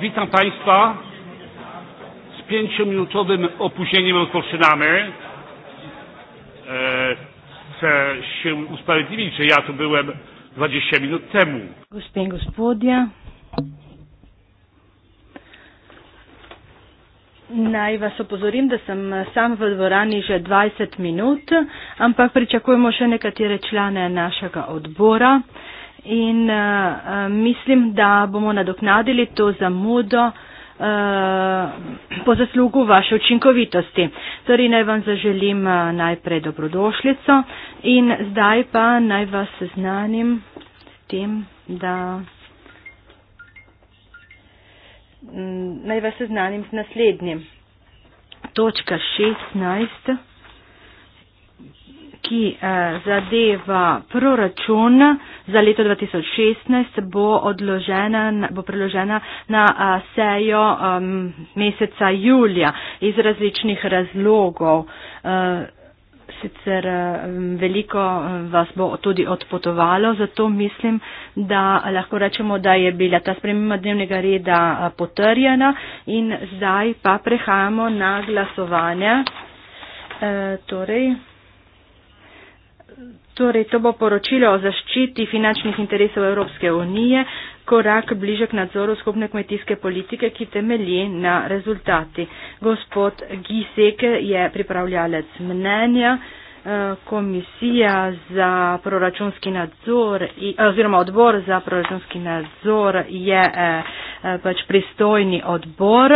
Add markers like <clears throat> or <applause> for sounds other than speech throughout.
Witam Państwa z pięciominutowym opóźnieniem rozpoczynamy. E, chcę się usprawiedliwić, że ja tu byłem 20 minut temu. Naj vas opozorim, da sem sam v dvorani že 20 minut, ampak pričakujemo še nekatere člane našega odbora in uh, mislim, da bomo nadoknadili to zamudo uh, po zaslugu vaše učinkovitosti. Torej, naj vam zaželim eh, najprej dobrodošljico in zdaj pa naj vas seznanim s tem, da. Mm, naj vas seznanim z naslednjim. Točka 16 ki eh, zadeva proračun za leto 2016, bo, odložena, bo preložena na eh, sejo meseca julija iz različnih razlogov. Eh, sicer veliko vas bo tudi odpotovalo, zato mislim, da lahko rečemo, da je bila ta sprememba dnevnega reda potrjena in zdaj pa prehajamo na glasovanje. Torej, Torej, to bo poročilo o zaščiti finančnih interesov Evropske unije, korak bliže k nadzoru skupne kmetijske politike, ki temelji na rezultati. Gospod Giseke je pripravljalec mnenja. Eh, komisija za proračunski nadzor eh, oziroma odbor za proračunski nadzor je eh, pač pristojni odbor.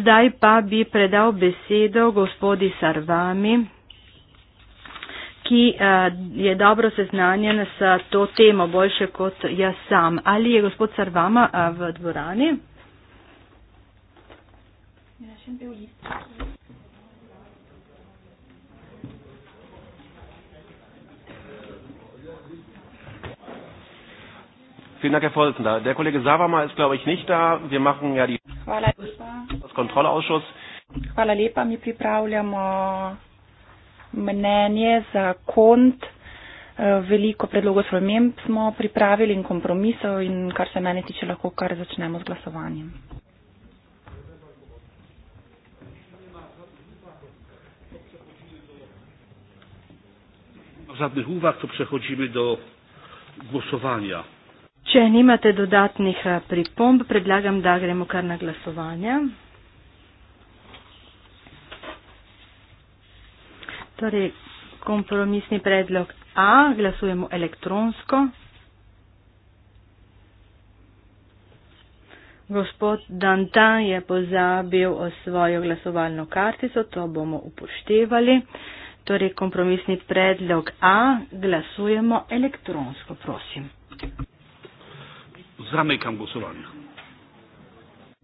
Zdaj pa bi predal besedo gospodi Sarvami ki eh, je dobro seznanjen s to temo, boljše kot jaz sam. Ali je gospod Sarvama eh, v dvorani? Vielen Dank, Herr Vorsitzender. Der Kollege Savama ist, glaube ich, nicht da. Wir machen ja die Hvala lepa. Hvala lepa, mi pripravljamo mnenje za kont. Eh, veliko predlogov spremem smo pripravili in kompromisov in kar se meni tiče, lahko kar začnemo z glasovanjem. Zadnjih uvah, ko prehodimo do glasovanja. Če nimate dodatnih eh, pripomb, predlagam, da gremo kar na glasovanje. Torej, kompromisni predlog A, glasujemo elektronsko. Gospod Dantan je pozabil o svojo glasovalno kartico, to bomo upoštevali. Torej, kompromisni predlog A, glasujemo elektronsko, prosim. Zamekam glasovanje.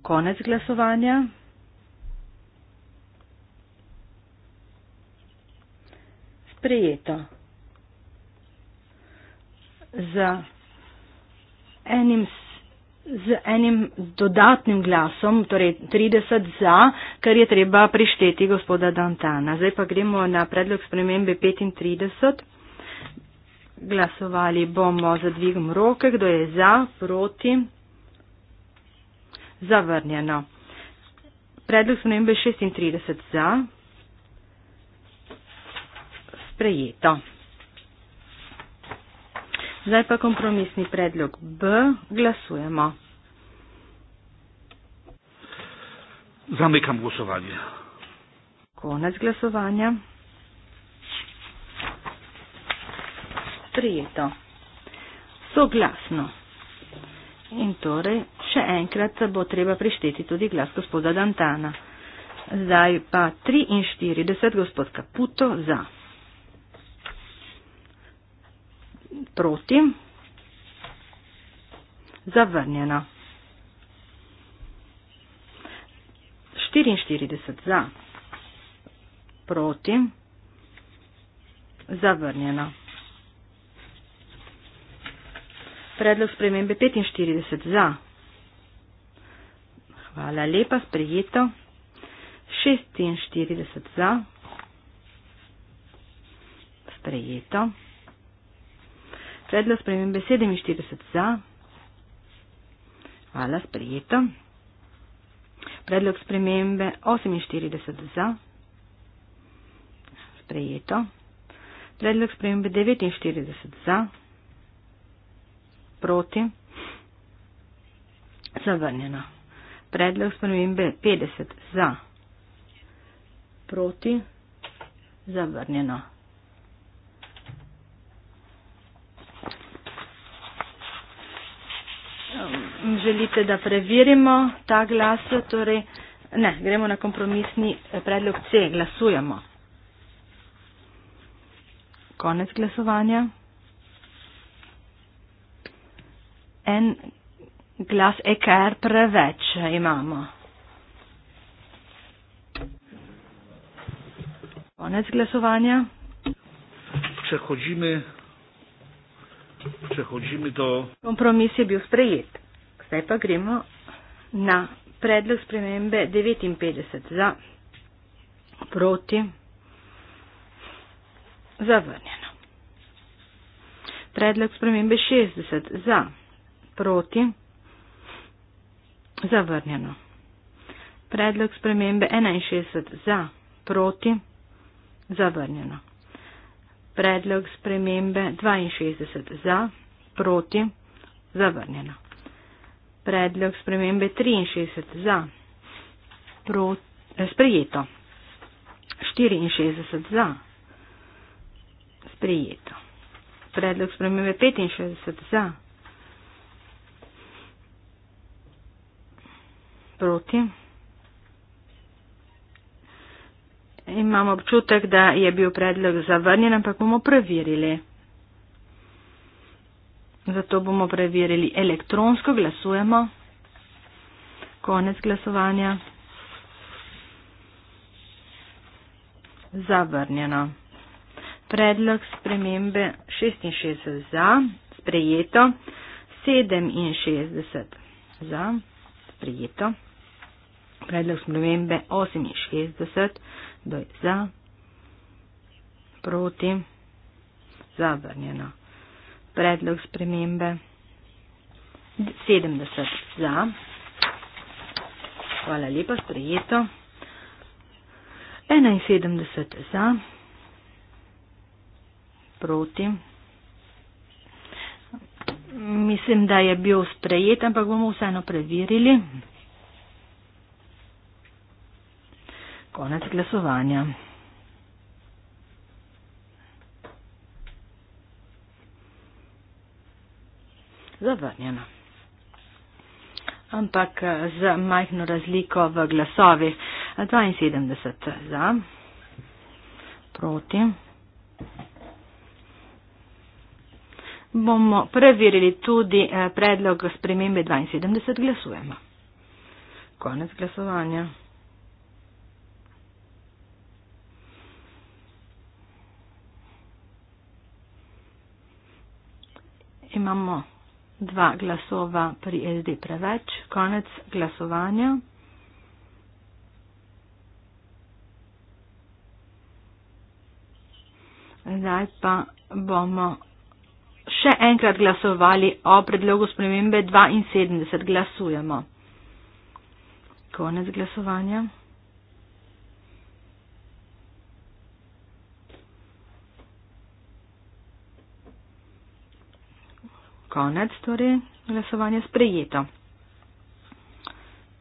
Konec glasovanja. sprejeto. Z enim, z enim dodatnim glasom, torej 30 za, kar je treba prišteti gospoda Dantana. Zdaj pa gremo na predlog spremembe 35. Glasovali bomo za dvigom roke, kdo je za, proti, zavrnjeno. Predlog spremembe 36 za, sprejeto. Zdaj pa kompromisni predlog B. Glasujemo. Zamekam glasovanje. Konec glasovanja. Sprijeto. Soglasno. In torej, še enkrat bo treba prišteti tudi glas gospoda Dantana. Zdaj pa 43, gospod Kaputo, za. proti. Zavrnjeno. 44 za. Proti. Zavrnjeno. Predlog spremembe 45 za. Hvala lepa, sprejeto. 46 za. Sprejeto. Predlog spremembe 47 za. Hvala, sprejeto. Predlog spremembe 48 za. Sprejeto. Predlog spremembe 49 za. Proti. Zavrnjeno. Predlog spremembe 50 za. Proti. Zavrnjeno. želite, da preverimo ta glas, torej ne, gremo na kompromisni eh, predlog C, glasujemo. Konec glasovanja. En glas EKR preveč eh, imamo. Konec glasovanja. Če hočimo, če hočimo do. Kompromis je bil sprejet. Zdaj pa gremo na predlog spremembe 59 za proti zavrnjeno. Predlog spremembe 60 za proti zavrnjeno. Predlog spremembe 61 za proti zavrnjeno. Predlog spremembe 62 za proti zavrnjeno predlog spremembe 63 za, pro, eh, sprejeto, 64 za, sprejeto, predlog spremembe 65 za, proti. Imam občutek, da je bil predlog zavrnjen, ampak bomo preverili. Zato bomo preverili elektronsko glasujemo. Konec glasovanja. Zavrnjeno. Predlog spremembe 66 za, sprejeto. 67 za, sprejeto. Predlog spremembe 68 do za, proti, zavrnjeno predlog spremembe. 70 za. Hvala lepa, sprejeto. 71 za. Proti. Mislim, da je bil sprejet, ampak bomo vseeno preverili. Konec glasovanja. zavrnjena. Ampak eh, z majhno razliko v glasovih eh, 72 za, proti. Bomo preverili tudi eh, predlog spremembe 72 glasujemo. Konec glasovanja. Imamo dva glasova pri SD preveč, konec glasovanja. Zdaj pa bomo še enkrat glasovali o predlogu spremembe 72. Glasujemo. Konec glasovanja. Konec torej glasovanja sprejeto.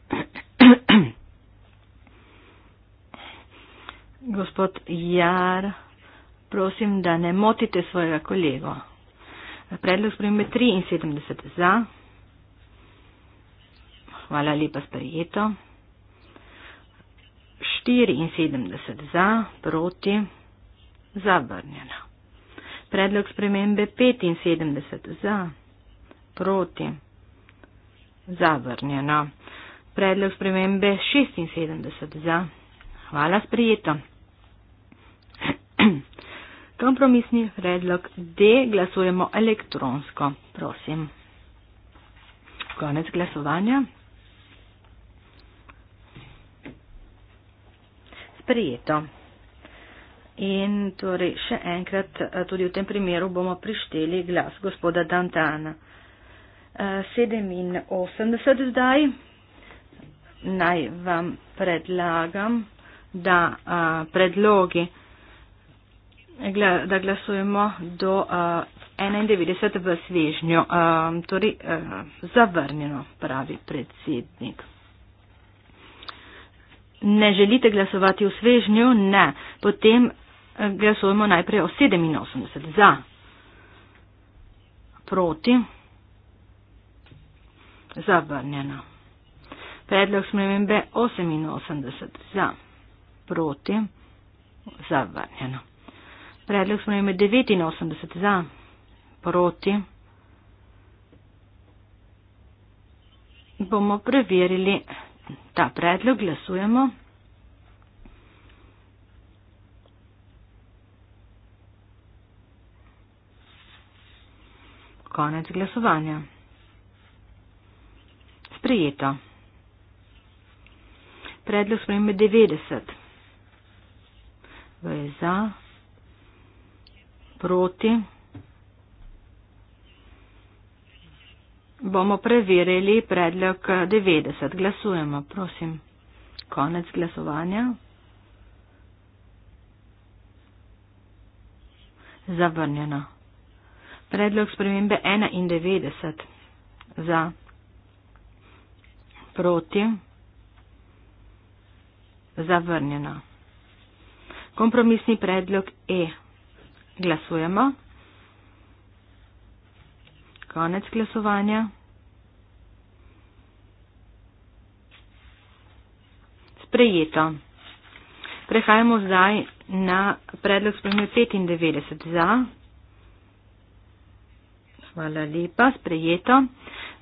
<clears throat> Gospod Jar, prosim, da ne motite svojega kolego. Predlog sprejme 73 za. Hvala lepa sprejeto. 74 za, proti, zavrnjeno. Predlog spremembe 75 za proti. Zavrnjeno. Predlog spremembe 76 za. Hvala sprijeto. <clears throat> Kompromisni predlog D glasujemo elektronsko. Prosim. Konec glasovanja. Sprijeto. In torej še enkrat, eh, tudi v tem primeru bomo prišteli glas gospoda Dantana. 87 zdaj. Naj vam predlagam, da uh, predlogi, da glasujemo do uh, 91 v svežnju, uh, torej uh, zavrnjeno, pravi predsednik. Ne želite glasovati v svežnju? Ne. Potem glasujemo najprej o 87 za. Proti zavrnjena. Predlog spremembe 88 za, proti, zavrnjena. Predlog spremembe 89 za, proti. Bomo preverili ta predlog, glasujemo. Konec glasovanja sprejeto. Predlog spremembe 90. Kdo je za? Proti? Bomo preverili predlog 90. Glasujemo, prosim. Konec glasovanja. Zavrnjeno. Predlog spremembe 91. Za proti, zavrnjeno. Kompromisni predlog E. Glasujemo. Konec glasovanja. Sprejeto. Prehajamo zdaj na predlog spremljiv 95 za. Hvala lepa. Sprejeto.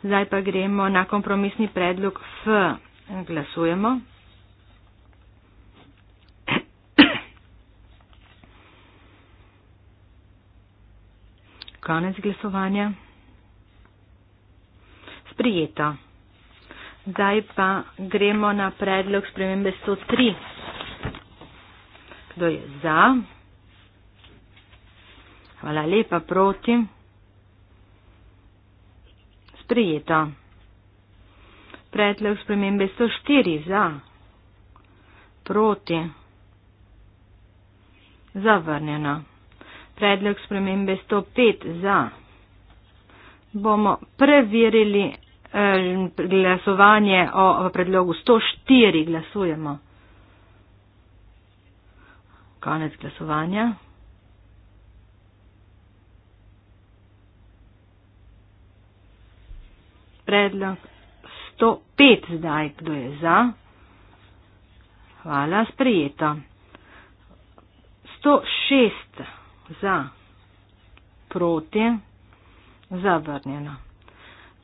Zdaj pa gremo na kompromisni predlog F. Glasujemo. Konec glasovanja. Sprijeto. Zdaj pa gremo na predlog spremembe 103. Kdo je za? Hvala lepa, proti sprejeta. Predlog spremembe so štiri za, proti, zavrnjena. Predlog spremembe 105 za. Bomo preverili eh, glasovanje o predlogu 104. Glasujemo. Konec glasovanja. predlog. 105 zdaj, kdo je za. Hvala, sprejeto. 106 za, proti, zavrnjeno.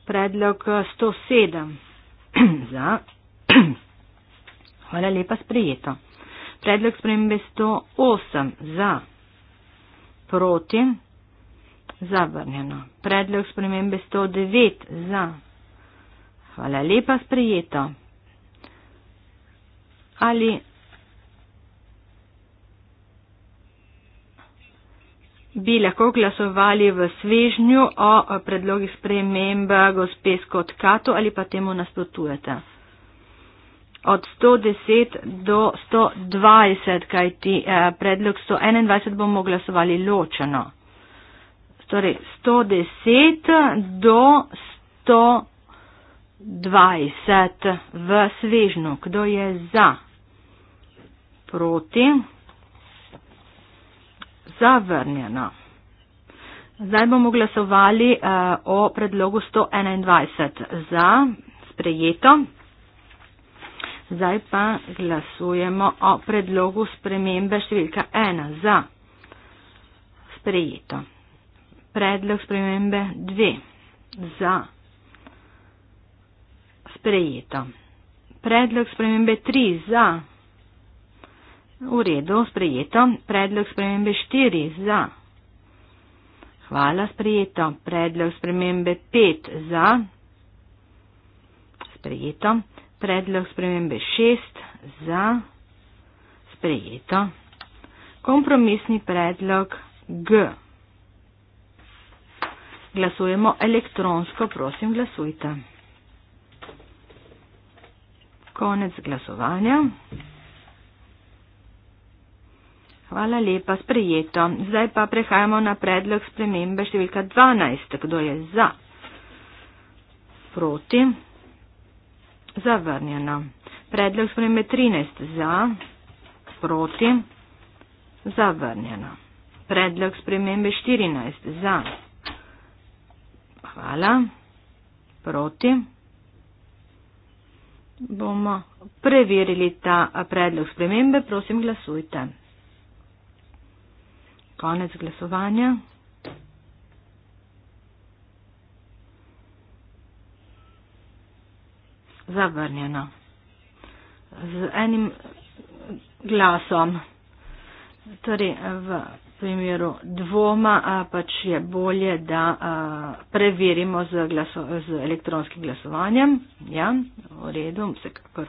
Predlog 107 <clears throat> za. <clears throat> Hvala lepa, sprejeto. Predlog spremembe 108 za, proti, zavrnjeno. Predlog spremembe 109 za. Hvala lepa, sprejeto. Ali bi lahko glasovali v svežnju o predlogih sprememb gospe Skotkato ali pa temu nasprotujete? Od 110 do 120, kaj ti predlog 121 bomo glasovali ločeno. Torej 110 do 120. 20 v svežnu. Kdo je za? Proti? Zavrnjeno. Zdaj bomo glasovali uh, o predlogu 121 za sprejeto. Zdaj pa glasujemo o predlogu spremembe številka 1 za sprejeto. Predlog spremembe 2 za sprejeto sprejeto. Predlog spremembe 3 za. V redu, sprejeto. Predlog spremembe 4 za. Hvala, sprejeto. Predlog spremembe 5 za. Sprejeto. Predlog spremembe 6 za. Sprejeto. Kompromisni predlog G. Glasujemo elektronsko, prosim, glasujte konec glasovanja. Hvala lepa, sprejeto. Zdaj pa prehajamo na predlog spremembe številka 12. Kdo je za? Proti? Zavrnjeno. Predlog spremembe 13. Za? Proti? Zavrnjeno. Predlog spremembe 14. Za? Hvala. Proti? bomo preverili ta predlog spremembe. Prosim, glasujte. Konec glasovanja. Zavrnjeno. Z enim glasom. Torej, v primeru dvoma pač je bolje, da preverimo z, glaso, z elektronskim glasovanjem. Ja, v redu, vsekakor.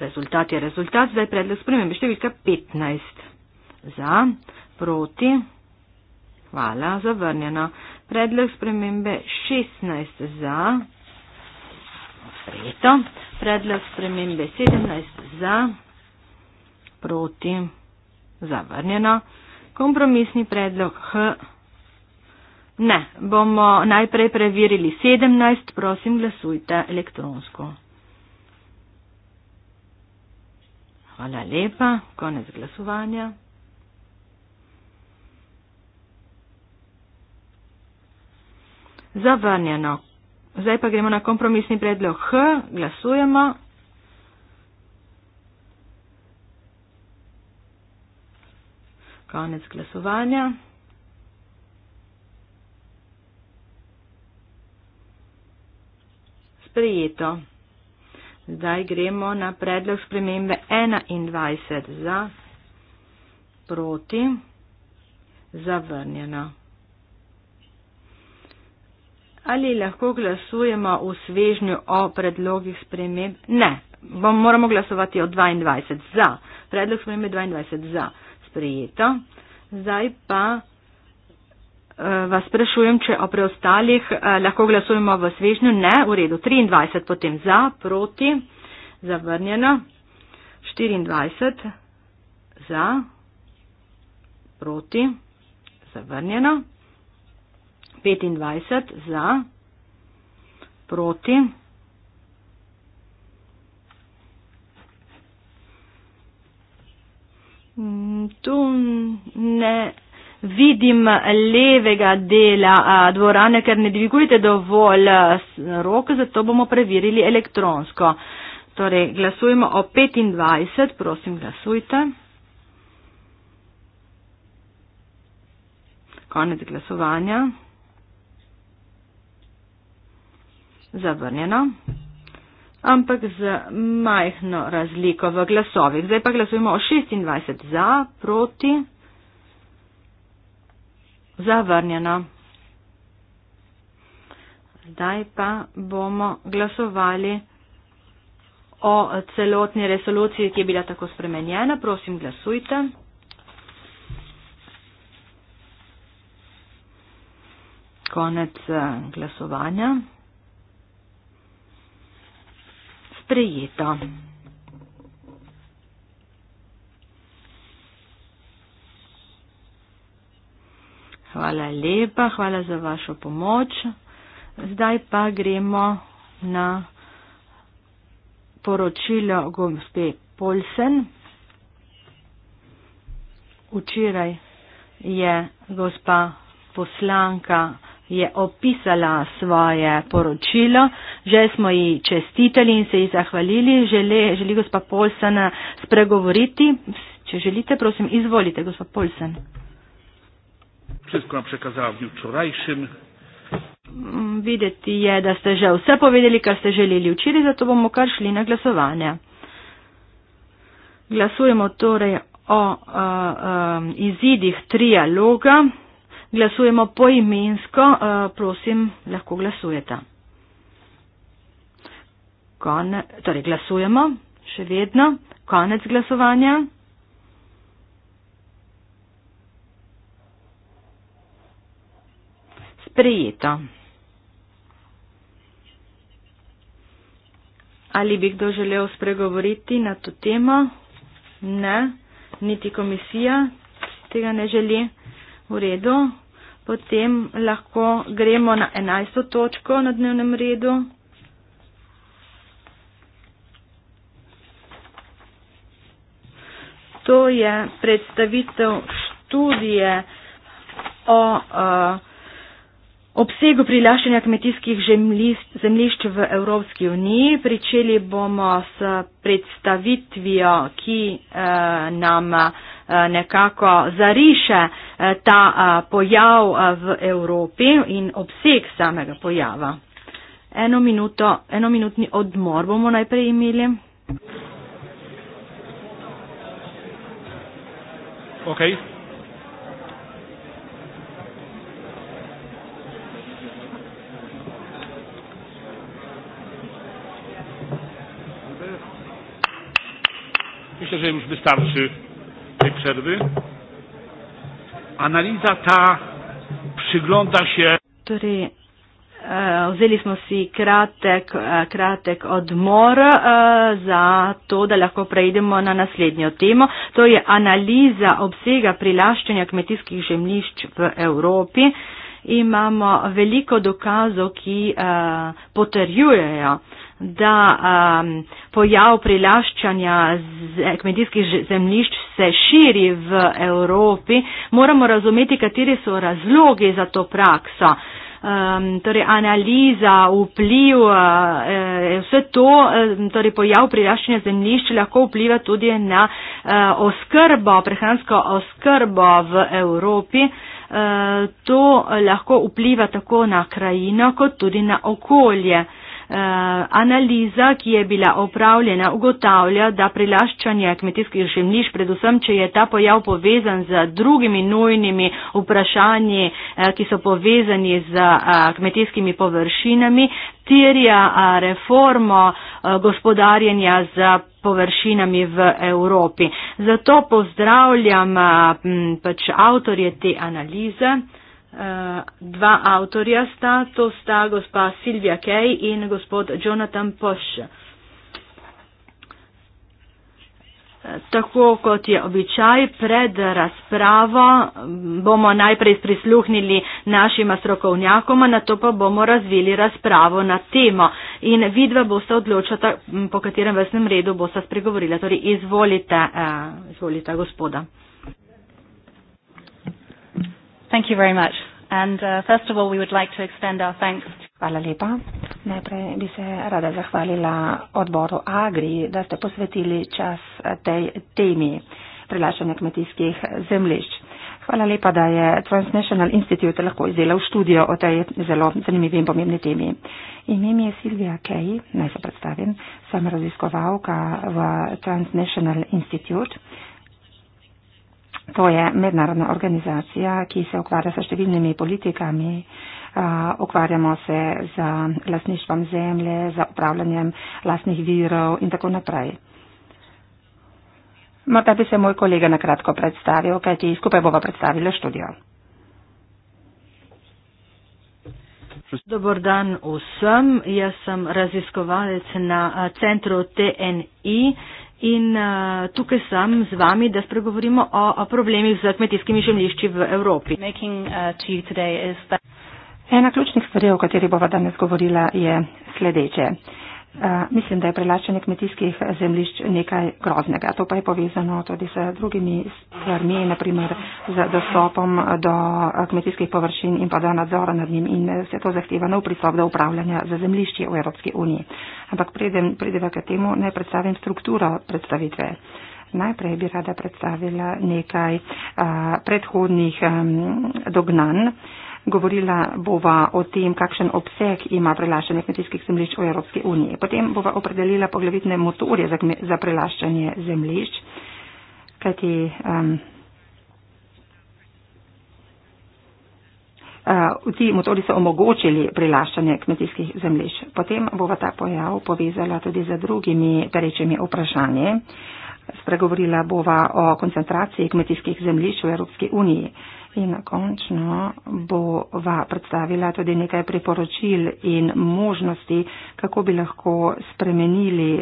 Rezultat je rezultat. Zdaj predlog spremembe številka 15. Za, proti, hvala, zavrnjeno. Predlog spremembe 16 za, sprejeto. Predlog spremembe 17 za, proti zavrnjeno. Kompromisni predlog H. Ne, bomo najprej preverili 17, prosim glasujte elektronsko. Hvala lepa, konec glasovanja. Zavrnjeno. Zdaj pa gremo na kompromisni predlog H, glasujemo. konec glasovanja. Sprejeto. Zdaj gremo na predlog spremembe 21 za proti zavrnjeno. Ali lahko glasujemo v svežnju o predlogih sprememb? Ne, moramo glasovati o 22 za. Predlog spremembe 22 za sprejeto. Zdaj pa eh, vas sprašujem, če o preostalih eh, lahko glasujemo v svežnju. Ne, v redu. 23, potem za, proti, zavrnjeno. 24, za, proti, zavrnjeno. 25, za, proti. Mm, tu ne vidim levega dela dvorane, ker ne dvigujete dovolj rok, zato bomo preverili elektronsko. Torej, glasujemo o 25, prosim, glasujte. Konec glasovanja. Zavrnjeno ampak z majhno razliko v glasovih. Zdaj pa glasujemo o 26 za, proti, zavrnjeno. Zdaj pa bomo glasovali o celotni resoluciji, ki je bila tako spremenjena. Prosim, glasujte. Konec eh, glasovanja. sprejeto. Hvala lepa, hvala za vašo pomoč. Zdaj pa gremo na poročilo gospe Polsen. Včeraj je gospa poslanka je opisala svoje poročilo. Že smo ji čestitali in se ji zahvalili. Želi, želi gospa Polsen eh, spregovoriti. Če želite, prosim, izvolite, gospa Polsen. Mm, videti je, da ste že vse povedali, kar ste želeli včeraj, zato bomo kar šli na glasovanje. Glasujemo torej o uh, uh, izidih trialoga glasujemo poimensko, eh, prosim, lahko glasujete. Kone, torej glasujemo, še vedno, konec glasovanja. Sprejeto. Ali bi kdo želel spregovoriti na to temo? Ne, niti komisija tega ne želi. V redu, Potem lahko gremo na 11. točko na dnevnem redu. To je predstavitev študije o eh, obsegu prilaščanja kmetijskih zemljišč v Evropski uniji. Pričeli bomo s predstavitvijo, ki eh, nam. A, Eh, nekako zariše eh, ta eh, pojav v Evropi in obseg samega pojava. Eno minuto, eno minutni odmor bomo najprej imeli. Okay. Myślę, że już wystarczy przerwy. Analiza ta przygląda się. Który, torej, e, wzięliśmy si kratek, e, kratek odmor e, za to, da lahko przejdziemy na następną temę. To jest analiza obsega prilaszczenia kmetyjskich ziemlišć w Europie. Imamo veliko dokazov, ki uh, potrjujejo, uh, da um, pojav prilaščanja z, eh, kmetijskih zemljišč se širi v Evropi, moramo razumeti, kateri so razlogi za to prakso. Um, torej analiza, vpliv, uh, vse to, um, torej pojav prilaščanja zemljišč lahko vpliva tudi na uh, oskrbo, prehransko oskrbo v Evropi. Uh, to lahko vpliva tako na krajino, kot tudi na okolje. Uh, eh, analiza, ki je bila opravljena, ugotavlja, da prilaščanje kmetijskih žemliš, predvsem, če je ta pojav povezan z drugimi nujnimi vprašanji, eh, ki so povezani z eh, kmetijskimi površinami, terja eh, reformo eh, gospodarjenja z površinami v Evropi. Zato pozdravljam eh, pač avtorje te analize uh, dva avtorja sta, to sta gospa Silvia Kej in gospod Jonathan Posh. Eh, tako kot je običaj, pred razpravo bomo najprej prisluhnili našima strokovnjakoma, na to pa bomo razvili razpravo na temo. In vidva boste odločata, po katerem vesnem redu boste spregovorila. Torej, izvolite, eh, izvolite gospoda. Thank you very much. And uh, first of all, we would like to extend our thanks. Hvala lepa. Najprej bi se rada zahvalila odboru Agri, da ste posvetili čas eh, tej temi prilašanja kmetijskih zemljišč. Hvala lepa, da je Transnational Institute lahko izdelal študijo o tej zelo zanimivi in pomembni temi. Ime mi je Silvija Kej, naj se predstavim, sem raziskovalka v Transnational Institute. To je mednarodna organizacija, ki se ukvarja s številnimi politikami. Ukvarjamo se z lasništvom zemlje, z upravljanjem lastnih virov in tako naprej. Morda bi se moj kolega nakratko predstavil, kajti skupaj bova predstavila študijo. Dobar dan vsem, jaz sem raziskovalec na centru TNI In uh, tukaj sem z vami, da spregovorimo o, o problemih z kmetijskimi žemlišči v Evropi. Making, uh, to Ena ključnih stvari, o kateri bova danes govorila, je sledeče. Uh, Eh, mislim, da je prelaščanje kmetijskih zemljišč nekaj groznega. To pa je povezano tudi s drugimi stvarmi, naprimer z dostopom do eh, kmetijskih površin in pa do nadzora nad njim in vse eh, to zahteva nov pristop do upravljanja za zemljišči v Evropski uniji. Ampak predem prideva k temu, ne predstavim strukturo predstavitve. Najprej bi rada predstavila nekaj a, predhodnih a, dognanj. Govorila bova o tem, kakšen obseg ima prelaščanje kmetijskih zemljišč v Evropski uniji. Potem bova opredelila poglavitne motorje za, za prelaščanje zemljišč, kajti um, uh, ti motori so omogočili prelaščanje kmetijskih zemljišč. Potem bova ta pojav povezala tudi z drugimi perečimi vprašanji. Spregovorila bova o koncentraciji kmetijskih zemljišč v Evropski uniji. Uh, In na končno bova predstavila tudi nekaj priporočil in možnosti, kako bi lahko spremenili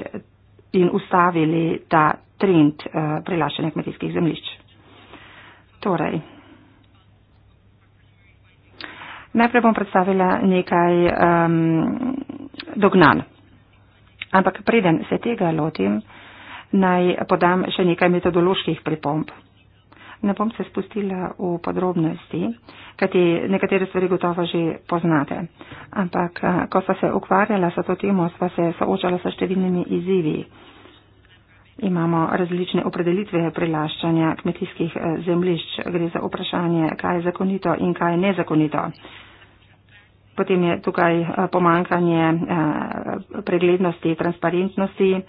in ustavili ta trend eh, prilašanja kmetijskih zemljišč. Torej, najprej bom predstavila nekaj um, dognan. Ampak preden se tega lotim, naj podam še nekaj metodoloških pripomb ne bom se spustila v podrobnosti, kajti nekatere stvari gotovo že poznate. Ampak, eh, ko sva se ukvarjala s to temo, sva se soočala s številnimi izzivi. Imamo različne opredelitve prilaščanja kmetijskih eh, zemljišč. Gre za vprašanje, kaj je zakonito in kaj je nezakonito. Potem je tukaj eh, pomankanje preglednosti, transparentnosti.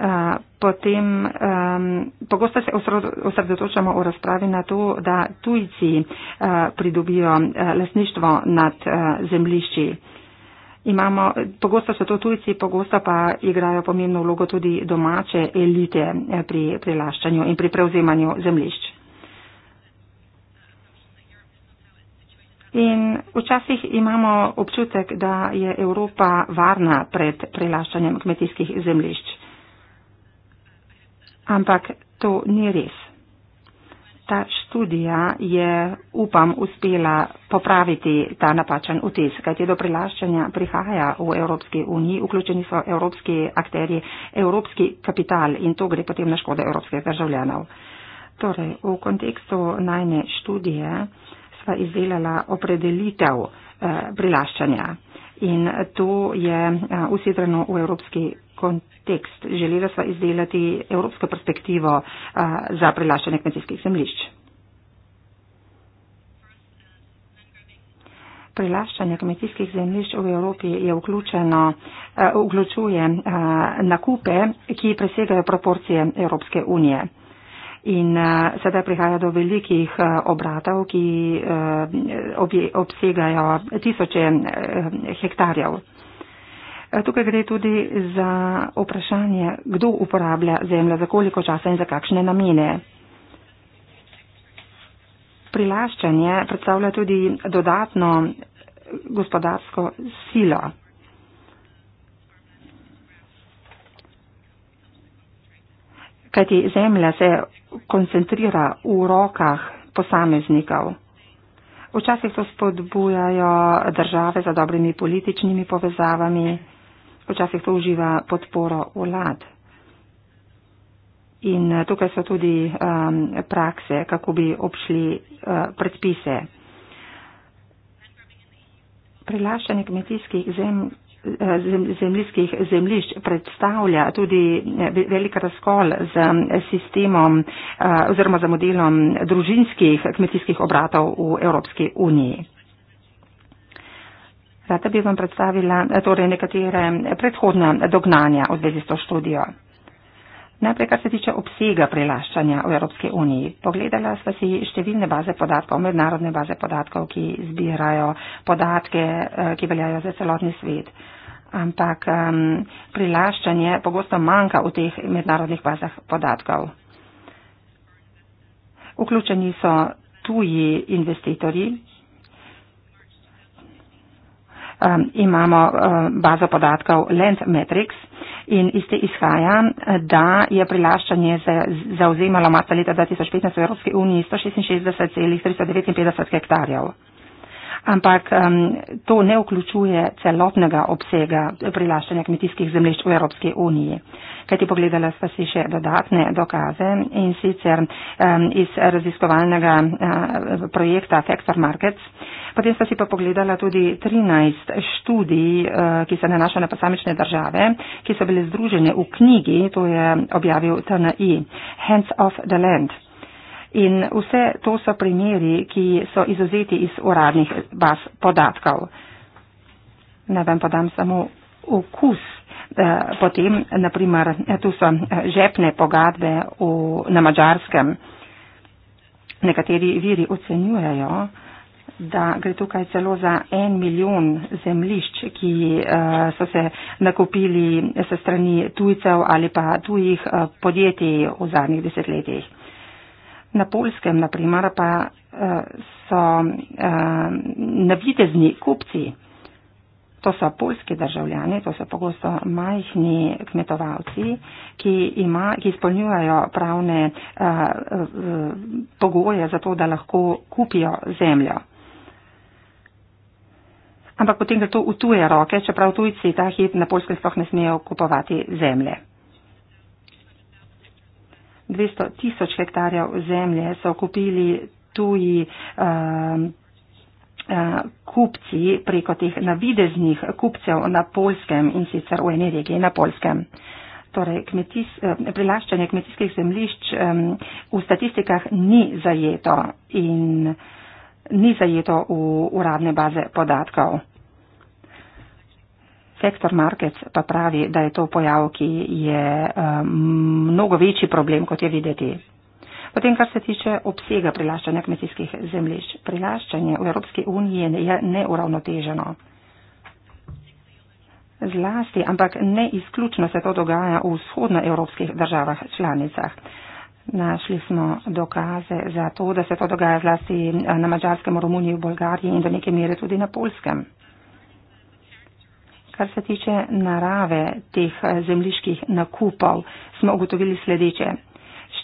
Eh, potem um, pogosto se osredotočamo v razpravi na to, da tujci uh, pridobijo uh, eh, lasništvo nad uh, zemlišči. Imamo, pogosto so to tujci, pogosto pa igrajo pomembno vlogo tudi domače elite pri prilaščanju in pri prevzemanju zemlišč. In včasih imamo občutek, da je Evropa varna pred prilaščanjem kmetijskih zemlišč. Ampak to ni res. Ta študija je, upam, uspela popraviti ta napačen vtis, kajti do prilaščanja prihaja v Evropski uniji, vključeni so evropski akteri, evropski kapital in to gre potem na škode evropskih državljanov. Torej, v kontekstu najne študije sva izdelala opredelitev eh, prilaščanja in to je eh, usedreno v evropski kontekst. Želela sva izdelati evropsko perspektivo eh, za prilaščanje kmetijskih zemlišč. Prilaščanje kmetijskih zemlišč v Evropi je vključeno, eh, vključuje nakupe, ki presegajo proporcije Evropske unije. In uh, sedaj prihaja do velikih uh, obratov, ki uh, obje, obsegajo tisoče uh, hektarjev. Tukaj gre tudi za vprašanje, kdo uporablja zemljo, za koliko časa in za kakšne namene. Prilaščanje predstavlja tudi dodatno gospodarsko silo. kajti zemlja se koncentrira v rokah posameznikov. Včasih to spodbujajo države za dobrimi političnimi povezavami, včasih to uživa podporo vlad. In eh, tukaj so tudi um, prakse, kako bi obšli uh, predpise. Prilaščanje kmetijskih zemlj zemljskih zemljišč predstavlja tudi eh, velik razkol z eh, sistemom eh, oziroma z modelom družinskih kmetijskih obratov v Evropski uniji. Rada bi vam predstavila torej nekatere predhodne dognanja v zvezi s to študijo. Najprej, kar se tiče obsega prelaščanja v Evropske uniji. Pogledala sta si številne baze podatkov, mednarodne baze podatkov, ki zbirajo podatke, eh, ki veljajo za celotni svet. Ampak um, prilaščanje pogosto manjka v teh mednarodnih bazah podatkov. Vključeni so tuji investitorji. Um, imamo um, bazo podatkov Land Metrics, um, in iz te izhaja, da je prilaščanje zauzemalo marca leta 2015 v Evropski uniji 166,359 hektarjev. Ampak um, to ne vključuje celotnega obsega prilaščanja kmetijskih zemljišč v Evropski uniji. Kajti pogledala sta si še dodatne dokaze in sicer um, iz raziskovalnega uh, projekta Factor Markets Potem sta si pa pogledala tudi 13 študij, eh, ki se nanašajo na posamične države, ki so bile združene v knjigi, to je objavil TNI, Hands of the Land. In vse to so primeri, ki so izuzeti iz uradnih baz podatkov. Ne vem, podam samo okus. Eh, potem, naprimer, tu so eh, žepne pogadbe v, na mačarskem. Nekateri viri ocenjujejo, da gre tukaj celo za en milijon zemlišč, ki eh, so se nakupili se strani tujcev ali pa tujih eh, podjetij v zadnjih desetletjih. Na polskem, naprimer, pa eh, so navitezni kupci. To so polski državljani, to so pogosto majhni kmetovalci, ki, ima, ki izpolnjujejo pravne uh, uh, pogoje za to, da lahko kupijo zemljo ampak potem gre to v tuje roke, čeprav tujci ta hit na polskem sploh ne smejo kupovati zemlje. 200 tisoč hektarjev zemlje so kupili tuji um, uh, kupci preko teh navideznih kupcev na polskem in sicer v eni regiji na polskem. Torej, kmetis, eh, prilaščanje kmetijskih zemlišč um, v statistikah ni zajeto in uh, ni zajeto v uradne baze podatkov. Sektor market pa pravi, da je to pojav, ki je um, mnogo večji problem, kot je videti. Potem, kar se tiče obsega prilaščanja kmetijskih zemljišč, prilaščanje v Evropski uniji je neuravnoteženo. Zlasti, ampak ne izključno se to dogaja v vzhodnoevropskih državah članicah. Našli smo dokaze za to, da se to dogaja zlasti eh, na Mačarskem, v Romuniji, v Bolgariji in do neke mere tudi na Polskem. Kar se tiče narave teh eh, zemljiških nakupov, smo ugotovili sledeče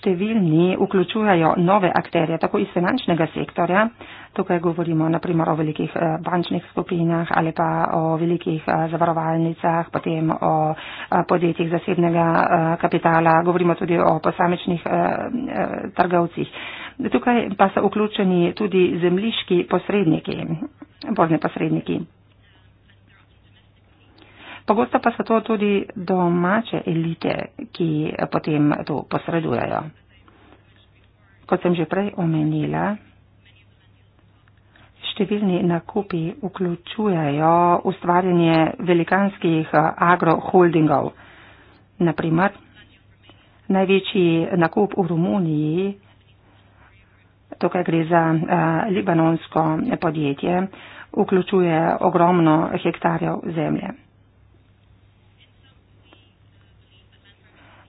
številni vključujejo nove akterje, tako iz finančnega sektorja, tukaj govorimo naprimer o velikih eh, bančnih skupinah ali pa o velikih eh, zavarovalnicah, potem o eh, podjetjih zasebnega kapitala, govorimo tudi o posamečnih trgovcih. Tukaj pa so vključeni tudi zemliški posredniki, bozni posredniki. Pogosto pa so to tudi domače elite, ki potem to posredujejo. Kot sem že prej omenila, številni nakupi vključujejo ustvarjanje velikanskih agroholdingov. Naprimer, največji nakup v Romuniji, tukaj gre za libanonsko podjetje, vključuje ogromno hektarjev zemlje.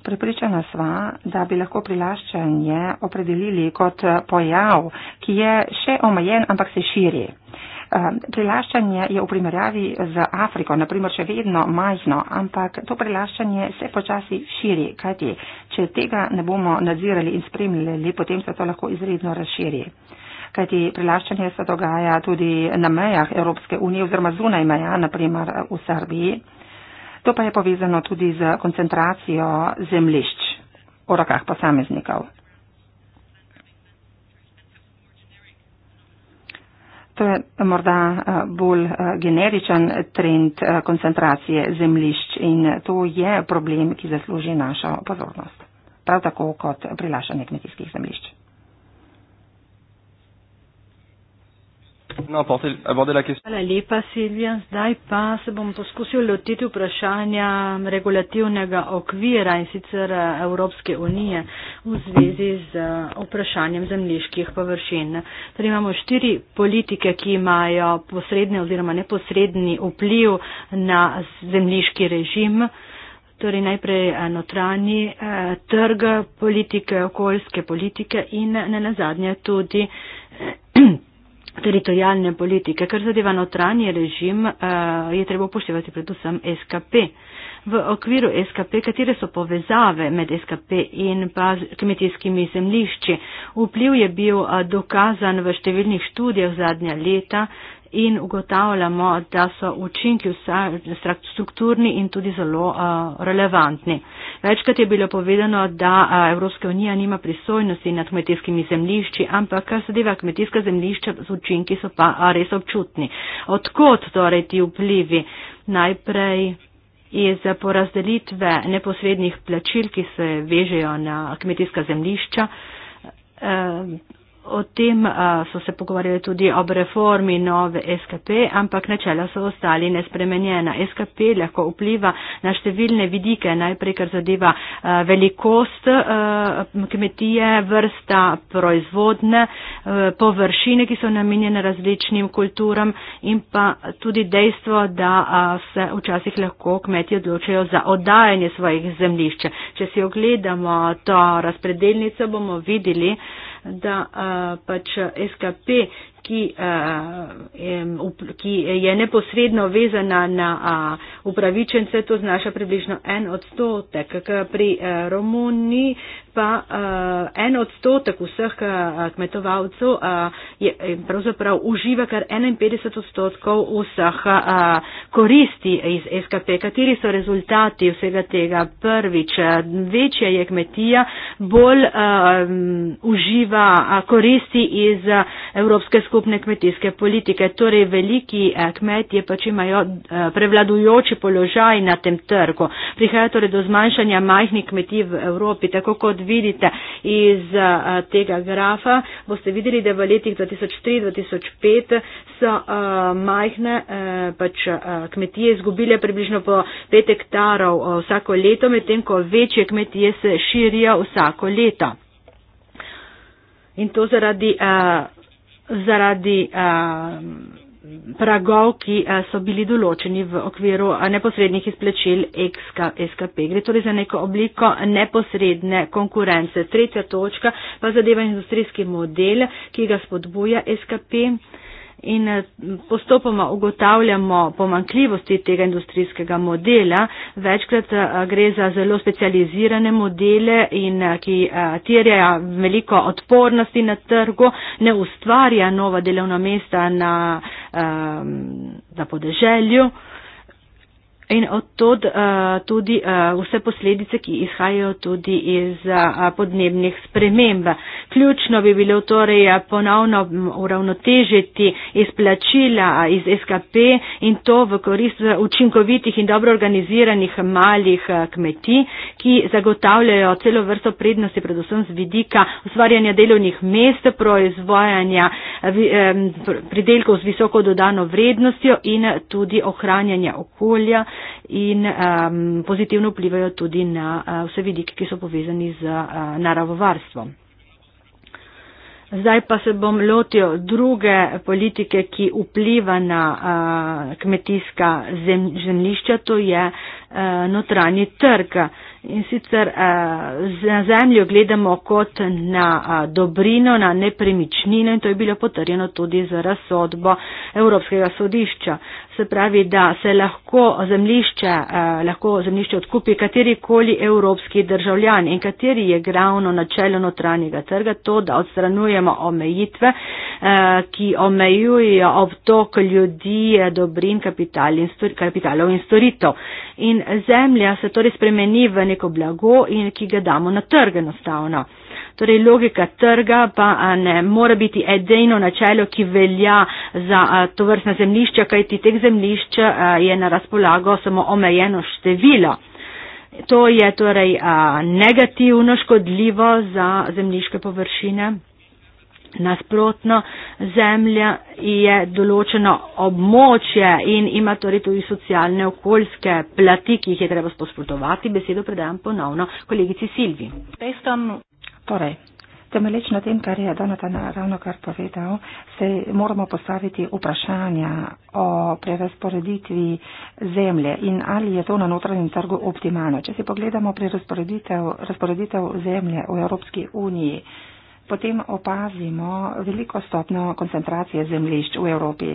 Pripričana sva, da bi lahko prilaščanje opredelili kot pojav, ki je še omejen, ampak se širi. Eh, prilaščanje je v primerjavi z Afriko, naprimer, še vedno majhno, ampak to prilaščanje se počasi širi, kajti če tega ne bomo nadzirali in spremljali, potem se to lahko izredno razširi. Kajti prilaščanje se dogaja tudi na mejah Evropske unije oziroma zunaj meja, naprimer v Srbiji. To pa je povezano tudi z koncentracijo zemlišč v rokah posameznikov. To je morda eh, bolj eh, generičen trend eh, koncentracije zemlišč in to je problem, ki zasluži našo pozornost. Prav tako kot prilašanje kmetijskih zemlišč. No, potem, Hvala lepa, Silvija. Zdaj pa se bom poskusil lotiti vprašanja regulativnega okvira in sicer eh, Evropske unije v zvezi z eh, vprašanjem zemljiških površin. Torej imamo štiri politike, ki imajo posredni oziroma neposredni vpliv na zemljiški režim. Torej najprej eh, notranji trg politike, okoljske politike in ne nazadnje tudi. <clears throat> teritorijalne politike. Kar zadeva notranji režim, eh, je treba upoštevati predvsem SKP. V okviru SKP, katere so povezave med SKP in pa kmetijskimi zemlišči, vpliv je bil eh, dokazan v številnih študijah zadnja leta, in ugotavljamo, da so učinki strukturni in tudi zelo uh, relevantni. Večkrat je bilo povedano, da uh, Evropska unija nima pristojnosti nad kmetijskimi zemljišči, ampak kar sedeva kmetijska zemljišča z učinki so pa uh, res občutni. Odkot torej ti vplivi? Najprej iz porazdelitve neposrednih plačil, ki se vežejo na kmetijska zemljišča. O tem uh, so se pogovarjali tudi ob reformi nove SKP, ampak načela so ostali nespremenjena. SKP lahko vpliva na številne vidike, najprej kar zadeva uh, velikost uh, kmetije, vrsta proizvodne, uh, površine, ki so namenjene različnim kulturam in pa tudi dejstvo, da uh, se včasih lahko kmeti odločajo za oddajanje svojih zemljišče. Če si ogledamo to razpredelnico, bomo videli, uh, da uh, pač SKP ki, eh, ki je neposredno vezana na upravičence, to znaša približno en odstotek. Pri eh, Romuni pa eh, en odstotek vseh kmetovalcev je, pravzaprav uživa kar 51 odstotkov vseh koristi iz SKP. Kateri so rezultati vsega tega? Prvič, večja je kmetija, bolj uh, uživa koristi iz Evropske skupine skupne kmetijske politike. Torej, veliki eh, kmetje pač imajo eh, prevladujoči položaj na tem trgu. Prihaja torej do zmanjšanja majhnih kmetij v Evropi. Tako kot vidite iz eh, tega grafa, boste videli, da v letih 2003-2005 so majhne pač, kmetije izgubile približno po 5 hektarov vsako leto, medtem ko večje kmetije se širijo vsako leto. In to zaradi uh, zaradi uh, pragov, ki uh, so bili določeni v okviru uh, neposrednih izplačil SKP. Gre torej za neko obliko neposredne konkurence. Tretja točka pa zadeva industrijski model, ki ga spodbuja SKP in eh, postopoma ugotavljamo pomankljivosti tega industrijskega modela. Večkrat eh, gre za zelo specializirane modele, in, eh, ki terjajo veliko odpornosti na trgu, ne ustvarja nova delovna mesta na, na podeželju. In od tod uh, tudi uh, vse posledice, ki izhajajo tudi iz uh, podnebnih sprememb. Ključno bi bilo torej ponovno uravnotežiti izplačila iz SKP in to v korist učinkovitih in dobro organiziranih malih kmetij, ki zagotavljajo celo vrsto prednosti, predvsem z vidika ustvarjanja delovnih mest, proizvajanja pridelkov z visoko dodano vrednostjo in tudi ohranjanja okolja in um, pozitivno vplivajo tudi na uh, vse vidike, ki so povezani z uh, naravovarstvom. Zdaj pa se bom lotil druge politike, ki vpliva na uh, kmetijska zem, zemljišča, to je uh, notranji trg. In sicer uh, na zemljo gledamo kot na uh, dobrino, na nepremičnino in to je bilo potrjeno tudi z razsodbo Evropskega sodišča. Uh, se pravi, da se lahko zemlišče, eh, lahko zemlišče odkupi katerikoli evropski državljan in kateri je glavno načelo notranjega trga, to, da odstranujemo omejitve, eh, ki omejujejo obtok ljudi, dobrin, kapital in stori, kapitalov in storitev. In zemlja se torej spremeni v neko blago, in, ki ga damo na trg enostavno torej logika trga pa ne more biti edino načelo, ki velja za to vrstna zemljišča, kajti teh zemljišč je na razpolago samo omejeno število. To je torej negativno škodljivo za zemljiške površine. Nasprotno, zemlja je določeno območje in ima torej tudi socialne okoljske plati, ki jih je treba spospotovati. Besedo predajam ponovno kolegici Silvi. Torej, temeleč na tem, kar je Donatan ravno kar povedal, se moramo postaviti vprašanja o prerasporeditvi zemlje in ali je to na notranjem trgu optimalno. Če si pogledamo prerasporeditev zemlje v Evropski uniji, potem opazimo veliko stopno koncentracije zemljišč v Evropi.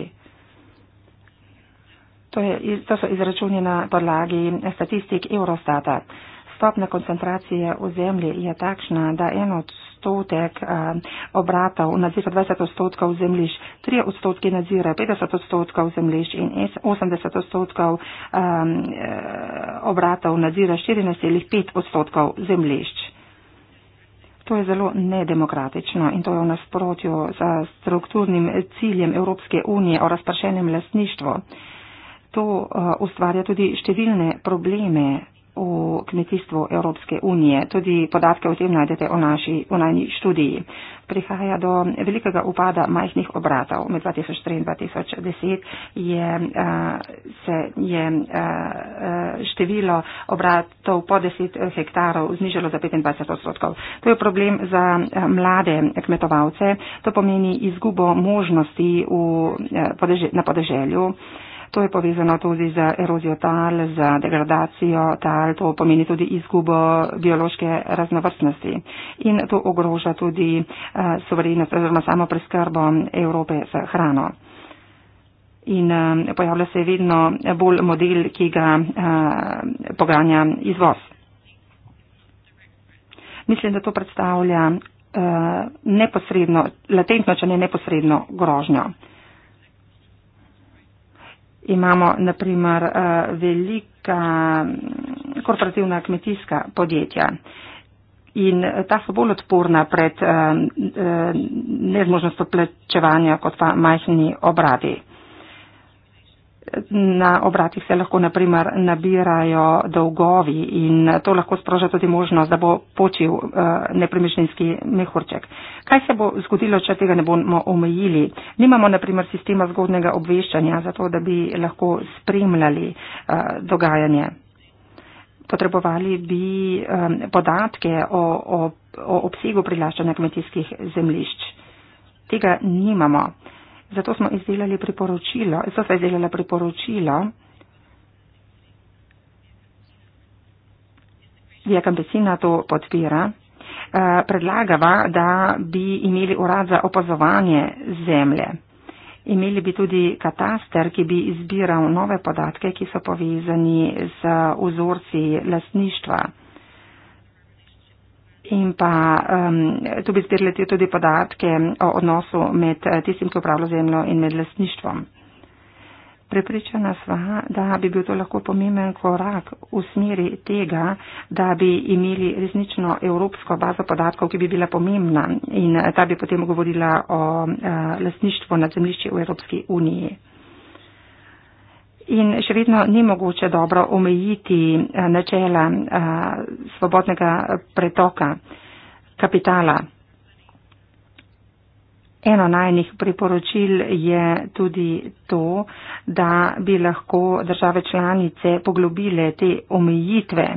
To, je, to so izračunjena podlagi statistik Eurostata stopna koncentracije v zemlji je takšna, da en odstotek eh, obratov nadzira 20 odstotkov zemljišč, 3 odstotki nadzira 50 odstotkov zemljišč in 80 odstotkov ehm, eh, obratov nadzira 14,5 odstotkov zemljišč. To je zelo nedemokratično in to je v nasprotju z strukturnim ciljem Evropske unije o razpršenem lasništvu. To uh, ustvarja tudi številne probleme v kmetijstvu Evropske unije. Tudi podatke o tem najdete v naši unajni študiji. Prihaja do velikega upada majhnih obratov. Med 2003 in 2010 je, uh, se je uh, število obratov po 10 eh, hektarov znižalo za 25 odstotkov. To je problem za uh, mlade kmetovalce. To pomeni izgubo možnosti v, uh, podeže, na podeželju. Uh, To je povezano tudi z erozijo tal, z degradacijo tal, to pomeni tudi izgubo biološke raznovrstnosti. In to ogroža tudi eh, suverenost oziroma samo preskrbo Evrope z hrano. In eh, pojavlja se vedno bolj model, ki ga eh, poganja izvoz. Mislim, da to predstavlja neposredno, latentno, če ne neposredno grožnjo imamo naprimer eh, velika mm, korporativna kmetijska podjetja. In eh, ta so bolj odporna pred eh, nezmožnostjo plačevanja kot pa majhni obradi. Na obratih se lahko naprimer nabirajo dolgovi in to lahko sproža tudi možnost, da bo počil eh, nepremičninski mehurček. Kaj se bo zgodilo, če tega ne bomo omejili? Nimamo naprimer sistema zgodnega obveščanja za to, da bi lahko spremljali eh, dogajanje. Potrebovali bi eh, podatke o, o, o obsegu prilaščanja kmetijskih zemlišč. Tega nimamo. Zato smo izdelali priporočila, so se izdelala priporočila, je kampesina to podpira, eh, predlagava, da bi imeli urad za opazovanje zemlje. Imeli bi tudi kataster, ki bi izbiral nove podatke, ki so povezani z vzorci lasništva. In pa um, tu bi zbirali tudi podatke o odnosu med eh, tistim, ki upravlja zemljo in med lasništvom. Pripričana sva, da bi bil to lahko pomemben korak v smeri tega, da bi imeli resnično evropsko bazo podatkov, ki bi bila pomembna in eh, ta bi potem govorila o uh, eh, lasništvu nad zemljišči v Evropski uniji. In še vedno ni mogoče dobro omejiti eh, načela eh, svobodnega pretoka kapitala. Eno najnih priporočil je tudi to, da bi lahko države članice poglobile te omejitve,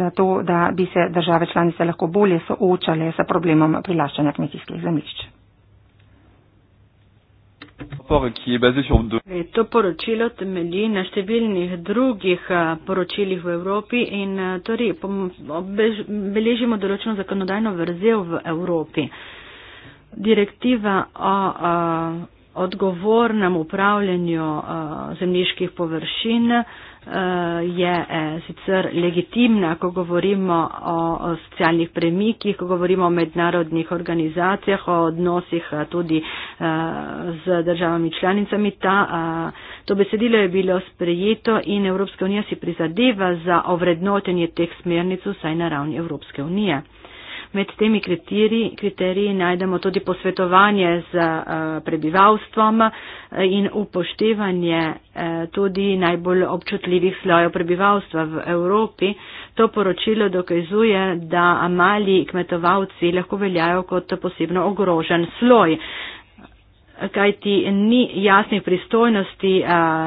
zato da bi se države članice lahko bolje soočale s problemom prilaščanja kmetijskih zemljišč ki je bazi sur deux. To poročilo temelji na številnih drugih poročilih v Evropi in torej beležimo določeno zakonodajno vrzel v Evropi. Direktiva o, o odgovornem upravljanju o, zemljiških površin. O, je eh, sicer legitimna, ko govorimo o socialnih premikih, ko govorimo o mednarodnih organizacijah, o odnosih eh, tudi eh, z državami članicami. Ta, to besedilo je bilo sprejeto in Evropska unija si prizadeva za ovrednotenje teh smernic vsaj na ravni Evropske unije. Med temi kriteriji, kriteriji najdemo tudi posvetovanje z eh, prebivalstvom eh, in upoštevanje eh, tudi najbolj občutljivih slojev prebivalstva v Evropi. To poročilo dokazuje, da mali kmetovalci lahko veljajo kot posebno ogrožen sloj kajti ni jasnih pristojnosti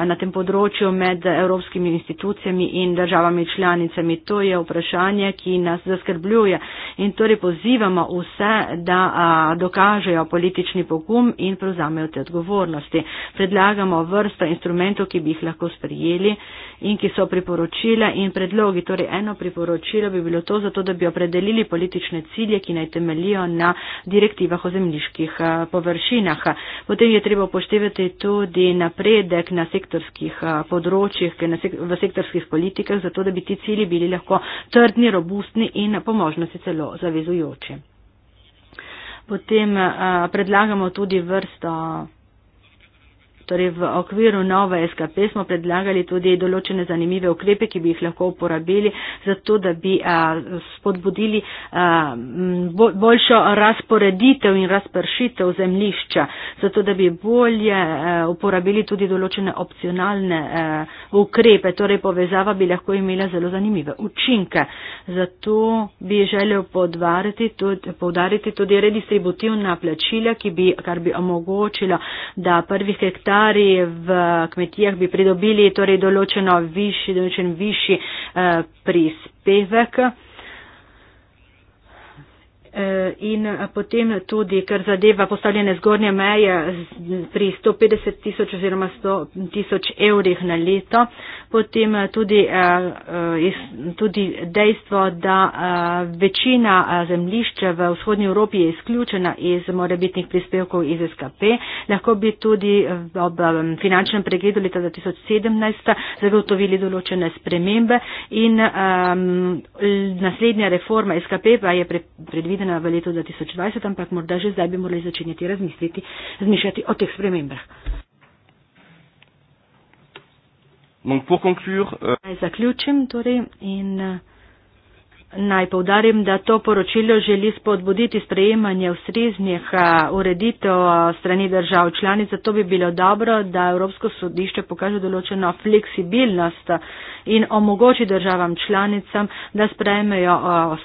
na tem področju med evropskimi institucijami in državami članicami. To je vprašanje, ki nas zaskrbljuje in torej pozivamo vse, da dokažejo politični pogum in prevzamejo te odgovornosti. Predlagamo vrsto instrumentov, ki bi jih lahko sprijeli in ki so priporočila in predlogi. Torej eno priporočilo bi bilo to, zato da bi opredelili politične cilje, ki naj temelijo na direktivah o zemljiških površinah. Potem je treba upoštevati tudi napredek na sektorskih področjih, v sektorskih politikah, zato da bi ti cilji bili lahko trdni, robustni in po možnosti celo zavezujoči. Potem predlagamo tudi vrsto Torej v okviru nove SKP smo predlagali tudi določene zanimive ukrepe, ki bi jih lahko uporabili za to, da bi a, spodbudili a, boljšo razporeditev in razpršitev zemlišča, zato da bi bolje a, uporabili tudi določene opcionalne a, ukrepe. Torej povezava bi lahko imela zelo zanimive učinke. Zato bi želel tudi, poudariti tudi redistributivna plačila, bi, kar bi omogočilo, da prvih hektar gospodari v kmetijah bi pridobili torej določeno višji, določen višji eh, prispevek. Eh, in potem tudi, kar zadeva postavljene zgornje meje pri 150 tisoč oziroma 100 tisoč evrih na leto, potem eh, tudi, eh, tudi dejstvo, da večina zemljišča v vzhodnji Evropi je izključena iz morebitnih prispevkov iz SKP, lahko bi tudi ob finančnem pregledu leta 2017 zagotovili določene spremembe in naslednja reforma SKP pa je predvidena navedena v letu 2020, ampak morda že zdaj bi morali začenjati razmisliti, razmišljati o teh spremembah. Euh, naj zaključim torej in eh, naj povdarim, da to poročilo želi spodbuditi sprejemanje ustreznih eh, ureditev eh, strani držav članic, zato bi bilo dobro, da Evropsko sodišče pokaže določeno fleksibilnost in omogoči državam članicam, da sprejmejo. Uh,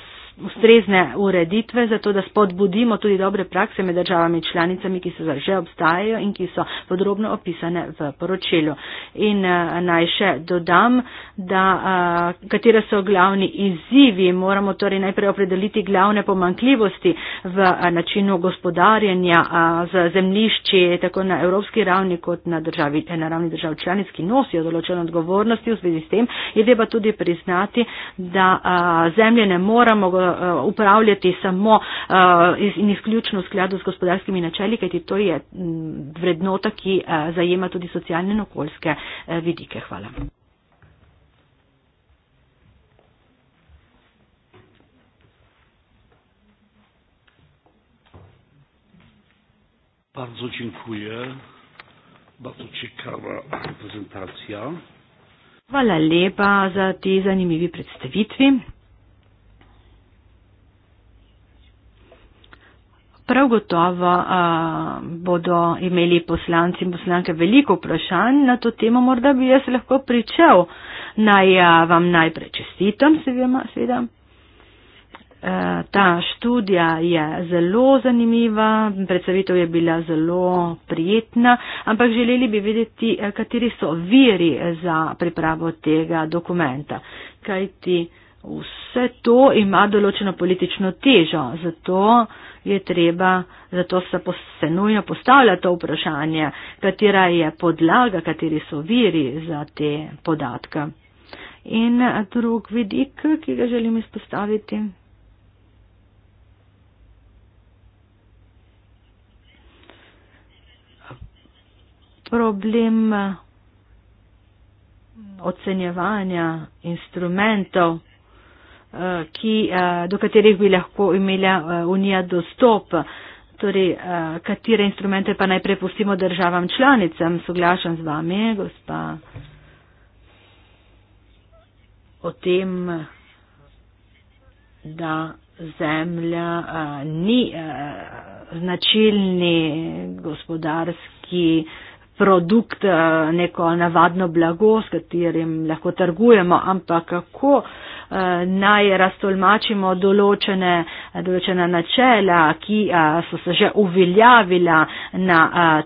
ustrezne ureditve, zato da spodbudimo tudi dobre prakse med državami članicami, ki se že obstajajo in ki so podrobno opisane v poročilu. In eh, naj še dodam, da eh, katere so glavni izzivi, moramo torej najprej opredeliti glavne pomankljivosti v eh, načinu gospodarjenja z zemlišči tako na evropski ravni kot na, državi, na ravni držav članic, ki nosijo določeno odgovornosti v zvezi s tem. Je treba tudi priznati, da zemlje ne moramo govoriti Eh, upravljati samo eh, in izključno v skladu z gospodarskimi načeli, kajti to je mm, vrednota, ki eh, zajema tudi socialne in okoljske vidike. Hvala. Bardzo dziękuję. Bardzo ciekawa prezentacja. Hvala lepa za te zanimivi predstavitvi. prav gotovo a, eh, bodo imeli poslanci in poslanke veliko vprašanj na to temo, morda bi jaz lahko pričel. Naj a, eh, vam najprej čestitam, seveda. seveda. E, ta študija je zelo zanimiva, predstavitev je bila zelo prijetna, ampak želeli bi vedeti, kateri so viri za pripravo tega dokumenta. Kajti vse to ima določeno politično težo, zato je treba, zato se, po, se nujno postavlja to vprašanje, katera je podlaga, kateri so viri za te podatke. In drug vidik, ki ga želim izpostaviti. Problem ocenjevanja instrumentov Eh, ki, eh, do katerih bi lahko imela eh, Unija dostop. Torej, katere instrumente pa naj prepustimo državam članicam? Soglašam z vami, gospa. O tem, da zemlja ni značilni gospodarski produkt, neko navadno blago, s katerim lahko trgujemo, ampak kako Eh, naj raztolmačimo določene, eh, določena načela, ki eh, so se že uveljavila na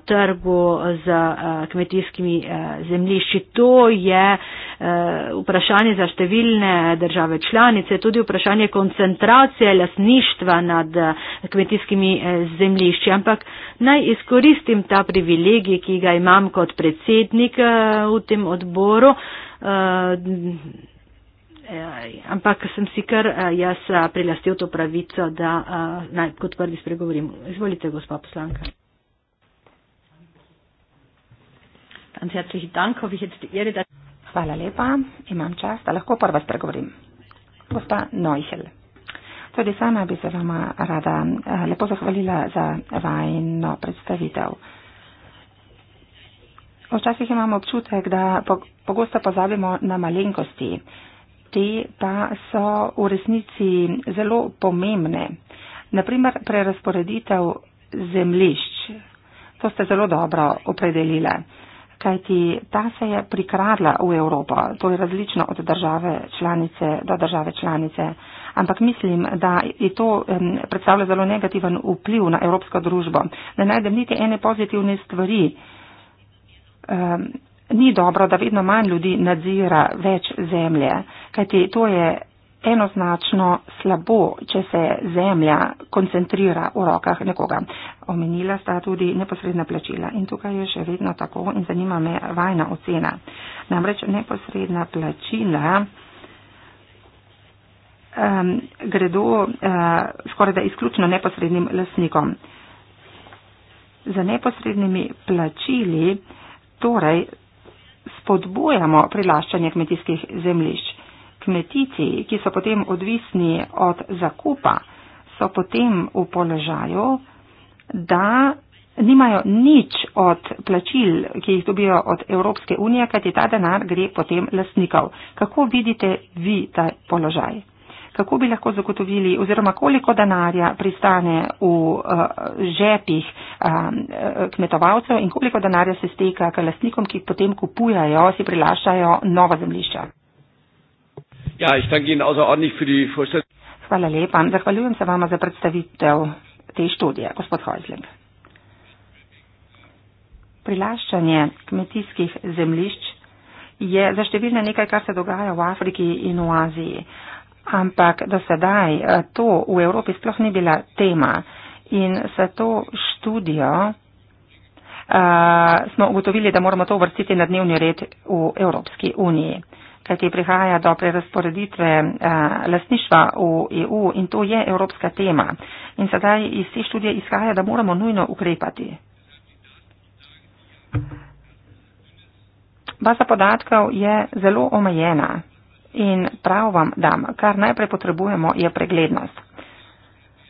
trgu z kmetijskimi zemljišči. To je vprašanje za številne države članice, tudi vprašanje koncentracije lasništva nad kmetijskimi zemljišči. Ampak naj izkoristim ta privilegij, ki ga imam kot predsednik v tem odboru. Eh, ampak sem si kar eh, jaz eh, prilastil to pravico, da eh, naj kot prvi spregovorim. Izvolite, gospa poslanka. Hvala lepa, imam čas, da lahko prva spregovorim. Gospa Neuchel. Tudi sama bi se vama rada eh, lepo zahvalila za vajno predstavitev. Včasih imamo občutek, da pogosto pozabimo na malenkosti. Eh, te pa so v resnici zelo pomembne. Naprimer, prerasporeditev zemlišč. To ste zelo dobro opredelili, kajti ta se je prikradla v Evropo. To je različno od države članice do države članice. Ampak mislim, da je to predstavlja zelo negativen vpliv na evropsko družbo. Ne najdem niti ene pozitivne stvari. Ni dobro, da vedno manj ljudi nadzira več zemlje, kajti to je enoznačno slabo, če se zemlja koncentrira v rokah nekoga. Omenila sta tudi neposredna plačila in tukaj je še vedno tako in zanima me vajna ocena. Namreč neposredna plačila um, gredo uh, eh, skoraj da izključno neposrednim lasnikom. Za neposrednimi plačili torej spodbujamo prilaščanje kmetijskih zemljišč. Kmetici, ki so potem odvisni od zakupa, so potem v položaju, da nimajo nič od plačil, ki jih dobijo od Evropske unije, kajti ta denar gre potem lastnikov. Kako vidite vi ta položaj? kako bi lahko zagotovili oziroma koliko denarja pristane v uh, žepih um, kmetovalcev in koliko denarja se steka k lastnikom, ki potem kupujajo, si prilašajo nova zemlišča. Ja, Hvala lepa. Zahvaljujem se vama za predstavitev te študije, gospod Hojzling. Prilaščanje kmetijskih zemlišč je za številne nekaj, kar se dogaja v Afriki in v Aziji. Uh, Ampak do sedaj eh, to v Evropi sploh ni bila tema in za to študijo uh, smo ugotovili, da moramo to vrstiti na dnevni red v Evropski uniji, kajti prihaja do prerasporeditve uh, eh, lasništva v EU in to je evropska tema. In sedaj iz te študije izhaja, da moramo nujno ukrepati. Baza podatkov je zelo omejena. In prav vam dam, kar najprej potrebujemo, je preglednost.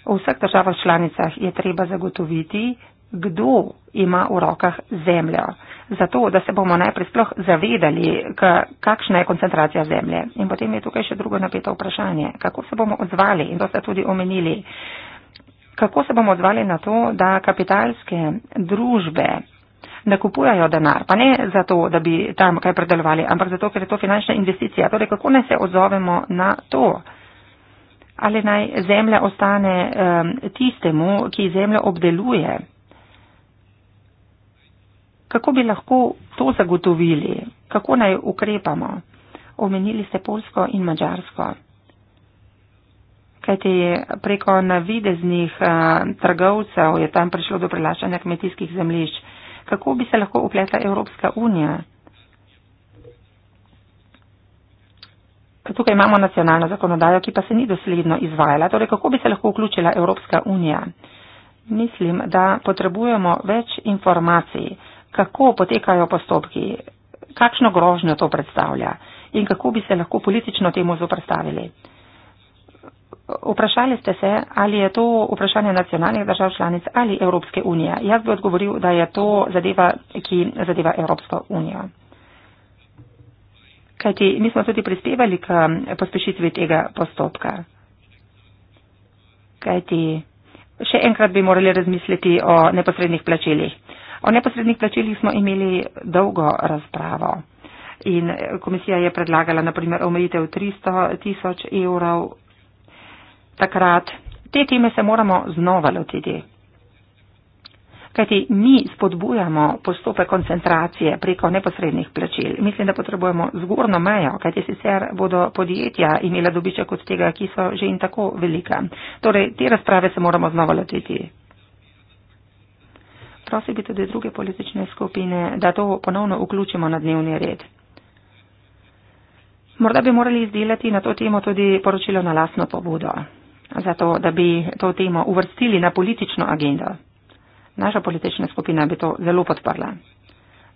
V vseh državah članicah je treba zagotoviti, kdo ima v rokah zemljo. Zato, da se bomo najprej sploh zavedali, kakšna je koncentracija zemlje. In potem je tukaj še drugo napeto vprašanje, kako se bomo odzvali, in to ste tudi omenili, kako se bomo odzvali na to, da kapitalske družbe da kupujajo denar, pa ne zato, da bi tam kaj predelovali, ampak zato, ker je to finančna investicija. Torej, kako naj se odzovemo na to? Ali naj zemlja ostane um, tistemu, ki zemljo obdeluje? Kako bi lahko to zagotovili? Kako naj ukrepamo? Omenili ste Polsko in Mačarsko. Kajti preko navideznih uh, trgovcev je tam prišlo do prilašanja kmetijskih zemljišč kako bi se lahko upletla Evropska unija. Tukaj imamo nacionalno zakonodajo, ki pa se ni dosledno izvajala. Torej, kako bi se lahko vključila Evropska unija? Mislim, da potrebujemo več informacij, kako potekajo postopki, kakšno grožnjo to predstavlja in kako bi se lahko politično temu zoprstavili. Vprašali ste se, ali je to vprašanje nacionalnih držav članic ali Evropske unije. Jaz bi odgovoril, da je to zadeva, ki zadeva Evropsko unijo. Kajti mi smo tudi prispevali k eh, pospešitvi tega postopka. Kajti še enkrat bi morali razmisliti o neposrednih plačilih. O neposrednih plačilih smo imeli dolgo razpravo. In eh, komisija je predlagala, naprimer, omejitev 300 tisoč evrov Takrat te teme se moramo znova lotiti. Kajti mi spodbujamo postope koncentracije preko neposrednih plačil. Mislim, da potrebujemo zgorno mejo, kajti sicer bodo podjetja imela dobiček od tega, ki so že in tako velika. Torej, te razprave se moramo znova lotiti. Prosim bi tudi druge politične skupine, da to ponovno vključimo na dnevni red. Morda bi morali izdelati na to temo tudi poročilo na lasno pobudo zato, da bi to temo uvrstili na politično agendo. Naša politična skupina bi to zelo podprla.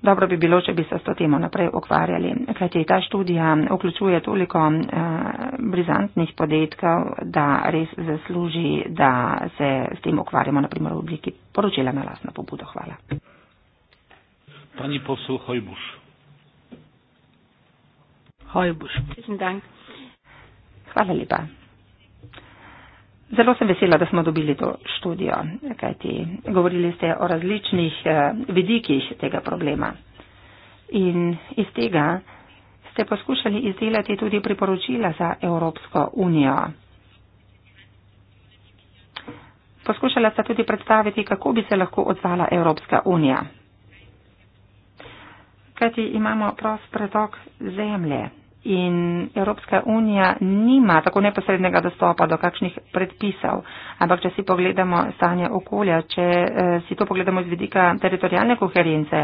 Dobro bi bilo, če bi se s to temo naprej okvarjali, kajti ta študija vključuje toliko eh, brizantnih podetkov, da res zasluži, da se s tem okvarjamo, naprimer v obliki poročila na lasno pobudo. Hvala. Pani posel Hojbuš. Hojbuš. Hvala lepa. Zelo sem vesela, da smo dobili to študijo, kajti govorili ste o različnih eh, vidikih tega problema. In iz tega ste poskušali izdelati tudi priporočila za Evropsko unijo. Poskušala sta tudi predstaviti, kako bi se lahko odzvala Evropska unija. Kajti imamo prost pretok zemlje, in Evropska unija nima tako neposrednega dostopa do kakšnih predpisov. Ampak, če si pogledamo stanje okolja, če eh, si to pogledamo iz vidika teritorijalne koherence,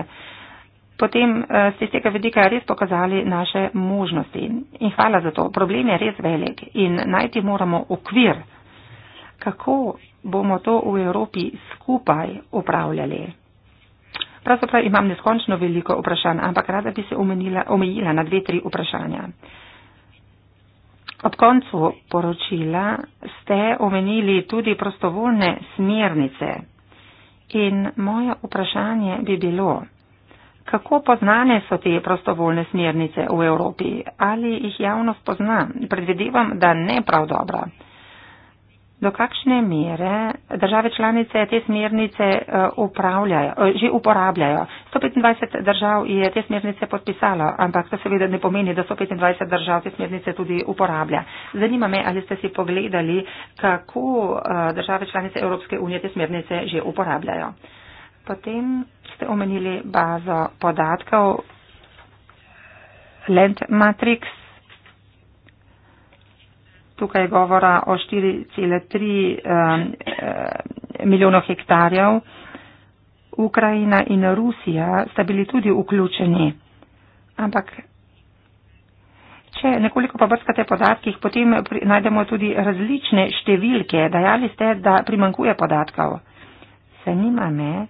potem eh, ste iz tega vidika res pokazali naše možnosti. In hvala za to. Problem je res velik in najti moramo okvir, kako bomo to v Evropi skupaj upravljali. Pravzaprav imam neskončno veliko vprašanj, ampak rada bi se umenila, omejila na dve, tri vprašanja. Ob koncu poročila ste omenili tudi prostovoljne smernice. In moje vprašanje bi bilo, kako poznane so te prostovoljne smernice v Evropi? Ali jih javnost pozna? Predvidevam, da ne prav dobro do kakšne mere države članice te smernice eh, upravljajo, eh, že uporabljajo. 125 držav je te smernice podpisalo, ampak to seveda ne pomeni, da 125 držav te smernice tudi uporablja. Zanima me, ali ste si pogledali, kako eh, države članice Evropske unije te smernice že uporabljajo. Potem ste omenili bazo podatkov Land Matrix tukaj govora o 4,3 milijonov hektarjev. Ukrajina in Rusija sta bili tudi vključeni. Ampak, če nekoliko pa brskate podatkih, potem najdemo tudi različne številke. Dajali ste, da primankuje podatkov. Zanima me,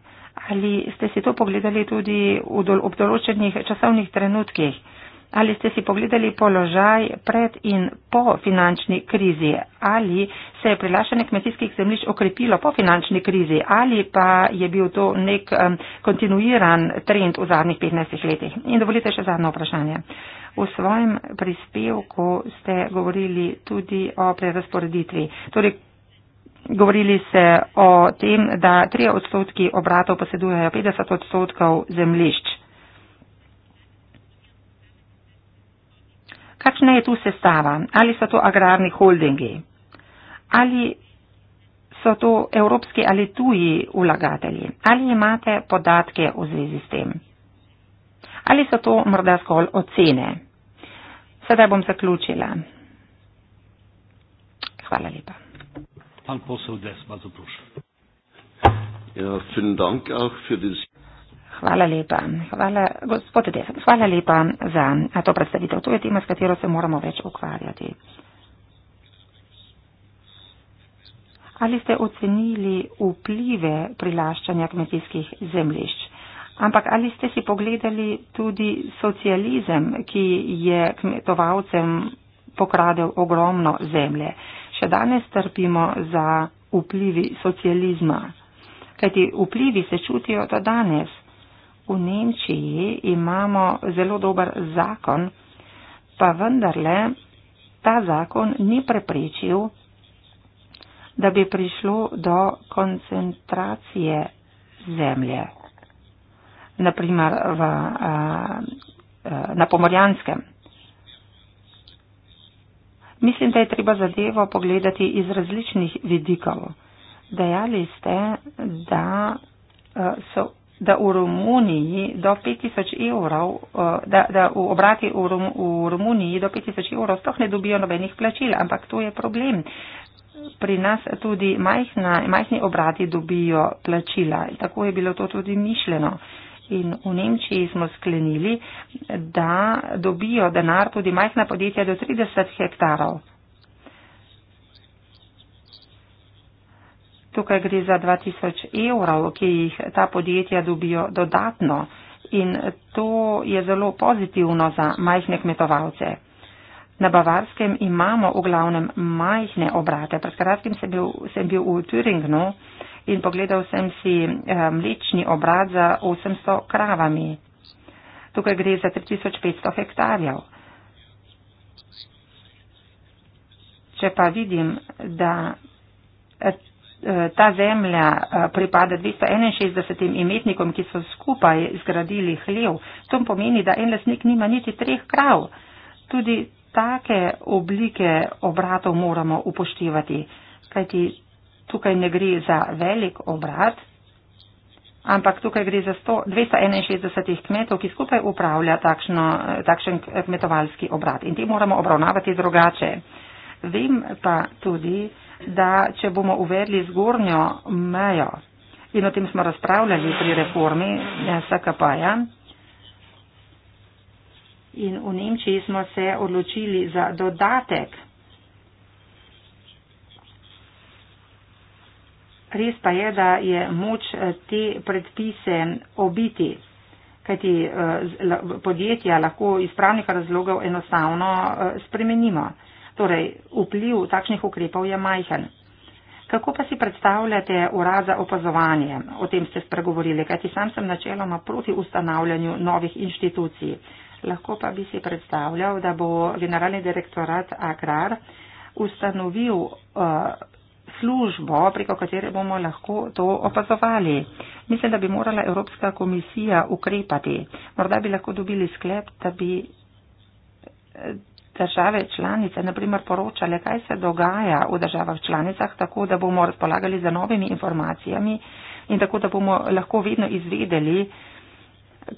ali ste si to pogledali tudi v določenih časovnih trenutkih. Ali ste si pogledali položaj pred in po finančni krizi? Ali se je prilašanje kmetijskih zemljišč okrepilo po finančni krizi? Ali pa je bil to nek um, kontinuiran trend v zadnjih 15 letih? In dovolite še zadnje vprašanje. V svojem prispevku ste govorili tudi o prerasporeditvi. Torej, govorili ste o tem, da 3 odstotki obratov posedujejo 50 odstotkov zemljišč. Kakšna je tu sestava? Ali so to agrarni holdingi? Ali so to evropski ali tuji vlagatelji? Ali imate podatke v zvezi s tem? Ali so to morda zgolj ocene? Sedaj bom zaključila. Hvala lepa. Pan posel, des, Hvala lepa. Hvala, gospod Desen, hvala lepa za to predstavitev. To je tema, s katero se moramo več ukvarjati. Ali ste ocenili vplive prilaščanja kmetijskih zemljišč? Ampak ali ste si pogledali tudi socializem, ki je kmetovalcem pokradel ogromno zemlje? Še danes trpimo za vplivi socializma. Kajti vplivi se čutijo do danes v Nemčiji imamo zelo dober zakon, pa vendarle ta zakon ni preprečil, da bi prišlo do koncentracije zemlje. Naprimer v, a, a, na Pomorjanskem. Mislim, da je treba zadevo pogledati iz različnih vidikov. Dejali ste, da so da v Romuniji do 5000 evrov, eh, da, da v obrati v, Rom, v Romuniji do 5000 evrov sploh ne dobijo nobenih plačil, ampak to je problem. Pri nas tudi majhna, majhni obrati dobijo plačila. Tako je bilo to tudi mišljeno. In v Nemčiji smo sklenili, da dobijo denar tudi majhna podjetja do 30 hektarov. Tukaj gre za 2000 evrov, ki jih ta podjetja dobijo dodatno in to je zelo pozitivno za majhne kmetovalce. Na Bavarskem imamo v glavnem majhne obrate. Pred kratkim sem bil, sem bil v Turingnu in pogledal sem si eh, mlečni obrat za 800 kravami. Tukaj gre za 3500 hektarjev. Če pa vidim, da Eh, ta zemlja eh, pripada 261 imetnikom, ki so skupaj zgradili hlev. To pomeni, da en lasnik nima niti treh krav. Tudi take oblike obratov moramo upoštevati, kajti tukaj ne gre za velik obrat, ampak tukaj gre za 100, 261 kmetov, ki skupaj upravlja takšno, eh, takšen kmetovalski obrat in te moramo obravnavati drugače. Vem pa tudi, da če bomo uvedli zgornjo mejo in o tem smo razpravljali pri reformi eh, SKP-ja in v Nemčiji smo se odločili za dodatek. Res pa je, da je moč eh, te predpise obiti, kajti eh, podjetja lahko iz pravnih razlogov enostavno spremenimo. Torej, vpliv takšnih ukrepov je majhen. Kako pa si predstavljate urad za opazovanje? O tem ste spregovorili, kajti sam sem načeloma proti ustanavljanju novih inštitucij. Lahko pa bi si predstavljal, da bo generalni direktorat Agrar ustanovil uh, službo, preko katere bomo lahko to opazovali. Mislim, da bi morala Evropska komisija ukrepati. Morda bi lahko dobili sklep, da bi. Eh, države članice, naprimer, poročale, kaj se dogaja v državah članicah, tako da bomo razpolagali za novimi informacijami in tako da bomo lahko vedno izvedeli,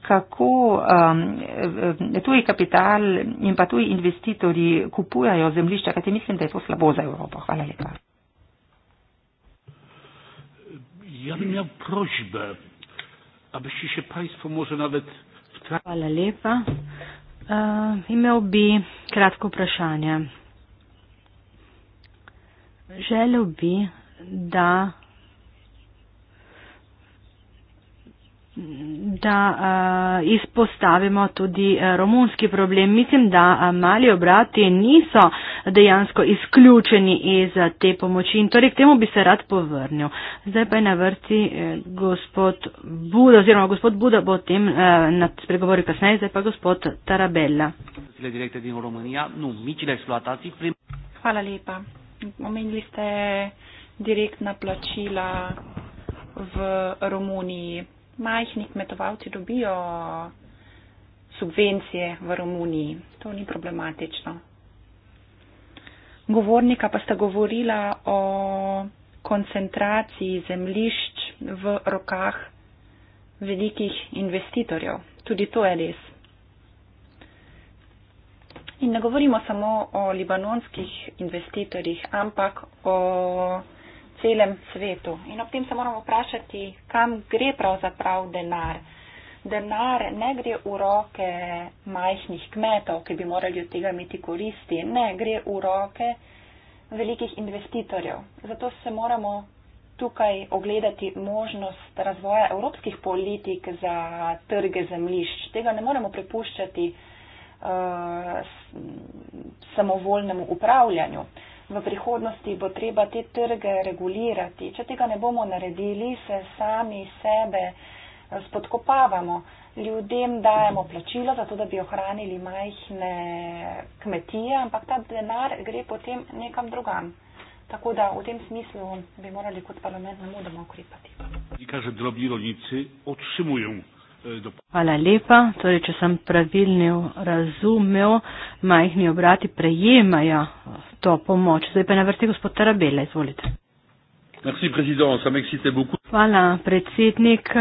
kako um, eh, tuji kapital in pa tuji investitorji kupujajo zemlišča, kajti mislim, da je to slabo za Evropo. Hvala lepa. Ja bi imel prošbe, a bi si še Państwo morda navet. Hvala lepa. Uh, imel bi kratko vprašanje. Želel bi, da da uh, izpostavimo tudi eh, romunski problem. Mislim, da eh, mali obrati niso dejansko izključeni iz te pomoči in torej k temu bi se rad povrnil. Zdaj pa je na vrsti gospod Buda, oziroma gospod Buda bo o tem uh, spregovoril kasneje, zdaj pa gospod Tarabella. Hvala lepa. Omenili ste direktna plačila v Romuniji majhni kmetovalci dobijo subvencije v Romuniji. To ni problematično. Govornika pa sta govorila o koncentraciji zemlišč v rokah velikih investitorjev. Tudi to je res. In ne govorimo samo o libanonskih investitorjih, ampak o celem svetu. In ob tem se moramo vprašati, kam gre pravzaprav denar. Denar ne gre v roke majhnih kmetov, ki bi morali od tega imeti koristi, ne gre v roke velikih investitorjev. Zato se moramo tukaj ogledati možnost razvoja evropskih politik za trge zemlišč. Tega ne moremo prepuščati uh, samovoljnemu upravljanju. Uh, v prihodnosti bo treba te trge regulirati. Če tega ne bomo naredili, se sami sebe eh, spodkopavamo. Ljudem dajemo plačilo za to, da bi ohranili majhne kmetije, ampak ta denar gre potem nekam drugam. Tako da v tem smislu bi morali kot parlament ne mudoma ukrepati. Kaže, drobni rodnici otrimujo Hvala lepa. Torej, če sem pravilno razumel, majhni obrati prejemajo to pomoč. Zdaj pa na vrsti gospod Tarabela, izvolite. Merci, Hvala, predsednik.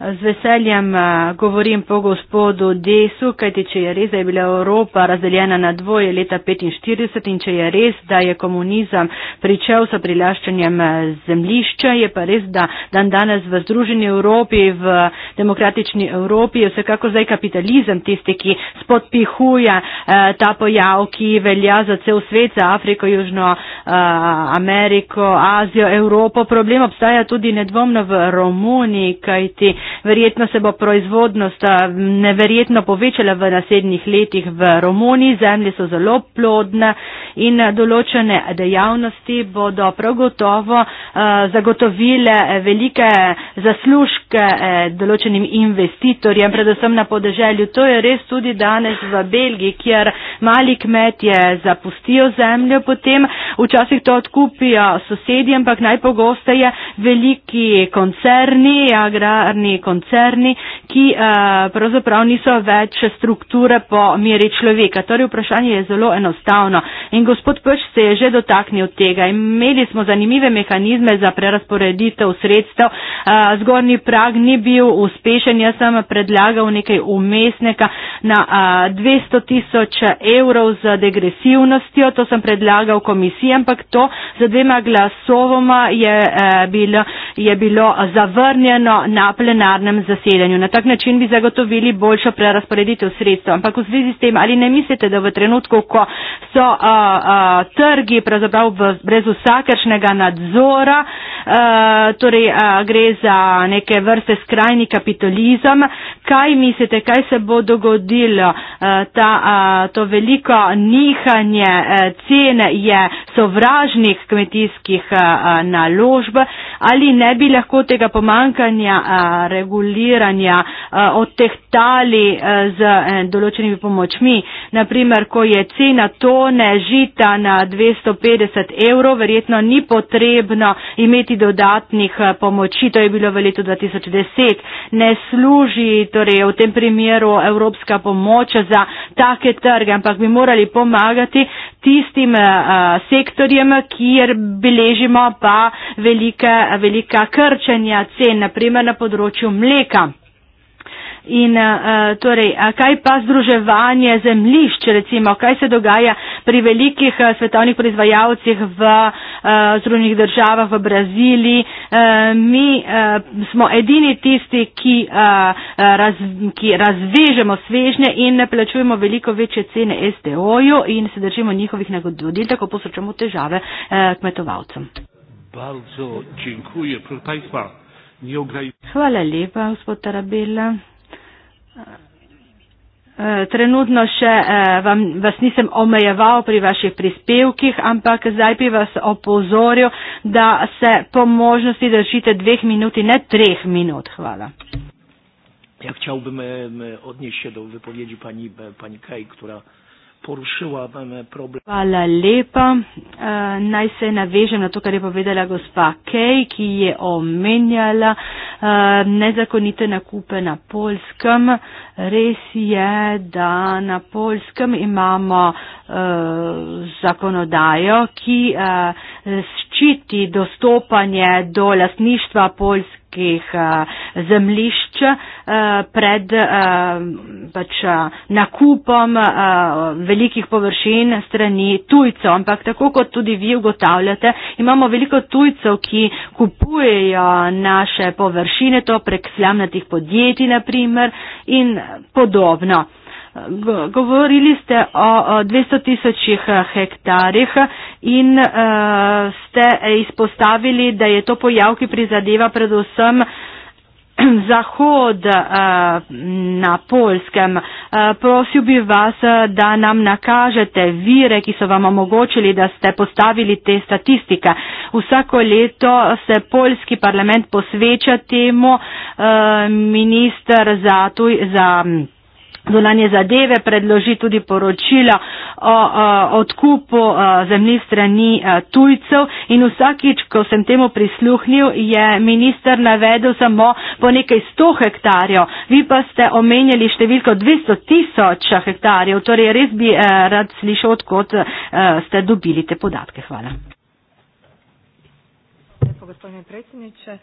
Z veseljem eh, govorim po gospodu Desu, kajti če je res, da je bila Evropa razdeljena na dvoje leta 1945 in če je res, da je komunizem pričel s prilaščanjem eh, zemlišča, je pa res, da dan danes v Združeni Evropi, v demokratični Evropi je vsekako zdaj kapitalizem tisti, ki spodpihuje eh, ta pojav, ki velja za cel svet, za Afriko, Južno eh, Ameriko, Azijo, Evropo. Problem obstaja tudi nedvomno v Romuniji, kajti. Verjetno se bo proizvodnost neverjetno povečala v naslednjih letih v Romuniji, zemlje so zelo plodne in določene dejavnosti bodo prav gotovo zagotovile velike zaslužke določenim investitorjem, predvsem na podeželju. To je res tudi danes v Belgiji, kjer mali kmetje zapustijo zemljo, potem včasih to odkupijo sosedje, ampak najpogosteje veliki koncerni, agrarni koncerni, ki eh, pravzaprav niso več strukture po meri človeka. Torej, vprašanje je zelo enostavno in gospod Pš se je že dotaknil tega. Imeli smo zanimive mehanizme za prerasporeditev sredstev, eh, zgornji prag ni bil uspešen, jaz sem predlagal nekaj umestnika na 200 eh, tisoč evrov z degresivnostjo, to sem predlagal komisiji, ampak to z dvema glasovoma je, je bilo zavrnjeno na plenarni plenarnem zasedanju. Na tak način bi zagotovili boljšo prerasporeditev sredstva. Ampak v zvezi s tem, ali ne mislite, da v trenutku, ko so a, a, trgi pravzaprav brez vsakršnega nadzora, a, torej a, gre za neke vrste skrajni kapitalizem, kaj mislite, kaj se bo dogodilo? A, ta, a, to veliko nihanje a, e, cene je sovražnik kmetijskih a, a, naložb ali ne bi lahko tega pomankanja a, reguliranja a, odtehtali a, z a, e, določenimi pomočmi. Naprimer, ko je cena tone žita na 250 evrov, verjetno ni potrebno imeti dodatnih a, pomoči. To je bilo v letu 2010. Ne služi torej, v tem primeru evropska pomoč za take trge, ampak bi morali pomagati tistim uh, sektorjem, kjer beležimo pa velike, velika krčenja cen, naprimer na področju mleka. In uh, torej, kaj pa združevanje zemljišč, recimo, kaj se dogaja pri velikih uh, svetovnih proizvajalcih v uh, eh, zrunih državah, v Braziliji. Uh, mi uh, smo edini tisti, ki, uh, raz, ki razvežemo svežnje in ne plačujemo veliko večje cene STO-ju in se držimo njihovih nagodil, tako posrečamo težave uh, kmetovalcem. Hvala lepa, gospod Tarabela. Eh, trenutno še eh, vam, vas nisem omejeval pri vaših prispevkih, ampak zdaj bi vas opozoril, da se po možnosti držite dveh minut in ne treh minut. Hvala. Ja, htjel bi odnijeti še do vepovedi pani, pani Kaj, ki. Ktora porušila eh, problem. Hvala lepa. Uh, naj se navežem na to, kar je povedala gospa Kej, ki je omenjala uh, nezakonite nakupe na polskem. Res je, da na polskem imamo uh, zakonodajo, ki uh, ščiti dostopanje do lasništva polske kmetijskih eh, zemlišč eh, pred eh, pač nakupom velikih površin strani tujcev. Ampak tako kot tudi vi ugotavljate, imamo veliko tujcev, ki kupujejo naše površine, to prek slamnatih podjetij naprimer in podobno. Govorili ste o 200 tisočih eh, hektarjih in eh, ste izpostavili, da je to pojav, ki prizadeva predvsem <clears throat> zahod eh, na Polskem. Prosil bi vas, da nam nakažete vire, ki so vam omogočili, da ste postavili te statistike. Vsako leto se polski parlament posveča temu, minister za. Tuj, za zunanje zadeve, predloži tudi poročila o, o odkupu zemljih strani e, tujcev in vsakič, ko sem temu prisluhnil, je minister navedel samo po nekaj 100 hektarjev, vi pa ste omenjali številko 200 tisoč hektarjev, torej res bi e, rad slišal, odkot e, ste dobili te podatke. Hvala. Hvala, gospodine predsjedniče.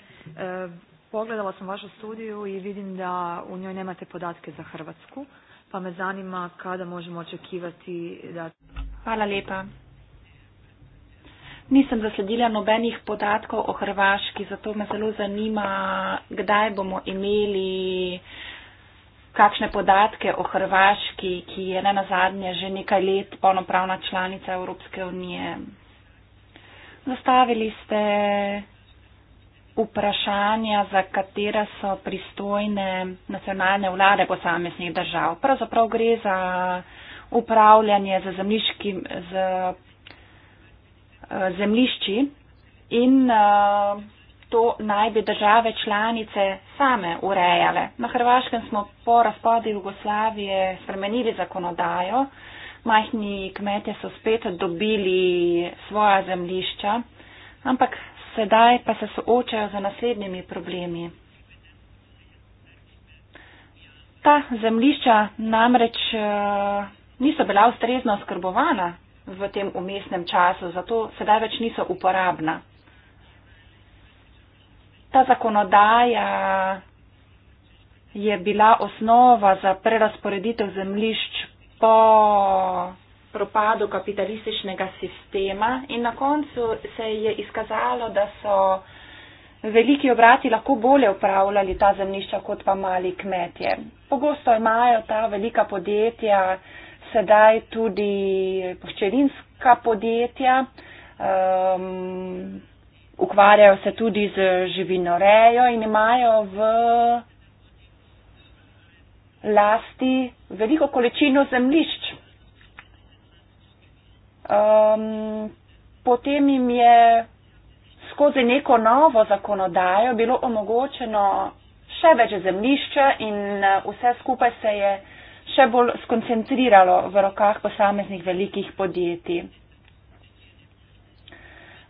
Pogledala sam vašu studiju i vidim da u njoj nemate podatke za Hrvatsku, pa me zanima kada možemo očekivati da... Hvala lepa. Nisem zasledila nobenih podatkov o Hrvaški, zato me zelo zanima, kdaj bomo imeli kakšne podatke o Hrvaški, ki je ne nazadnje že nekaj let ponopravna članica Evropske unije. Zastavili ste vprašanja, za katera so pristojne nacionalne vlade posameznih držav. Pravzaprav gre za upravljanje z zemljiškim, z eh, zemlišči in eh, to naj bi države članice same urejale. Na Hrvaškem smo po razpadu Jugoslavije spremenili zakonodajo, majhni kmetje so spet dobili svoja zemlišča, ampak Sedaj pa se soočajo z naslednjimi problemi. Ta zemlišča namreč uh, niso bila ustrezno oskrbovana v tem umestnem času, zato sedaj več niso uporabna. Ta zakonodaja je bila osnova za prerasporeditev zemlišč po propadu kapitalističnega sistema in na koncu se je izkazalo, da so veliki obrati lahko bolje upravljali ta zemljišča kot pa mali kmetje. Pogosto imajo ta velika podjetja sedaj tudi poščelinska podjetja, um, ukvarjajo se tudi z živinorejo in imajo v lasti veliko količino zemljišč. Um, potem jim je skozi neko novo zakonodajo bilo omogočeno še več zemlišča in eh, vse skupaj se je še bolj skoncentriralo v rokah posameznih velikih podjetij.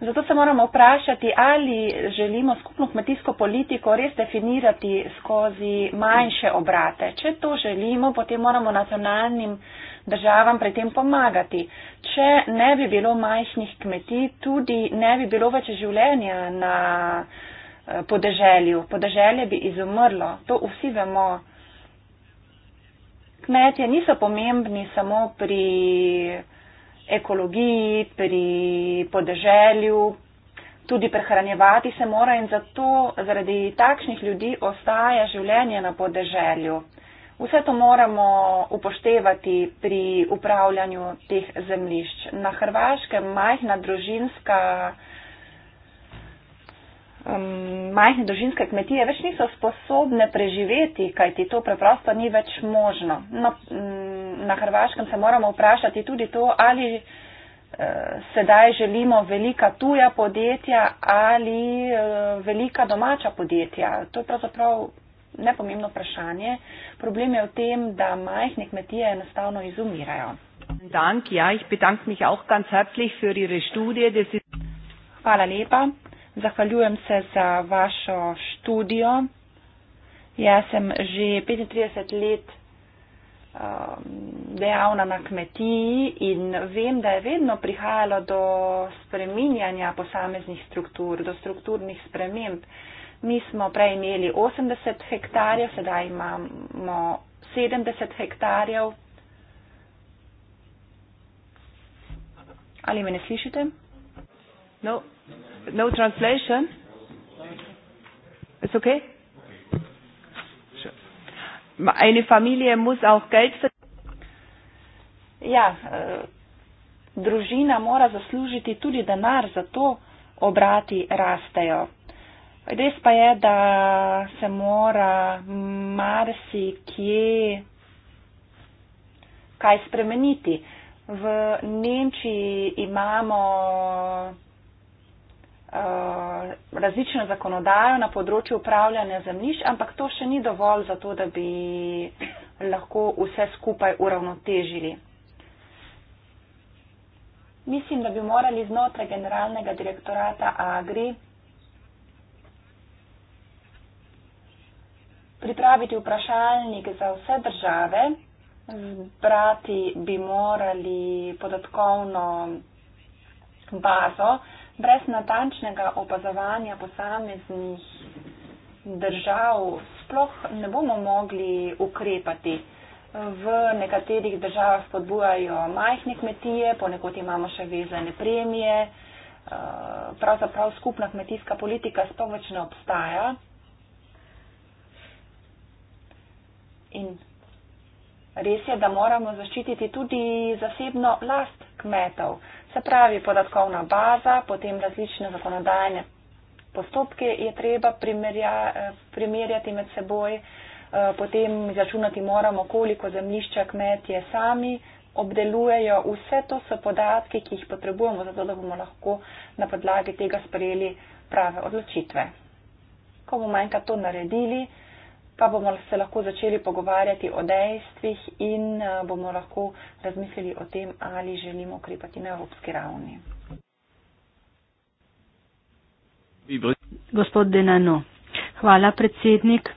Zato se moramo vprašati, ali želimo skupno kmetijsko politiko res definirati skozi manjše obrate. Če to želimo, potem moramo nacionalnim državam pri tem pomagati. Če ne bi bilo majhnih kmetij, tudi ne bi bilo več življenja na eh, podeželju. Podeželje bi izumrlo. To vsi vemo. Kmetje niso pomembni samo pri ekologiji, pri podeželju, tudi prehranjevati se mora in zato zaradi takšnih ljudi ostaja življenje na podeželju. Vse to moramo upoštevati pri upravljanju teh zemljišč. Na Hrvaškem majhna družinska. Majhne družinske kmetije več niso sposobne preživeti, kajti to preprosto ni več možno. No, mm, na Hrvaškem se moramo vprašati tudi to, ali eh, sedaj želimo velika tuja podjetja ali eh, velika domača podjetja. To je pravzaprav nepomembno vprašanje. Problem je v tem, da majhne kmetije enostavno izumirajo. Dank, ja, ich bedanke mich auch ganz herzlich für Ihre Studie. Das ist... Hvala lepa. Zahvaljujem se za vašo študijo. Jaz sem že 35 let um, dejavna na kmetiji in vem, da je vedno prihajalo do spreminjanja posameznih struktur, do strukturnih sprememb. Mi smo prej imeli 80 hektarjev, sedaj imamo 70 hektarjev. Ali me ne slišite? No, no translation. It's okay. Eine Familie muss auch Geld ja, eh, družina mora zaslužiti tudi denar, zato obrati rastejo. Res pa je, da se mora marsikje kaj spremeniti. V Nemčiji imamo uh, različno zakonodajo na področju upravljanja zemljišč, ampak to še ni dovolj za to, da bi lahko vse skupaj uravnotežili. Mislim, da bi morali znotraj generalnega direktorata Agri pripraviti vprašalnik za vse države, zbrati bi morali podatkovno bazo brez natančnega opazovanja posameznih držav sploh ne bomo mogli ukrepati. V nekaterih državah spodbujajo majhne kmetije, ponekod imamo še vezane premije, eh, pravzaprav skupna kmetijska politika sploh več ne obstaja. in res je, da moramo zaščititi tudi zasebno last kmetov. Se pravi, podatkovna baza, potem različne zakonodajne postopke je treba primerjati med seboj, eh, potem izračunati moramo, koliko zemljišča kmetje sami obdelujejo. Vse to so podatki, ki jih potrebujemo, zato da bomo lahko na podlagi tega sprejeli prave odločitve. Ko bomo enkrat to naredili, pa bomo se lahko začeli pogovarjati o dejstvih in eh, bomo lahko razmislili o tem, ali želimo ukrepati na evropski ravni. Gospod Denano, hvala predsednik.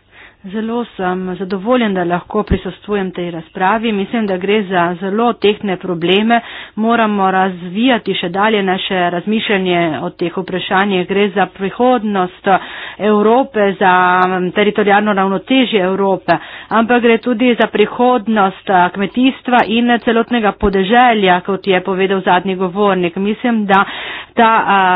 Zelo sem zadovoljen, da lahko prisostujem tej razpravi. Mislim, da gre za zelo tehne probleme. Moramo razvijati še dalje naše razmišljanje o teh vprašanjih. Gre za prihodnost Evrope, za teritorijalno ravnotežje Evrope, ampak gre tudi za prihodnost kmetijstva in celotnega podeželja, kot je povedal zadnji govornik. Mislim, da ta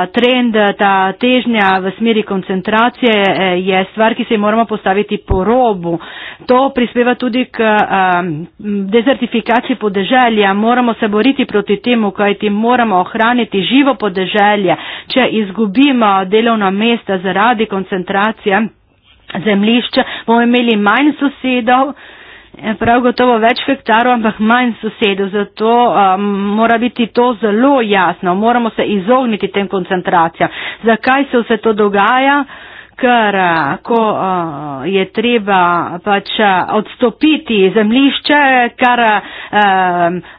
trend, ta težnja v smeri koncentracije e, je stvar, ki se moramo postaviti po robu. To prispeva tudi k um, dezertifikaciji podeželja. Moramo se boriti proti temu, kajti moramo ohraniti živo podeželje. Če izgubimo delovna mesta zaradi koncentracije zemlišča, bomo imeli manj sosedov. Eh, prav gotovo več hektarov, ampak manj sosedov, zato um, mora biti to zelo jasno, moramo se izogniti tem koncentracijam. Zakaj se vse to dogaja? Uh, ker ko je treba pač odstopiti zemlišče, kar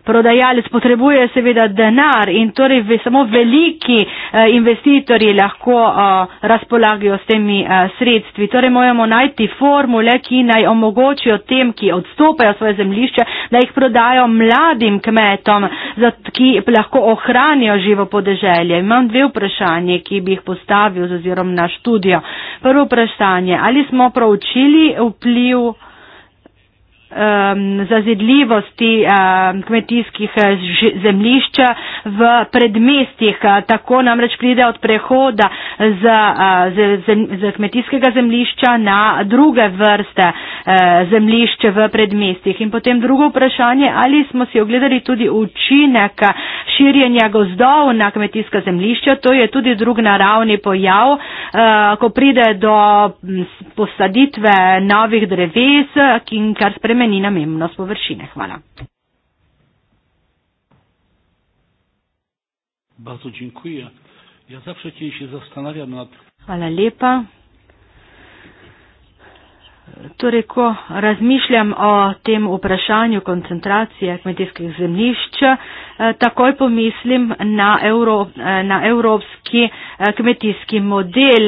prodajalec potrebuje seveda denar in torej samo veliki investitorji lahko razpolagajo s temi sredstvi. Torej moramo najti formule, ki naj omogočijo tem, ki odstopajo svoje zemlišče, da jih prodajo mladim kmetom, ki lahko ohranijo živo podeželje. Imam dve vprašanje, ki bi jih postavil oziroma na študijo. Uh, Prvo vprašanje, ali smo proučili vpliv um, zazidljivosti um, kmetijskih eh, zemljišč v predmestih. Eh, tako namreč pride od prehoda z, eh, z, z, z kmetijskega zemljišča na druge vrste eh, zemljišče v predmestih. In potem drugo vprašanje, ali smo si ogledali tudi učinek širjenja gozdov na kmetijska zemljišča, to je tudi drug naravni pojav, eh, ko pride do posaditve novih dreves, kar spremlja spremeni namembnost površine. Hvala. Ja Hvala lepa. Torej, ko razmišljam o tem vprašanju koncentracije kmetijskih zemljišč, eh, takoj pomislim na, Euro, eh, na evropski eh, kmetijski model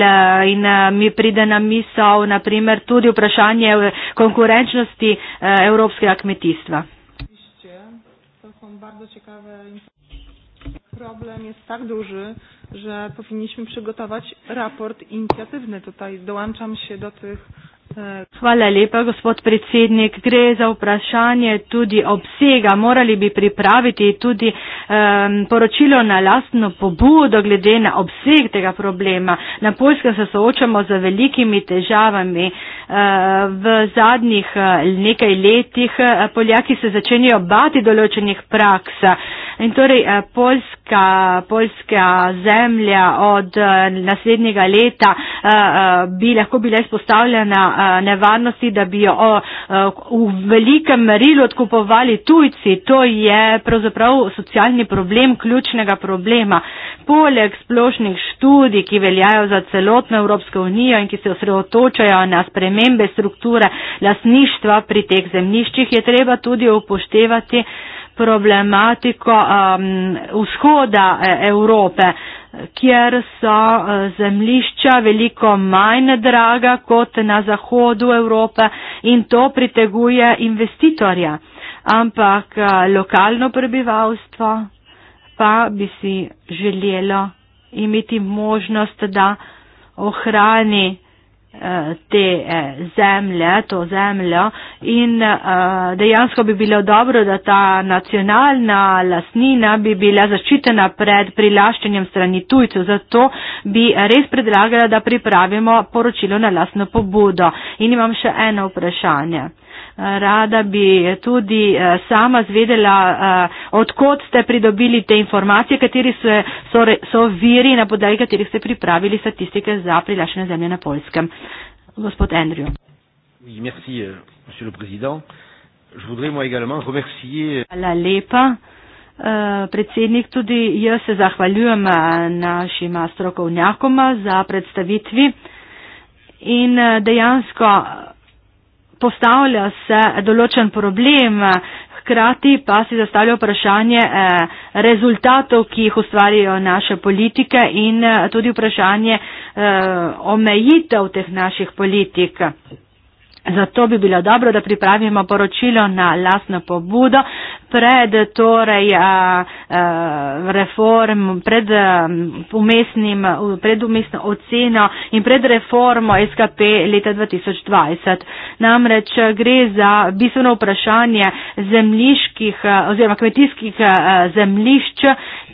in mi pride na misel naprimer tudi vprašanje konkurenčnosti evropskega kmetijstva. Problem jest tak duży, że powinniśmy przygotować raport inicjatywny. Tutaj dołączam się do tych Hvala lepa, gospod predsednik. Gre za vprašanje tudi obsega. Morali bi pripraviti tudi um, poročilo na lastno pobudo glede na obseg tega problema. Na Poljsko se soočamo z velikimi težavami. Eh, v zadnjih eh, nekaj letih eh, Poljaki se začenjajo bati določenih praksa. In torej Poljska, Poljska zemlja od naslednjega leta bi lahko bila izpostavljena nevarnosti, da bi jo o, v velikem merilu odkupovali tujci. To je pravzaprav socialni problem ključnega problema. Poleg splošnih študij, ki veljajo za celotno Evropsko unijo in ki se osredotočajo na spremembe strukture lasništva pri teh zemljiščih, je treba tudi upoštevati problematiko um, vzhoda e, Evrope. Uh, kjer so eh, zemljišča veliko manj draga kot na zahodu Evrope in to priteguje investitorja. Ampak eh, lokalno prebivalstvo pa bi si želelo imeti možnost, da ohrani te eh, zemlje, to zemljo in eh, dejansko bi bilo dobro, da ta nacionalna lasnina bi bila zaščitena pred prilaščenjem strani tujcev. Zato bi res predlagala, da pripravimo poročilo na lasno pobudo. In imam še eno vprašanje. Rada bi tudi eh, sama zvedela, eh, odkot ste pridobili te informacije, kateri so, so, so viri, na podaji katerih ste pripravili statistike za prilašene zemlje na Poljskem. Gospod Andrew. Euh, euh, Hvala lepa. Eh, predsednik, tudi jaz se zahvaljujem našima strokovnjakoma za predstavitvi in dejansko postavlja se določen problem, hkrati pa si zastavlja vprašanje eh, rezultatov, ki jih ustvarjajo naše politike in eh, tudi vprašanje eh, omejitev teh naših politik. Zato bi bilo dobro, da pripravimo poročilo na lastno pobudo pred torej a, a, reform, pred umestnim, pred umestno oceno in pred reformo SKP leta 2020. Namreč gre za bistveno vprašanje zemljiških oziroma kmetijskih zemljišč,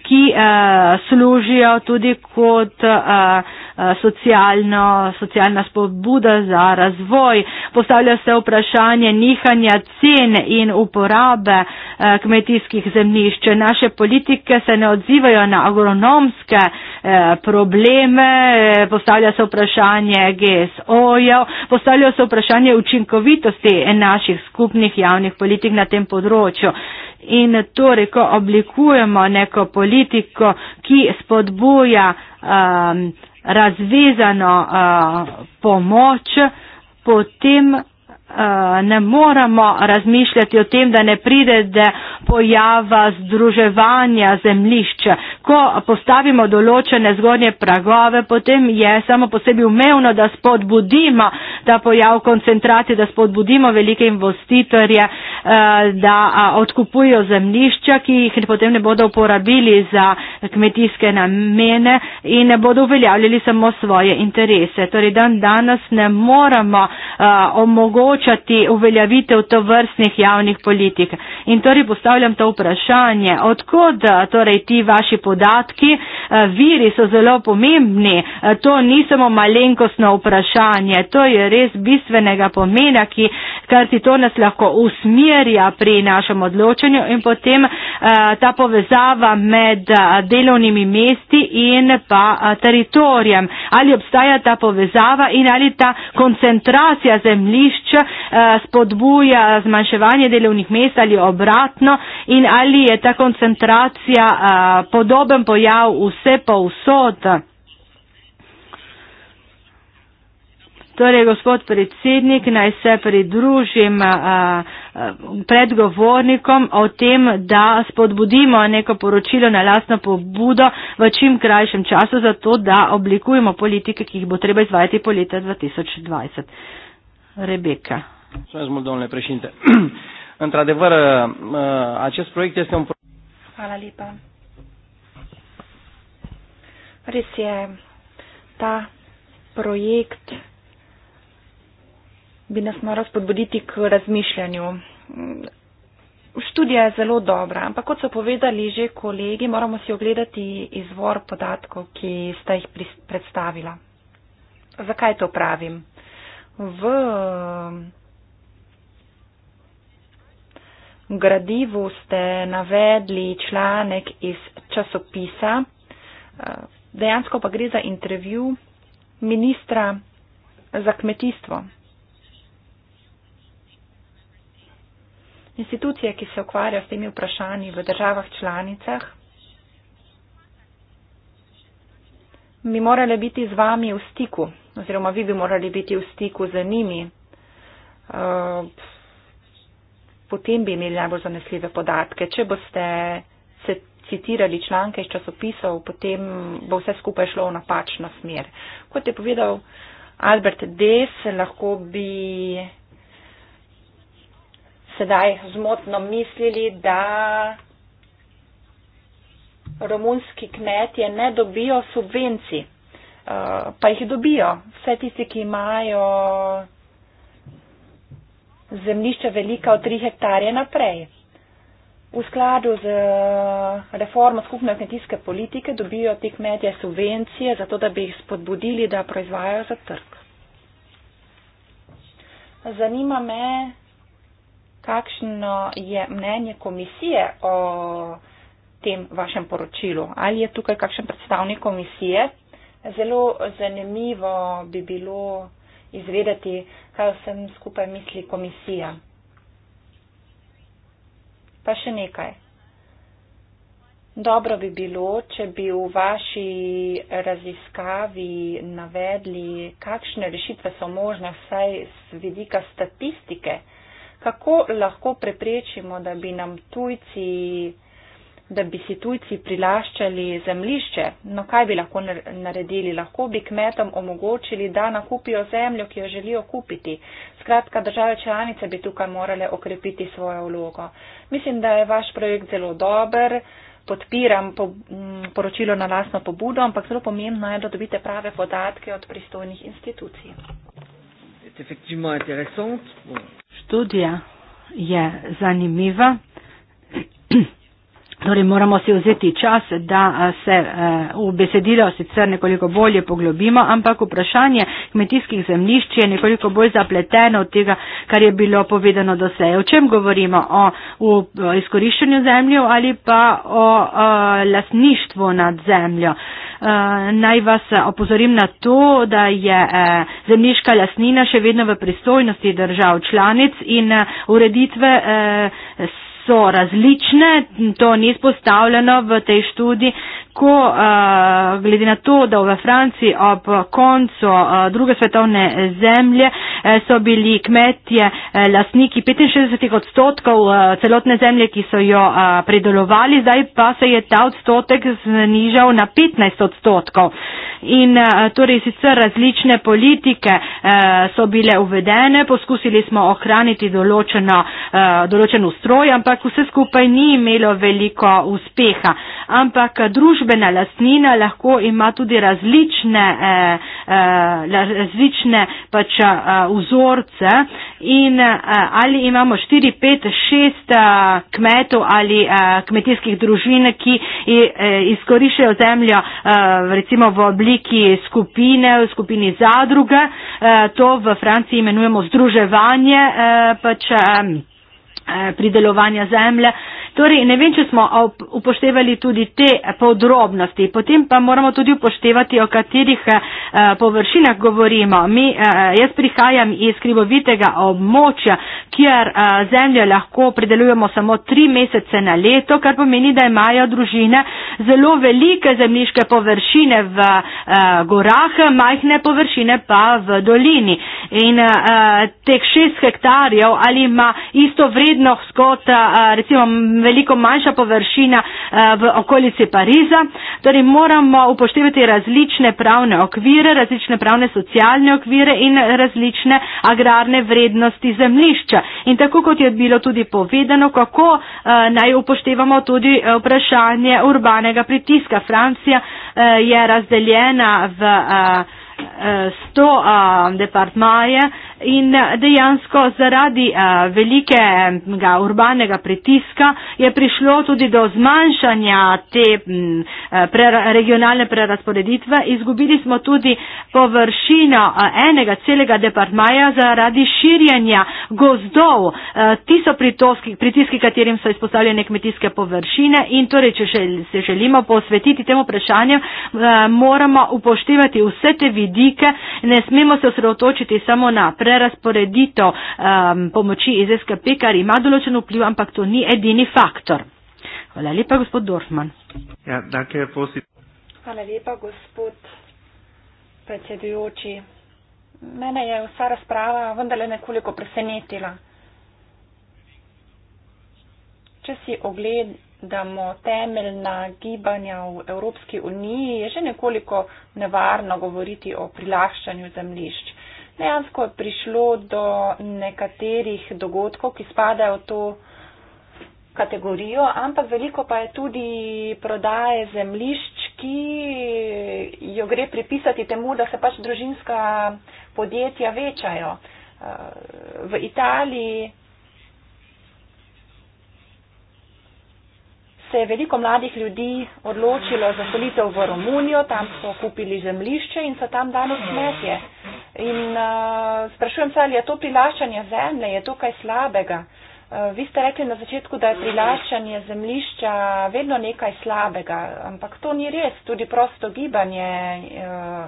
ki eh, služijo tudi kot eh, eh, socialno, socialna spodbuda za razvoj. Postavlja se vprašanje nihanja cen in uporabe eh, kmetijskih zemljišč. Naše politike se ne odzivajo na agronomske eh, probleme, postavlja se vprašanje GSO-jev, postavlja se vprašanje učinkovitosti naših skupnih javnih politik na tem področju in torej, ko oblikujemo neko politiko, ki spodbuja um, razvezano uh, pomoč, potem Eh, ne moramo razmišljati o tem, da ne pride do pojava združevanja zemljišča. Ko postavimo določene zgornje pragove, potem je samo po sebi umevno, da spodbudimo ta pojav koncentracije, da spodbudimo velike investitorje, eh, da eh, odkupujo zemljišča, ki jih potem ne bodo uporabili za kmetijske namene in ne bodo uveljavljali samo svoje interese. Torej, dan danes ne moramo omogočiti, omogočati uveljavitev to vrstnih javnih politik. In torej postavljam to vprašanje, odkud eh, torej ti vaši podatki, eh, viri so zelo pomembni, eh, to ni samo malenkostno vprašanje, to je res bistvenega pomena, ki, kar ti to nas lahko usmerja pri našem odločanju in potem ta povezava med delovnimi mesti in pa teritorijem. Ali obstaja ta povezava in ali ta koncentracija zemljišča Eh, spodbuja zmanjševanje delovnih mest ali obratno in ali je ta koncentracija eh, podoben pojav vse pa vsod. Torej, gospod predsednik, naj se pridružim a, eh, a, predgovornikom o tem, da spodbudimo neko poročilo na lastno pobudo v čim krajšem času, zato da oblikujemo politike, ki jih bo treba izvajati po leta 2020. Rebecca. Mulțumesc mult, domnule președinte. <clears throat> Într-adevăr, acest proiect este un proiect... Hvala lepa. Res je, ta projekt bi nas moral spodbuditi k razmišljanju. Študija je zelo dobra, ampak kot so povedali že kolegi, moramo si ogledati izvor podatkov, ki sta jih predstavila. Zakaj to pravim? v gradivu ste navedli članek iz časopisa, dejansko pa gre za intervju ministra za kmetijstvo. Institucije, ki se ukvarjajo s temi vprašanji v državah članicah, bi morale biti z vami v stiku oziroma vi bi morali biti v stiku z njimi, eh, potem bi imeli najbolj zanesljive podatke. Če boste se citirali članke iz časopisov, potem bo vse skupaj šlo v napačno smer. Kot je povedal Albert Des, lahko bi sedaj zmotno mislili, da romunski kmetje ne dobijo subvencij. Eh, pa jih dobijo. Vse tisti, ki imajo zemljišče velika od 3 hektarje naprej. V skladu z eh, reformo skupne kmetijske politike dobijo te kmetje subvencije, zato da bi jih spodbudili, da proizvajajo za trg. Zanima me, kakšno je mnenje komisije o tem vašem poročilu. Ali je tukaj kakšen predstavnik komisije, Zelo zanimivo bi bilo izvedeti, kaj vsem skupaj misli komisija. Pa še nekaj. Dobro bi bilo, če bi v vaši raziskavi navedli, kakšne rešitve so možne, saj z vidika statistike, kako lahko preprečimo, da bi nam tujci da bi si tujci prilaščali zemlišče. No kaj bi lahko naredili? Lahko bi kmetom omogočili, da nakupijo zemljo, ki jo želijo kupiti. Skratka, države članice bi tukaj morale okrepiti svojo vlogo. Mislim, da je vaš projekt zelo dober. Podpiram po, m, mm, poročilo na lasno pobudo, ampak zelo pomembno je, da dobite prave podatke od pristojnih institucij. Študija je zanimiva. <clears throat> Torej moramo si vzeti čas, da se v besedilo sicer nekoliko bolje poglobimo, ampak vprašanje kmetijskih zemljišč je nekoliko bolj zapleteno od tega, kar je bilo povedano do seje. O čem govorimo? O, o izkoriščanju zemlje ali pa o, o lasništvu nad zemljo? E, naj vas opozorim na to, da je e, zemljiška lasnina še vedno v pristojnosti držav članic in e, ureditve. E, so različne, to ni spostavljeno v tej študiji, tako eh, glede na to, da v Franciji ob koncu eh, druge svetovne zemlje eh, so bili kmetje lastniki 65 odstotkov celotne zemlje, ki so jo predelovali, zdaj pa se je ta odstotek znižal na 15 odstotkov. In torej sicer različne politike so bile uvedene, poskusili smo ohraniti določeno, določen ustroj, ampak vse skupaj ni imelo veliko uspeha. Ampak družba družbena lastnina lahko ima tudi različne, eh, eh, različne pač eh, vzorce in ali imamo 4, 5, 6 kmetov ali kmetijskih družin, ki izkoriščajo zemljo recimo v obliki skupine, v skupini zadruge, to v Franciji imenujemo združevanje pač. Eh, pridelovanja zemlje. Torej, ne vem, če smo upoštevali tudi te podrobnosti. Potem pa moramo tudi upoštevati, o katerih eh, površinah govorimo. Mi, eh, jaz prihajam iz krivovitega območja, kjer zemljo lahko pridelujemo samo tri mesece na leto, kar pomeni, da imajo družine zelo velike zemljiške površine v gorah, majhne površine pa v dolini. In teh šest hektarjev ali ima isto vrednost, vedno skot recimo veliko manjša površina v okolici Pariza. Torej moramo upoštevati različne pravne okvire, različne pravne socialne okvire in različne agrarne vrednosti zemljišča. In tako kot je bilo tudi povedano, kako naj upoštevamo tudi vprašanje urbanega pritiska. Francija je razdeljena v 100 departmaje in eh, dejansko zaradi eh, velikega urbanega pritiska je prišlo tudi do zmanjšanja te mm, eh, pre, regionalne prerasporeditve. Izgubili smo tudi površino enega celega departmaja zaradi širjenja gozdov. Ti so pritoski, pritiski, katerim so izpostavljene kmetijske površine in torej, če se želimo posvetiti temu vprašanju, moramo upoštevati vse te vidike, ne smemo se osredotočiti samo na prerasporeditve prerasporedito um, pomoči iz SKP, kar ima določen vpliv, ampak to ni edini faktor. Hvala lepa, gospod Dorfman. Ja, dakle, Hvala lepa, gospod predsedujoči. Mene je vsa razprava vendarle nekoliko presenetila. Če si ogledamo temeljna gibanja v Evropski uniji, je že nekoliko nevarno govoriti o prilaščanju zemlišč dejansko prišlo do nekaterih dogodkov, ki spadajo v to kategorijo, ampak veliko pa je tudi prodaje zemlišč, ki jo gre pripisati temu, da se pač družinska podjetja večajo. Eh, v Italiji se je veliko mladih ljudi odločilo za selitev v Romunijo, tam so kupili zemlišče in so tam danes kmetje. In uh, sprašujem se, ali je to prilaščanje zemlje, je to kaj slabega? Uh, vi ste rekli na začetku, da je prilaščanje zemlišča vedno nekaj slabega, ampak to ni res, tudi prosto gibanje uh,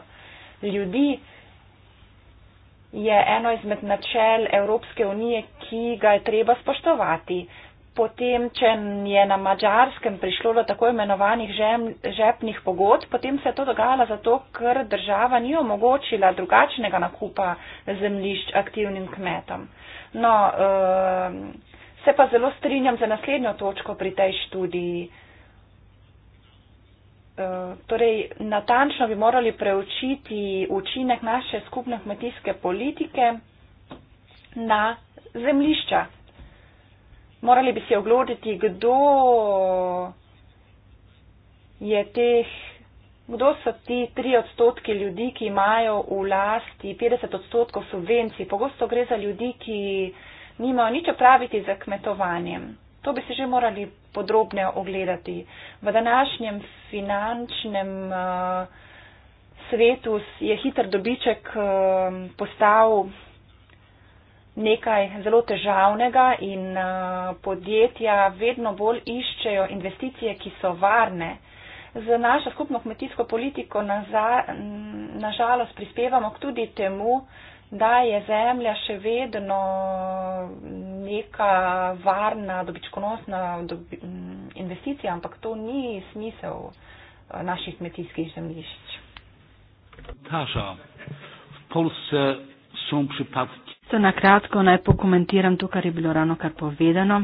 ljudi je eno izmed načel Evropske unije, ki ga je treba spoštovati. Potem, če je na Mačarskem prišlo do tako imenovanih žepnih pogod, potem se je to dogajalo zato, ker država ni omogočila drugačnega nakupa zemlišč aktivnim kmetom. No, ehm, se pa zelo strinjam za naslednjo točko pri tej študiji. Ehm, torej, natančno bi morali preučiti učinek naše skupne kmetijske politike na zemlišča morali bi se oglotiti, kdo je teh, kdo so ti tri odstotki ljudi, ki imajo v lasti 50 odstotkov subvencij. Pogosto gre za ljudi, ki nimajo nič opraviti za kmetovanjem. To bi se že morali podrobne ogledati. V današnjem finančnem uh, svetu je hiter dobiček uh, postal nekaj zelo težavnega in eh, podjetja vedno bolj iščejo investicije, ki so varne. Z našo skupno kmetijsko politiko nažalost prispevamo tudi temu, da je zemlja še vedno neka varna, dobičkonosna dobi, investicija, ampak to ni smisel eh, naših kmetijskih zemljišč. Taša, v Polsce so pripadki. Čisto na kratko naj pokomentiram to, kar je bilo ravno kar povedano.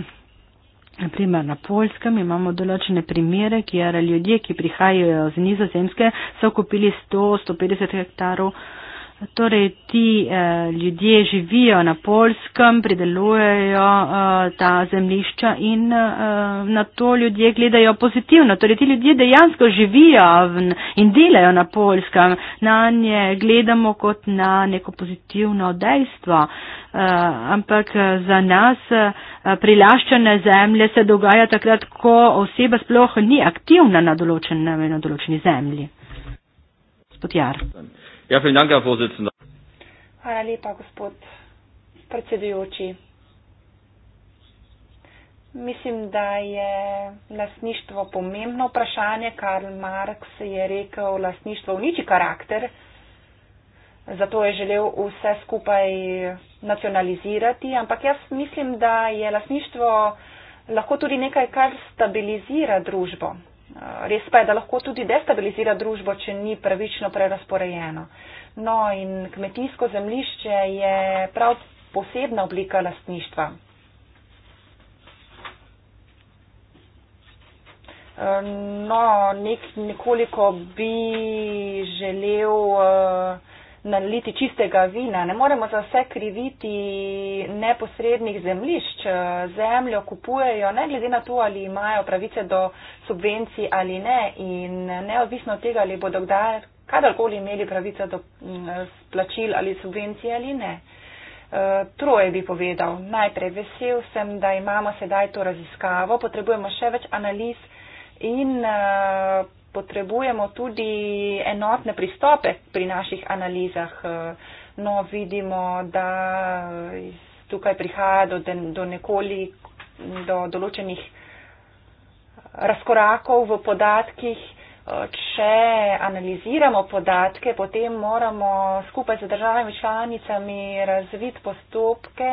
Naprimer, na Poljskem imamo določene primere, kjer ljudje, ki prihajajo z nizozemske, so kupili 100-150 hektarov Torej, ti eh, ljudje živijo na polskem, pridelujejo eh, ta zemlišča in eh, na to ljudje gledajo pozitivno. Torej, ti ljudje dejansko živijo in delajo na polskem. Na nje gledamo kot na neko pozitivno dejstvo. Eh, ampak eh, za nas eh, prilaščene zemlje se dogaja takrat, ko oseba sploh ni aktivna na določeni, na določeni zemlji. Gospod Jar. Ja, vielen Dank, Herr Vorsitzender. Hvala lepa, gospod predsedujoči. Mislim, da je lasništvo pomembno vprašanje. Karl Marx je rekel, lasništvo uniči karakter, zato je želel vse skupaj nacionalizirati, ampak jaz mislim, da je lasništvo lahko tudi nekaj, kar stabilizira družbo. Res pa je, da lahko tudi destabilizira družbo, če ni pravično prerasporejeno. No in kmetijsko zemlišče je prav posebna oblika lastništva. Eh, no, nek, nekoliko bi želel. Uh, naliti čistega vina. Ne moremo za vse kriviti neposrednih zemlišč. Zemljo kupujejo ne glede na to, ali imajo pravice do subvencij ali ne in neodvisno od tega, ali bodo kdaj, kadarkoli imeli pravice do plačil ali subvencij ali ne. E, troje bi povedal. Najprej vesel sem, da imamo sedaj to raziskavo. Potrebujemo še več analiz in e, potrebujemo tudi enotne pristope pri naših analizah. No, vidimo, da tukaj prihaja do, do nekoliko, do določenih eh, razkorakov v podatkih. Eh, če analiziramo podatke, potem moramo skupaj z državami članicami razviti postopke,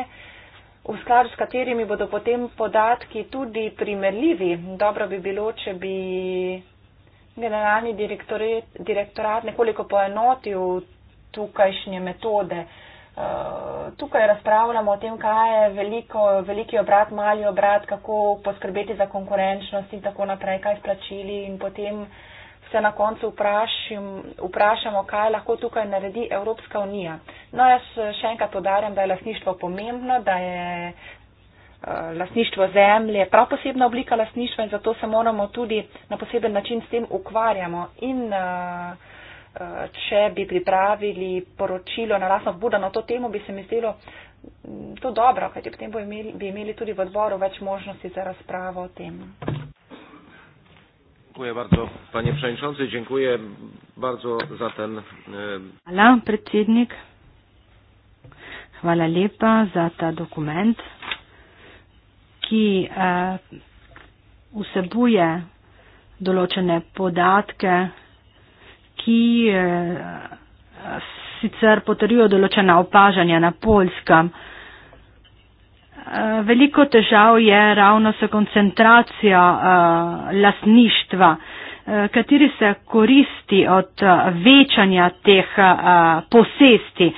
v skladu s katerimi bodo potem podatki tudi primerljivi. Dobro bi bilo, če bi generalni direktorat nekoliko poenotil tukajšnje metode. Uh, tukaj razpravljamo o tem, kaj je veliko, veliki obrat, mali obrat, kako poskrbeti za konkurenčnost in tako naprej, kaj splačili in potem se na koncu vprašim, vprašamo, kaj lahko tukaj naredi Evropska unija. No, jaz še enkrat podarjam, da je lasništvo pomembno, da je Eh, lastništvo zemlje, prav posebna oblika lastništva in zato se moramo tudi na poseben način s tem ukvarjamo. In eh, eh, če bi pripravili poročilo na lasno vbudo na to temo, bi se mi zdelo mm, to dobro, kajti potem bi imeli, bi imeli tudi v odboru več možnosti za razpravo o tem. Dziękuję bardzo, panie przewodniczący. Dziękuję bardzo za ten. E, Hvala, predsednik. Hvala lepa za ta dokument ki eh, vsebuje določene podatke, ki eh, sicer potrjujo določena opažanja na polskem. Eh, veliko težav je ravno s koncentracijo lasništva, kateri se koristi od večanja teh posesti.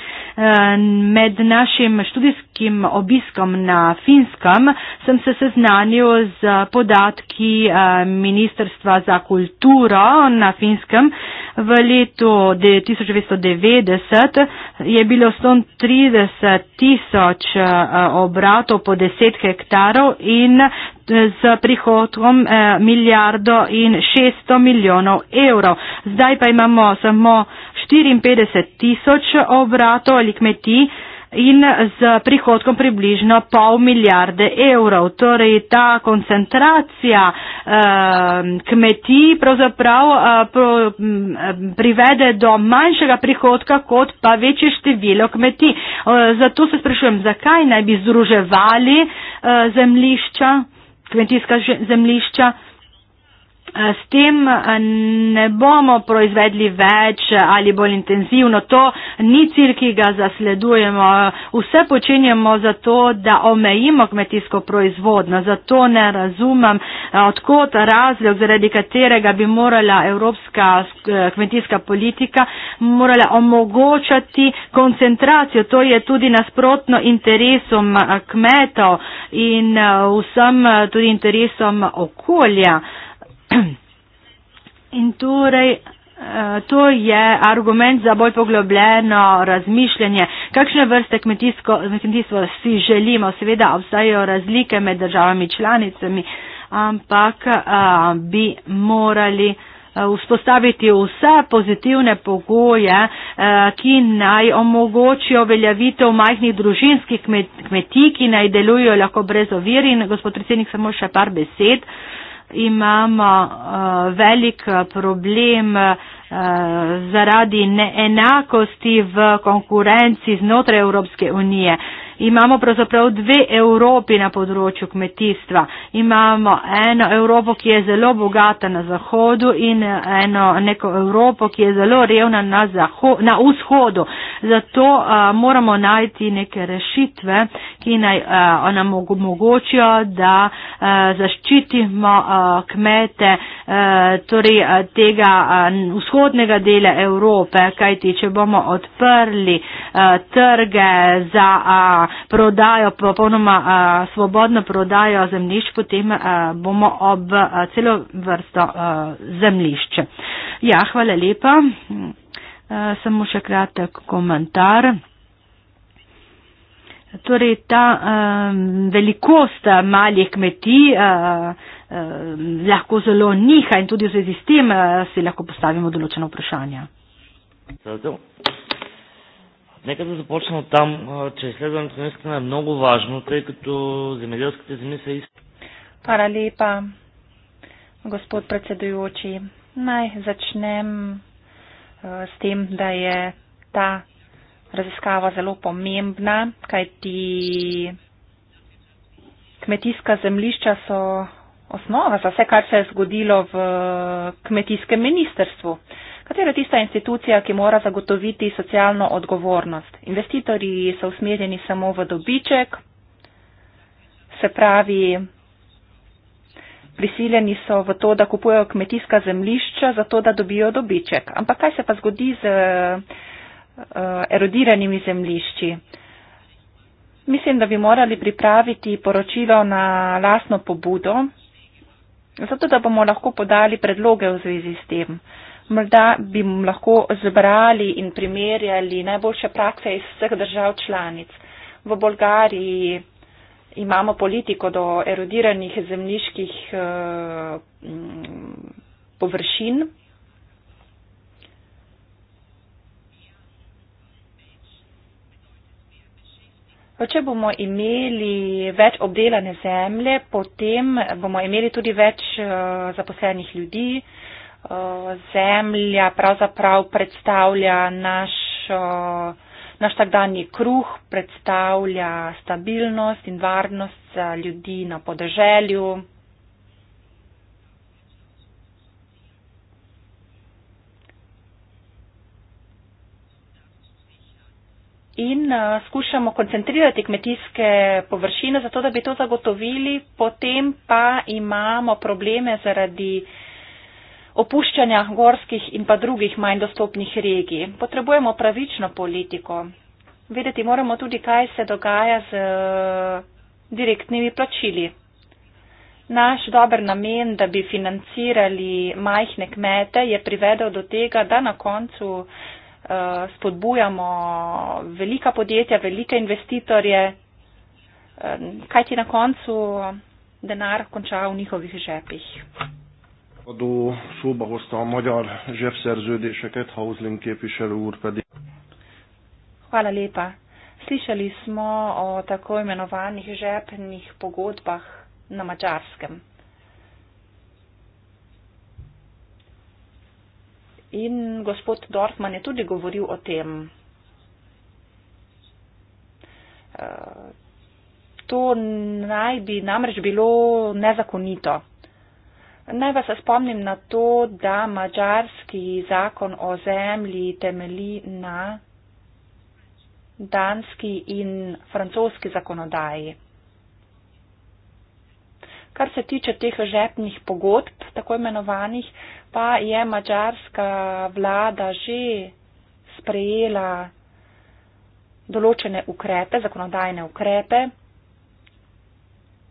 Med našim študijskim kratkim obiskom na Finskem sem se seznanil z podatki eh, Ministrstva za kulturo na Finskem. V letu 1990 je bilo 130 tisoč eh, obratov po 10 hektarov in z eh, prihodkom milijardo in 600 milijonov evrov. Zdaj pa imamo samo 54 tisoč obratov ali kmetij in z prihodkom približno pol milijarde evrov. Torej, ta koncentracija eh, kmetij pravzaprav eh, pro, privede do manjšega prihodka kot pa večje število kmetij. Eh, zato se sprašujem, zakaj naj bi združevali eh, zemlišča, kmetijska zemlišča. Eh, S tem eh, ne bomo proizvedli več ali bolj intenzivno. To ni cilj, ki ga zasledujemo. Vse počenjamo zato, da omejimo kmetijsko proizvodno. Zato ne razumem, eh, odkot razlog, zaradi katerega bi morala evropska eh, kmetijska politika morala omogočati koncentracijo. To je tudi nasprotno interesom kmetov in vsem tudi interesom okolja. <clears throat> In torej, eh, to je argument za bolj poglobljeno razmišljanje, kakšne vrste kmetijstvo si želimo. Seveda obstajajo razlike med državami članicami, ampak eh, bi morali eh, vzpostaviti vse pozitivne pogoje, ki naj omogočijo veljavitev majhnih družinskih kmetij, ki naj delujo lahko brez ovir. In gospod predsednik, samo še par besed imamo uh, velik problem uh, zaradi neenakosti v konkurenci znotraj Evropske unije. Uh, imamo pravzaprav dve Evropi na področju kmetijstva. Imamo eno Evropo, ki je zelo bogata na zahodu in eno neko Evropo, ki je zelo revna na, na vzhodu. Zato a, moramo najti neke rešitve, ki naj a, nam omogočijo, da a, zaščitimo a, kmete a, torej, a, tega a, vzhodnega dela Evrope, kajti če bomo odprli a, trge za a, prodajo, popolnoma svobodno prodajo zemljišč, potem bomo ob celo vrsto zemljišč. Ja, hvala lepa. Samo še kratek komentar. Torej, ta um, velikost malih kmetij uh, uh, lahko zelo niha in tudi v zvezi s tem uh, si lahko postavimo določeno vprašanje. Zato. Нека да започна от там, че изследването наистина е много важно, тъй като земеделските земи са истински. Паралипа, господ председуючи, най зачнем с тем, да е та разискава зело помембна, кай ти кметиска землища со основа за все, как се е сгодило в кметиске министерство. Katera je tista institucija, ki mora zagotoviti socialno odgovornost? Investitorji so usmerjeni samo v dobiček, se pravi, prisiljeni so v to, da kupujejo kmetijska zemlišča, zato da dobijo dobiček. Ampak kaj se pa zgodi z uh, erodiranimi zemlišči? Mislim, da bi morali pripraviti poročilo na lastno pobudo, zato da bomo lahko podali predloge v zvezi s tem. Uh, morda bi lahko zbrali in primerjali najboljše prakse iz vseh držav članic. V Bolgariji imamo politiko do erodiranih zemljiških eh, mm, površin. Če bomo imeli več obdelane zemlje, potem bomo imeli tudi več eh, zaposlenih ljudi, zemlja pravzaprav predstavlja naš, naš takdani kruh, predstavlja stabilnost in varnost za ljudi na podeželju. In uh, skušamo koncentrirati kmetijske površine, zato da bi to zagotovili, potem pa imamo probleme zaradi uh, opuščanja gorskih in pa drugih manj dostopnih regij. Potrebujemo pravično politiko. Vedeti moramo tudi, kaj se dogaja z eh, direktnimi plačili. Naš dober namen, da bi financirali majhne kmete, je privedel do tega, da na koncu eh, spodbujamo velika podjetja, velike investitorje, eh, kaj ti na koncu denar konča v njihovih žepih adó szóba hozta a magyar zsebszerződéseket, Hauslin képviselő úr pedig. Hála lépa. Slyšeli smo o tako imenovanih žepnih pogodbah na mačarskem. In gospod Dorfman je tudi govoril o tem. Eh, to naj bi namreč bilo nezakonito. Naj vas spomnim na to, da mađarski zakon o zemlji temeli na danski in francoski zakonodaji. Kar se tiče teh žepnih pogodb, tako imenovanih, pa je mađarska vlada že sprejela določene ukrepe, zakonodajne ukrepe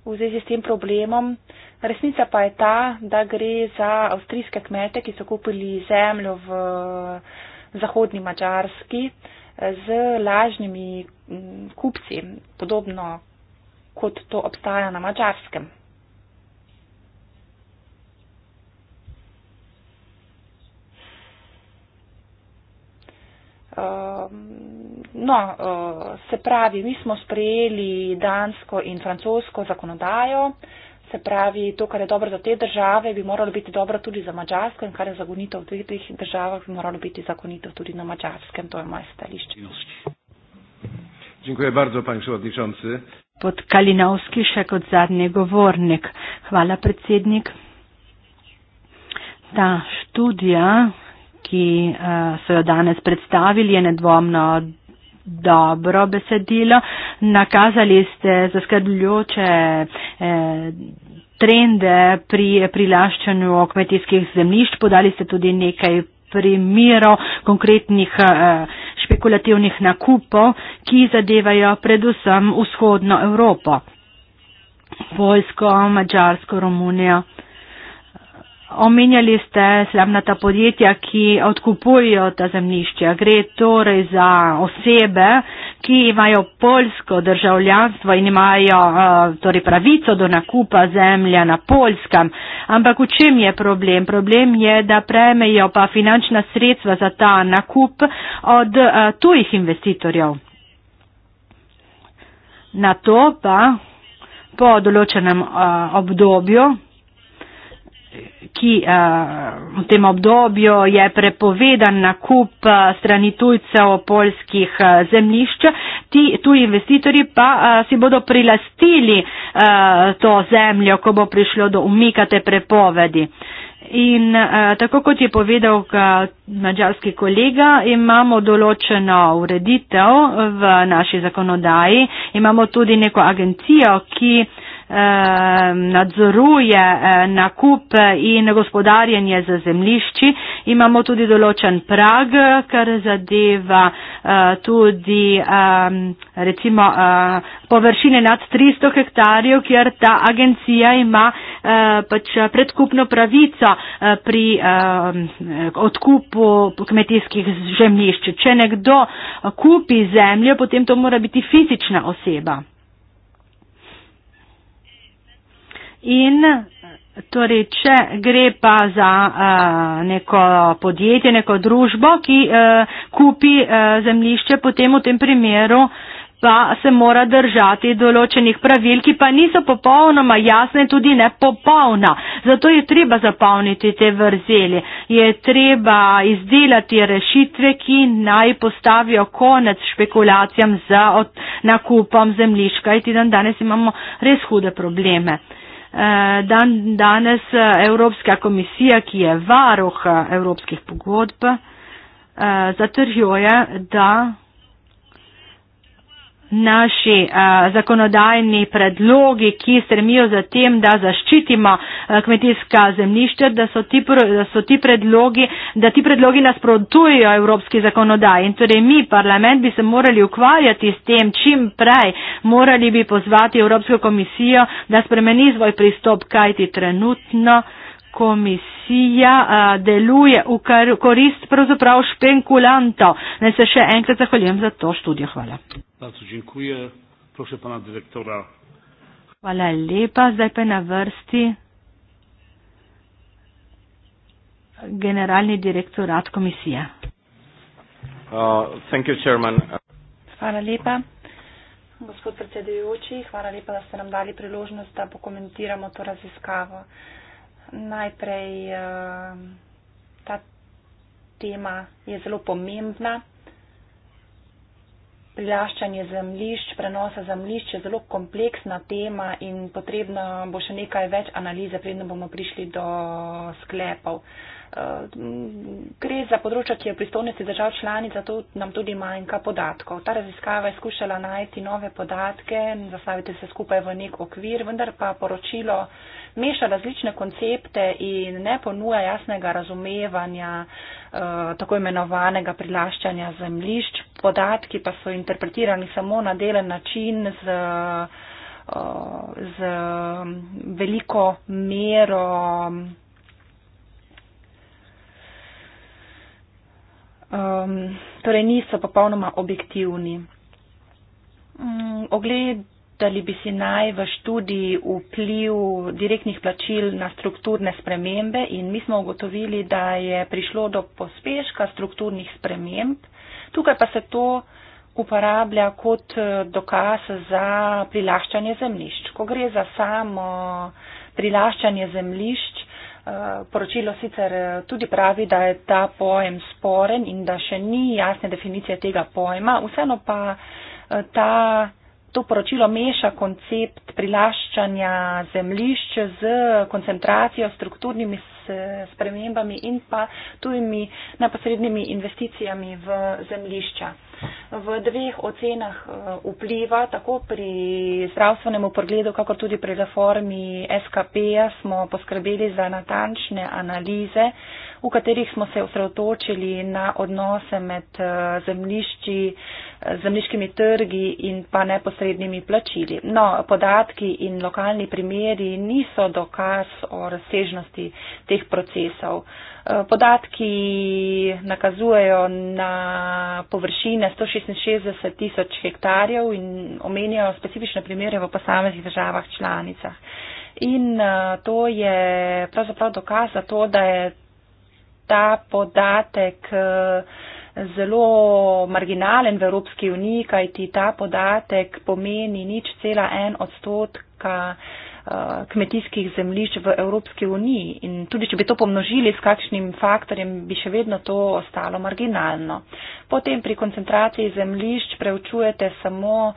v zvezi s tem problemom. Resnica pa je ta, da gre za avstrijske kmete, ki so kupili zemljo v zahodni Mačarski eh, z lažnimi mm, kupci, podobno kot to obstaja na Mačarskem. Ehm, no, eh, se pravi, mi smo sprejeli dansko in francosko zakonodajo, se pravi, to, kar je dobro za te države, bi moralo biti dobro tudi za Mačarsko in kar je zagonito v teh, teh državah, bi moralo biti zakonito tudi na Mačarskem. To je moje stališče. Dziękuję bardzo, panie przewodniczący. Pod Kalinowski, szek od zadnie gowornik. Hvala, predsjednik. Ta študija, ki eh, so jo danes predstavili, je nedvomno dobro besedilo. Nakazali ste zaskrbljujoče eh, trende pri prilaščanju kmetijskih zemljišč. Podali ste tudi nekaj primerov konkretnih eh, špekulativnih nakupov, ki zadevajo predvsem vzhodno Evropo. Poljsko, Mačarsko, Romunijo. Omenjali ste slamnata podjetja, ki odkupujejo ta zemljišča. Gre torej za osebe, ki imajo polsko državljanstvo in imajo eh, torej pravico do nakupa zemlje na polskem. Ampak v čem je problem? Problem je, da premejo pa finančna sredstva za ta nakup od eh, tujih investitorjev. Na to pa po določenem eh, obdobju ki uh, v tem obdobju je prepovedan nakup eh, strani tujcev polskih eh, zemljišč, ti tuji investitorji pa uh, si bodo prilastili uh, to zemljo, ko bo prišlo do umikate prepovedi. In eh, tako kot je povedal ka, mađarski kolega, imamo določeno ureditev v naši zakonodaji, imamo tudi neko agencijo, ki eh, nadzoruje e, nakup in gospodarjenje z zemlišči. Imamo tudi določen prag, kar zadeva e, tudi recimo e, površine nad 300 hektarjev, kjer ta agencija ima pač predkupno pravico pri odkupu kmetijskih zemlišč. Če nekdo kupi zemljo, potem to mora biti fizična oseba. In torej, če gre pa za uh, neko podjetje, neko družbo, ki uh, kupi uh, zemlišče, potem v tem primeru pa se mora držati določenih pravil, ki pa niso popolnoma jasne, tudi ne popolna. Zato je treba zapolniti te vrzeli, je treba izdelati rešitve, ki naj postavijo konec špekulacijam za nakupom zemlišč, kajti dan danes imamo res hude probleme dan, danes eh, Evropska komisija, ki je varoh eh, evropskih pogodb, eh, zatrjuje, da naši eh, zakonodajni predlogi, ki stremijo za tem, da zaščitimo eh, kmetijska zemljišča, da so ti, da so ti predlogi, da ti predlogi nasprotujo evropski zakonodaji. In torej mi, parlament, bi se morali ukvarjati s tem čim prej, morali bi pozvati Evropsko komisijo, da spremeni svoj pristop, kajti trenutno komisija represija deluje v korist pravzaprav špenkulanto. Naj se še enkrat zahvaljujem za to študijo. Hvala. Hvala lepa. Zdaj pa je na vrsti generalni direktorat komisije. Uh, you, hvala lepa, gospod predsedujoči. Hvala lepa, da ste nam dali priložnost, da pokomentiramo to raziskavo. Uh, najprej uh, ta tema je zelo pomembna. Prilaščanje zemljišč, prenosa zemljišč je zelo kompleksna tema in potrebno bo še nekaj več analize, predno bomo prišli do sklepov. Uh, Eh, gre za področje, ki je pristovnosti držav članic, zato nam tudi manjka podatkov. Ta raziskava je skušala najti nove podatke in zastaviti se skupaj v nek okvir, vendar pa poročilo meša različne koncepte in ne ponuja jasnega razumevanja eh, tako imenovanega prilaščanja zemljišč. Podatki pa so interpretirani samo na delen način z eh, z veliko mero um, torej niso popolnoma objektivni. Um, ogledali bi si naj v študiji vpliv direktnih plačil na strukturne spremembe in mi smo ugotovili, da je prišlo do pospeška strukturnih sprememb. Tukaj pa se to uporablja kot eh, dokaz za prilaščanje zemlišč. Ko gre za samo prilaščanje zemlišč, Eh, poročilo sicer eh, tudi pravi, da je ta pojem sporen in da še ni jasne definicije tega pojma, vseeno pa eh, ta, to poročilo meša koncept prilaščanja zemljišč z koncentracijo strukturnimi spremembami in pa tujimi neposrednimi investicijami v zemljišča v dveh ocenah eh, vpliva, tako pri zdravstvenem pregledu, kakor tudi pri reformi SKP-ja smo poskrbeli za natančne analize v katerih smo se osredotočili na odnose med eh, zemlišči, eh, zemliškimi trgi in pa neposrednimi plačili. No, podatki in lokalni primeri niso dokaz o razsežnosti teh procesov. Eh, podatki nakazujejo na površine 166 tisoč hektarjev in omenjajo specifične primere v posameznih državah članicah. In to je pravzaprav dokaz za to, da je ta podatek eh, zelo marginalen v Evropski uniji, kajti ta podatek pomeni nič cela en odstotka eh, kmetijskih zemljišč v Evropski uniji. In tudi, če bi to pomnožili s kakšnim faktorjem, bi še vedno to ostalo marginalno. Potem pri koncentraciji zemljišč preučujete samo eh,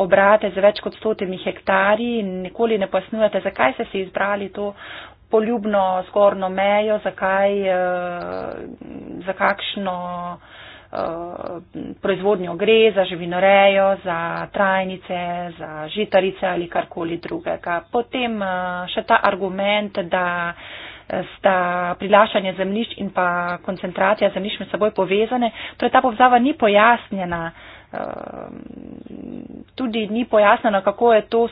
obrate za več kot stotimi hektarji in nikoli ne pojasnjujete, zakaj ste si izbrali to poljubno zgornjo mejo, zakaj, eh, za kakšno eh, proizvodnjo gre, za živinorejo, za trajnice, za žitarice ali karkoli drugega. Potem eh, še ta argument, da sta prilašanje zemljišč in pa koncentracija zemljišč med seboj povezane. Torej ta povzava ni pojasnjena, tudi ni pojasnjena, kako je to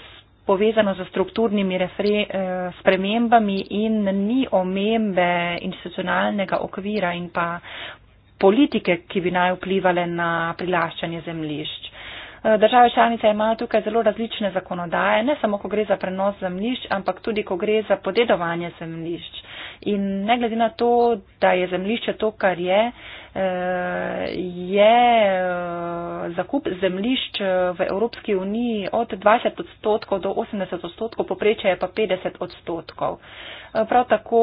povezano z strukturnimi refre, eh, spremembami in ni omembe institucionalnega okvira in pa politike, ki bi naj vplivali na prilaščanje zemlišč. Eh, države članice imajo tukaj zelo različne zakonodaje, ne samo, ko gre za prenos zemlišč, ampak tudi, ko gre za podedovanje zemlišč. In ne glede na to, da je zemlišče to, kar je, eh, je eh, zakup zemlišč eh, v Evropski uniji od 20 odstotkov do 80 odstotkov, poprečje je pa 50 odstotkov. Prav tako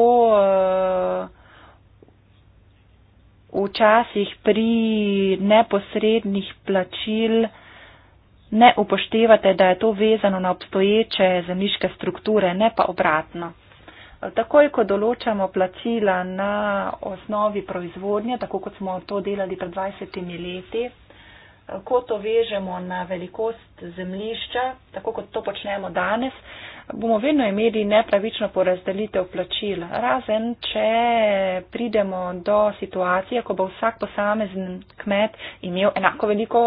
včasih pri neposrednih plačil ne upoštevate, da je to vezano na obstoječe zemljiške strukture, ne pa obratno. Takoj, ko določamo plačila na osnovi proizvodnje, tako kot smo to delali pred 20 leti, ko to vežemo na velikost zemljišča, tako kot to počnemo danes, bomo vedno imeli nepravično porazdelitev plačila. Razen, če pridemo do situacije, ko bo vsak posamezen kmet imel enako veliko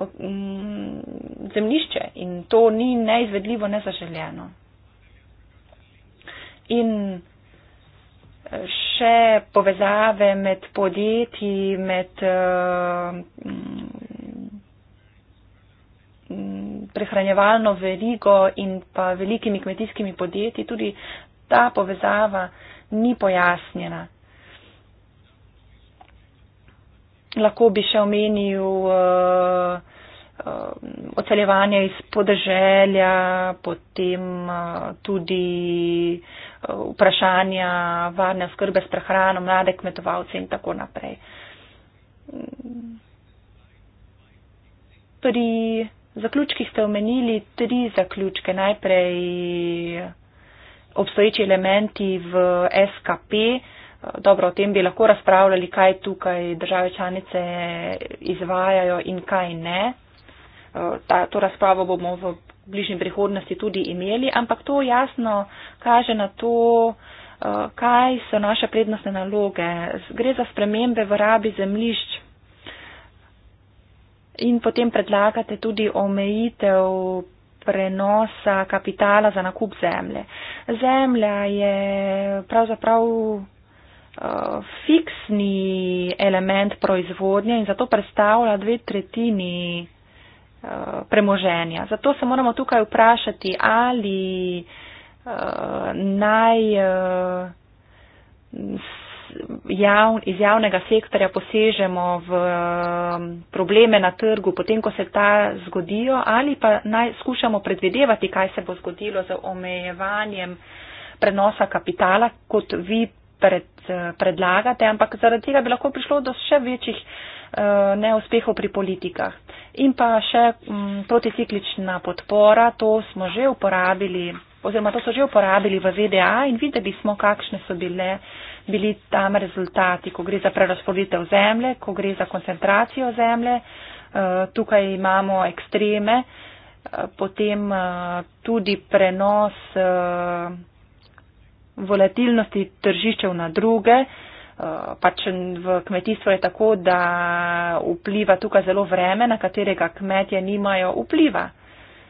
mm, zemljišče in to ni neizvedljivo, nezaželjeno in še povezave med podjetji, med uh, prehranjevalno verigo in pa velikimi kmetijskimi podjetji, tudi ta povezava ni pojasnjena. Lahko bi še omenil uh, uh, um, oceljevanje iz podeželja, potem uh, tudi uh, vprašanja varne skrbe s prehrano, mlade kmetovalce in tako naprej. Mm. Pri zaključkih ste omenili tri zaključke. Najprej obstoječi elementi v SKP. Dobro, o tem bi lahko razpravljali, kaj tukaj države članice izvajajo in kaj ne. Eh, ta, to razpravo bomo v bližnji prihodnosti tudi imeli, ampak to jasno kaže na to, eh, kaj so naše prednostne naloge. Gre za spremembe v rabi zemlišč in potem predlagate tudi omejitev prenosa kapitala za nakup zemlje. Zemlja je pravzaprav eh, fiksni element proizvodnje in zato predstavlja dve tretjini Eh, premoženja. Zato se moramo tukaj vprašati, ali uh, naj uh, eh, jav, iz javnega sektorja posežemo v um, probleme na trgu, potem, ko se ta zgodijo, ali pa naj skušamo predvidevati, kaj se bo zgodilo z omejevanjem prenosa kapitala, kot vi pred, predlagate, ampak zaradi tega bi lahko prišlo do še večjih uh, neuspehov pri politikah. In pa še m, mm, proticiklična podpora, to smo že uporabili oziroma to so že uporabili v VDA in videli smo, kakšne so bile, bili tam rezultati, ko gre za prerasporitev zemlje, ko gre za koncentracijo zemlje. Eh, tukaj imamo ekstreme, eh, potem eh, tudi prenos volatilnosti tržišče na druge pač v kmetijstvu je tako, da vpliva tukaj zelo vreme, na katerega kmetje nimajo vpliva.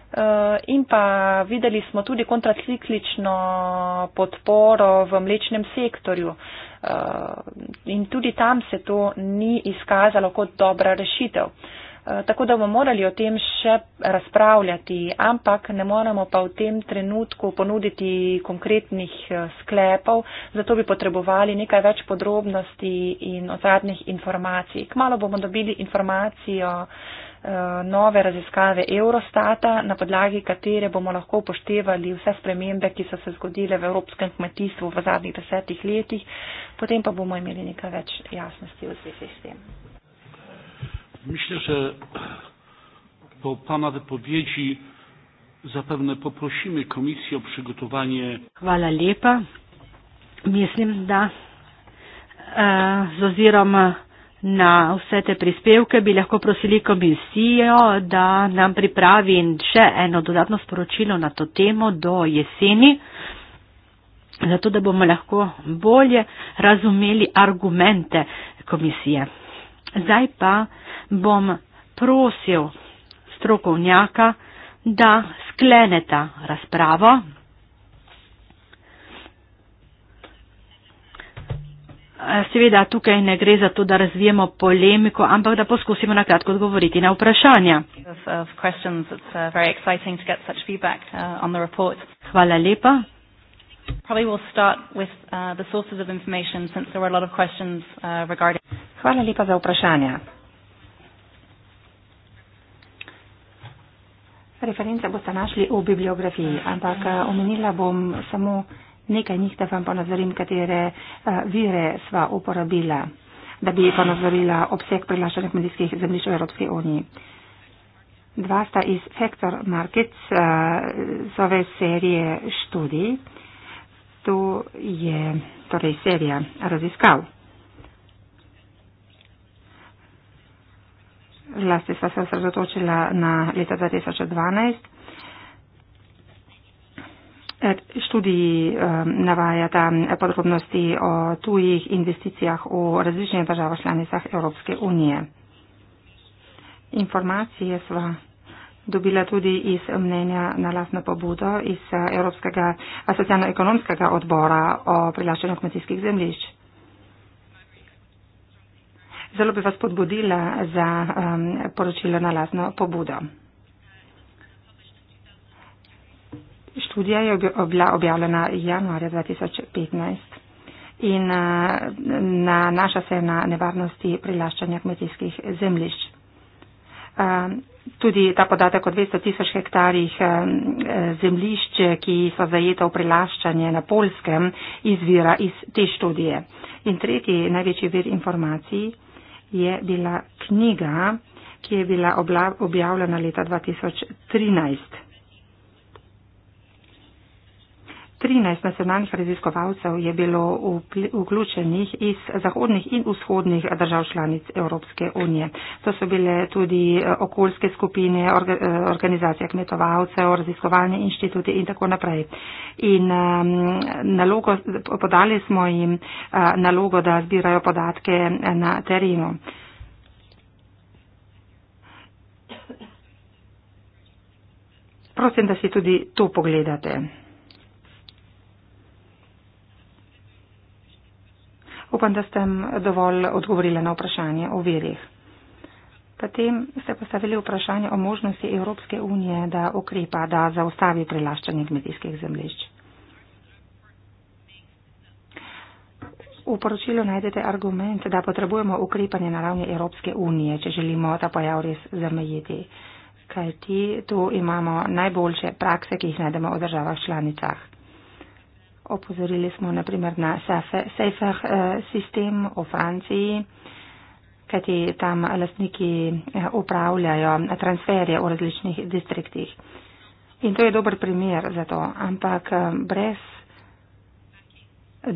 Eh, in pa videli smo tudi kontraciklično podporo v mlečnem sektorju. Eh, in tudi tam se to ni izkazalo kot dobra rešitev. Eh, tako da bomo morali o tem še razpravljati, ampak ne moremo pa v tem trenutku ponuditi konkretnih eh, sklepov, zato bi potrebovali nekaj več podrobnosti in ozadnih informacij. Kmalo bomo dobili informacijo eh, nove raziskave Eurostata, na podlagi katere bomo lahko upoštevali vse spremembe, ki so se zgodile v evropskem kmetijstvu v zadnjih desetih letih, potem pa bomo imeli nekaj več jasnosti v zvezi s tem. Myślę, że po Pana wypowiedzi zapewne poprosimy Komisję o przygotowanie. Hvala lepa. Mislim, da e, z ozirom na vse te prispevke bi lahko prosili komisijo, da nam pripravi še eno dodatno sporočilo na to temo do jeseni, zato da bomo lahko bolje razumeli argumente komisije. Zdaj pa bom prosil strokovnjaka, da skleneta razpravo. Seveda tukaj ne gre za to, da razvijemo polemiko, ampak da poskusimo na kratko odgovoriti na vprašanja. Uh, uh, Hvala lepa. Uh, Hvala lepa za vprašanja. reference boste našli v bibliografiji, ampak eh, omenila bom samo nekaj njih, da vam ponazorim, katere eh, vire sva uporabila, da bi ponazorila obseg prilašanih medijskih zemljišč v Evropski uniji. Dva sta iz Factor Markets eh, z ove serije študij. To je torej serija raziskav. zlasti sva se osredotočila na leta 2012. Študij ehm, navajata eh, podrobnosti o tujih investicijah v različnih državah članicah Evropske unije. Informacije sva dobila tudi iz mnenja na lastno pobudo iz eh, Evropskega socialno-ekonomskega odbora o prilaščanju kmetijskih zemljišč zelo bi vas podbudila za um, poročilo na lasno pobudo. Študija je bila objavljena januarja 2015 in uh, nanaša se na nevarnosti prilaščanja kmetijskih zemljišč. Uh, tudi ta podatek o 200 tisoč hektarjih uh, zemljišč, ki so zajeta v prilaščanje na polskem, izvira iz te študije. In tretji največji vir informacij je bila knjiga, ki je bila objavljena leta 2013. 13 nacionalnih raziskovalcev je bilo vključenih iz zahodnih in vzhodnih držav članic Evropske unije. To so bile tudi eh, okoljske skupine, eh, organizacija kmetovalcev, raziskovalni inštituti in tako naprej. In ehm, nalogo, podali smo jim eh, nalogo, da zbirajo podatke na terenu. Prosim, da si tudi to pogledate. Upam, da ste dovolj odgovorili na vprašanje o virih. Potem ste postavili vprašanje o možnosti Evropske unije, da ukrepa, da zaustavi prilaščanje kmetijskih zemljišč. V poročilu najdete argument, da potrebujemo ukrepanje na ravni Evropske unije, če želimo ta pojav res zamejiti. Kajti tu imamo najboljše prakse, ki jih najdemo v državah članicah. Opozorili smo naprimer na Safer eh, sistem v Franciji, kajti tam lastniki upravljajo eh, transferje v različnih distriktih. In to je dober primer za to, ampak eh, brez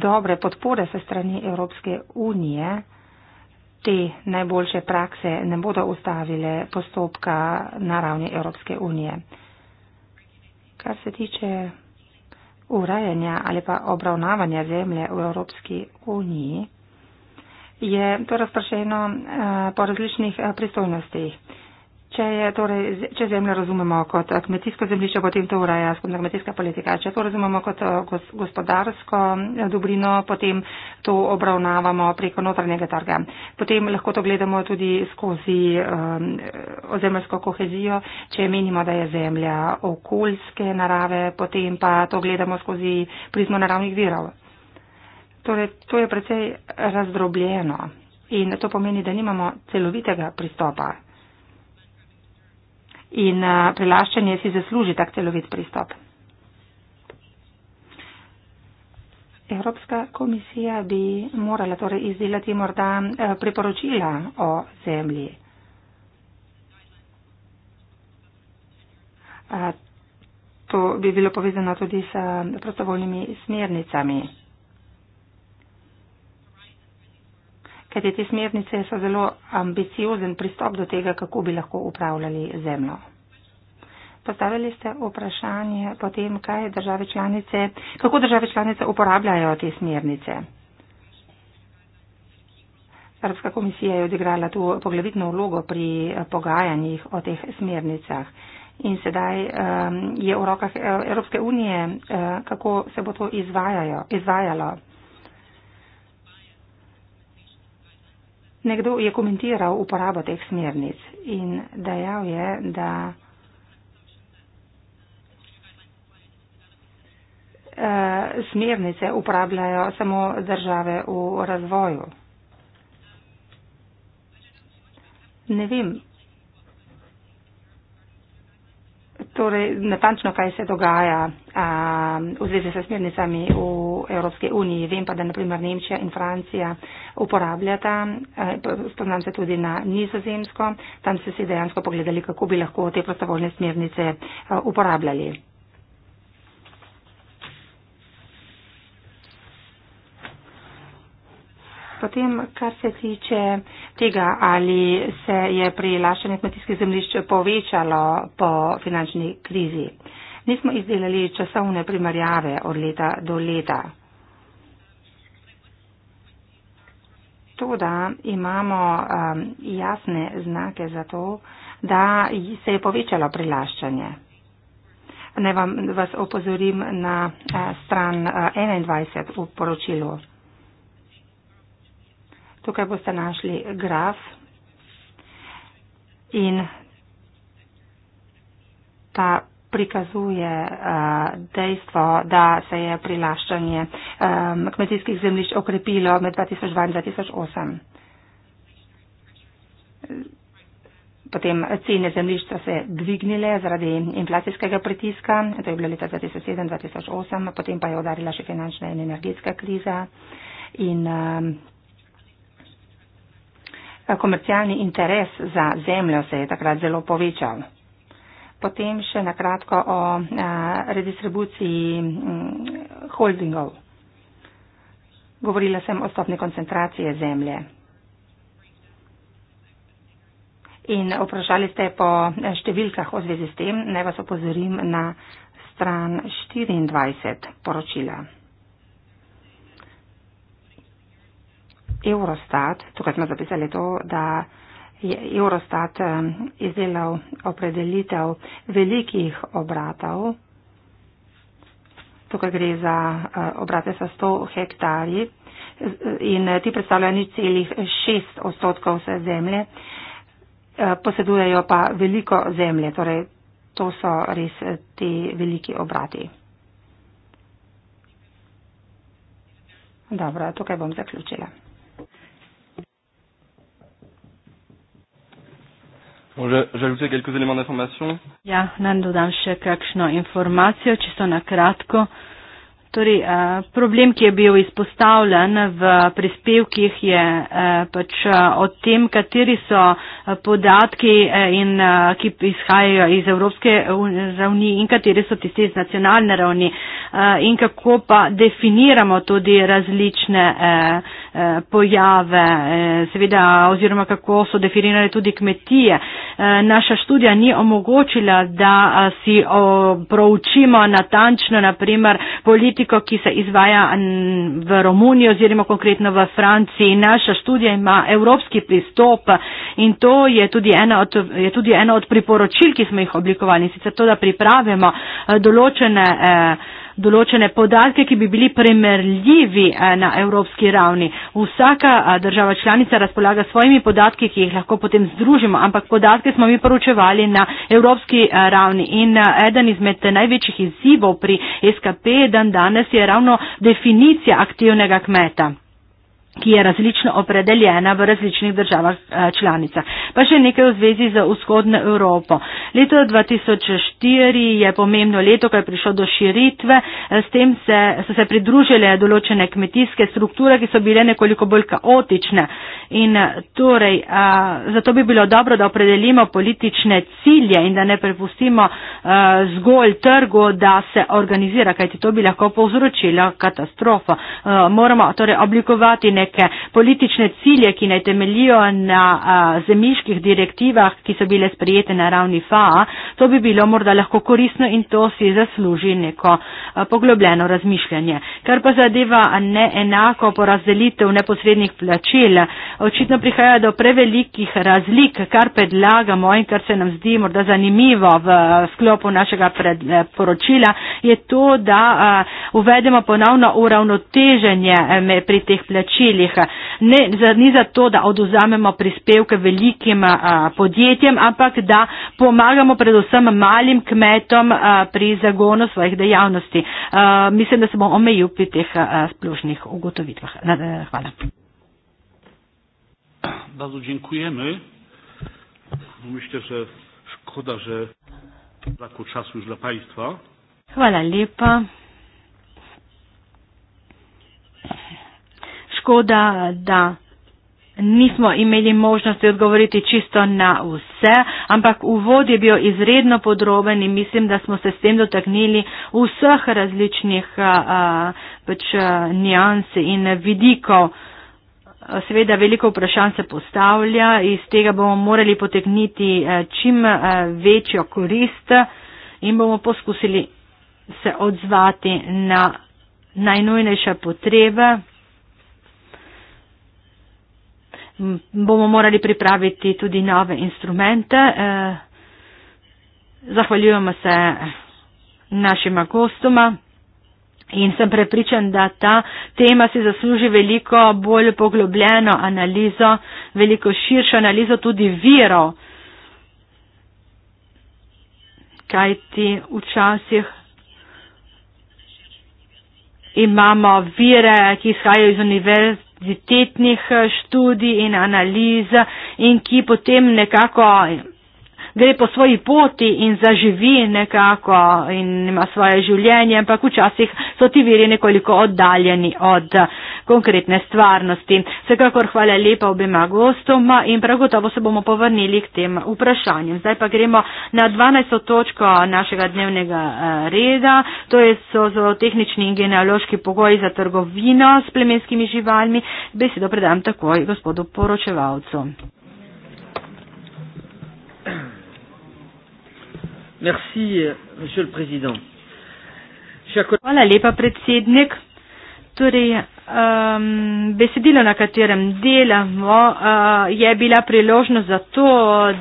dobre podpore se strani Evropske unije te najboljše prakse ne bodo ustavile postopka na ravni Evropske unije. Kar se tiče urejanja ali pa obravnavanja zemlje v Evropski uniji, je to razpršeno eh, po različnih eh, pristojnostih. Če, je, torej, če zemljo razumemo kot eh, kmetijsko zemljišče, potem to ureja skupna kmetijska politika. Če to razumemo kot eh, gospodarsko eh, dobrino, potem to obravnavamo preko notranjega trga. Potem lahko to gledamo tudi skozi um, ozemljsko kohezijo. Če menimo, da je zemlja okoljske narave, potem pa to gledamo skozi prizmo naravnih virov. Torej, to je precej razdrobljeno in to pomeni, da nimamo celovitega pristopa in prilaščanje si zasluži tak celovit pristop. Evropska komisija bi morala torej izdelati morda priporočila o zemlji. To bi bilo povezano tudi s prostovoljnimi smernicami. ker te smernice so zelo ambiciozen pristop do tega, kako bi lahko upravljali zemljo. Postavili ste vprašanje potem, kaj države članice, kako države članice uporabljajo te smernice. Evropska komisija je odigrala tu poglavitno vlogo pri pogajanjih o teh smernicah. In sedaj um, je v rokah eh, Evropske unije, uh, kako se bo to izvajalo. Nekdo je komentiral uporabo teh smernic in dejal je, da eh, smernice uporabljajo samo države v razvoju. Ne vem, torej natančno, kaj se dogaja a, v zvezi s smernicami v Evropske uniji. Vem pa, da naprimer Nemčija in Francija uporabljata, spoznam se tudi na nizozemsko, tam so si dejansko pogledali, kako bi lahko te prostovoljne smernice a, uporabljali. Potem, kar se tiče tega, ali se je prilaščanje kmetijskih zemljišč povečalo po finančni krizi. Nismo izdelali časovne primarjave od leta do leta. To, da imamo um, jasne znake za to, da se je povečalo prilaščanje. Ne vam vas opozorim na eh, stran 21 eh, v poročilu. Tukaj boste našli graf in ta prikazuje uh, dejstvo, da se je prilaščanje um, kmetijskih zemljišč okrepilo med 2002-2008. Potem cene zemljišč so se dvignile zaradi inflacijskega pritiska, to je bilo leta 2007-2008, potem pa je udarila še finančna in energetska kriza. In, um, komercialni interes za zemljo se je takrat zelo povečal. Potem še nakratko o redistribuciji mm, holdingov. Govorila sem o stopni koncentracije zemlje. In vprašali ste po številkah o zvezi s tem, naj vas opozorim na stran 24 poročila. Eurostat, tukaj smo zapisali to, da je Eurostat izdelal opredelitev velikih obratov. Tukaj gre za e, obrate sa 100 hektarji e, in e, ti predstavljajo nič celih 6 odstotkov vse zemlje, posedujejo pa veliko zemlje, torej to so res ti veliki obrati. Dobro, tukaj bom zaključila. J'ajoute quelques éléments d'information. Ja, nando dam še kakšno informacijo, čisto na kratko. Torej, eh, problem, ki je bil izpostavljen v prispevkih, je eh, pač eh, o tem, kateri so podatki, in, ki izhajajo iz Evropske ravni in kateri so tisti iz nacionalne ravni in kako pa definiramo tudi različne pojave, seveda, oziroma kako so definirane tudi kmetije. Naša študija ni omogočila, da si proučimo natančno, naprimer, politiko, politiko, ki se izvaja v Romuniji oziroma konkretno v Franciji. Naša študija ima evropski pristop in to je tudi, od, je tudi eno od priporočil, ki smo jih oblikovali, sicer to, da pripravimo eh, določene. Eh, določene podatke, ki bi bili primerljivi eh, na evropski ravni. Vsaka eh, država članica razpolaga svojimi podatki, ki jih lahko potem združimo, ampak podatke smo mi poročevali na evropski eh, ravni. In eden izmed največjih izzivov pri SKP dan danes je ravno definicija aktivnega kmeta ki je različno opredeljena v različnih državah eh, članicah. Pa še nekaj v zvezi z vzhodno Evropo. Leto 2004 je pomembno leto, ko je prišlo do širitve, eh, s tem se, so se pridružile določene kmetijske strukture, ki so bile nekoliko bolj kaotične. In eh, torej, a, zato bi bilo dobro, da opredelimo politične cilje in da ne prepustimo a, zgolj trgu, da se organizira, kajti to bi lahko povzročilo katastrofo. A, moramo torej oblikovati nek neke politične cilje, ki ne temelijo na zemljiških direktivah, ki so bile sprijete na ravni FAA, to bi bilo morda lahko korisno in to si zasluži neko poglobljeno razmišljanje. Kar pa zadeva neenako porazdelitev neposrednih plačil, očitno prihaja do prevelikih razlik, kar predlagamo in kar se nam zdi morda zanimivo v sklopu našega eh, poročila, je to, da uvedemo ponovno uravnoteženje pri teh plačil naseljih. Ne, za, ni zato, da oduzamemo prispevke velikim a, podjetjem, ampak da pomagamo predvsem malim kmetom a, pri zagonu svojih dejavnosti. A, mislim, da se bomo omejili pri teh a, splošnih ugotovitvah. Na, a, e, hvala. Bardzo dziękujemy. Myślę, że szkoda, że braku czasu już dla Państwa. Chwala lipa tako da, da nismo imeli možnosti odgovoriti čisto na vse, ampak uvod je bil izredno podroben in mislim, da smo se s tem dotaknili vseh različnih pač, nijans in vidikov. Seveda veliko vprašanj se postavlja, iz tega bomo morali potegniti čim večjo korist in bomo poskusili se odzvati na najnujnejše potrebe. bomo morali pripraviti tudi nove instrumente. Eh, zahvaljujemo se našima gostoma in sem prepričan, da ta tema si zasluži veliko bolj poglobljeno analizo, veliko širšo analizo tudi virov. Kaj ti včasih imamo vire, ki izhajajo iz univerz univerzitetnih eh, študij in analiz in ki potem nekako gre po svoji poti in zaživi nekako in ima svoje življenje, ampak včasih so ti viri nekoliko oddaljeni od eh, konkretne stvarnosti. Vsekakor hvala lepa obima gostoma in prav gotovo se bomo povrnili k tem vprašanjem. Zdaj pa gremo na 12. točko našega dnevnega eh, reda, to je so zelo tehnični in genealoški pogoji za trgovino s plemenskimi živalmi. Besedo predam takoj gospodu poročevalcu. Yeah. <clears throat> Merci, Monsieur le Président. Hvala lepa, predsednik. Torej, um, besedilo, na katerem delamo, uh, je bila priložnost za to,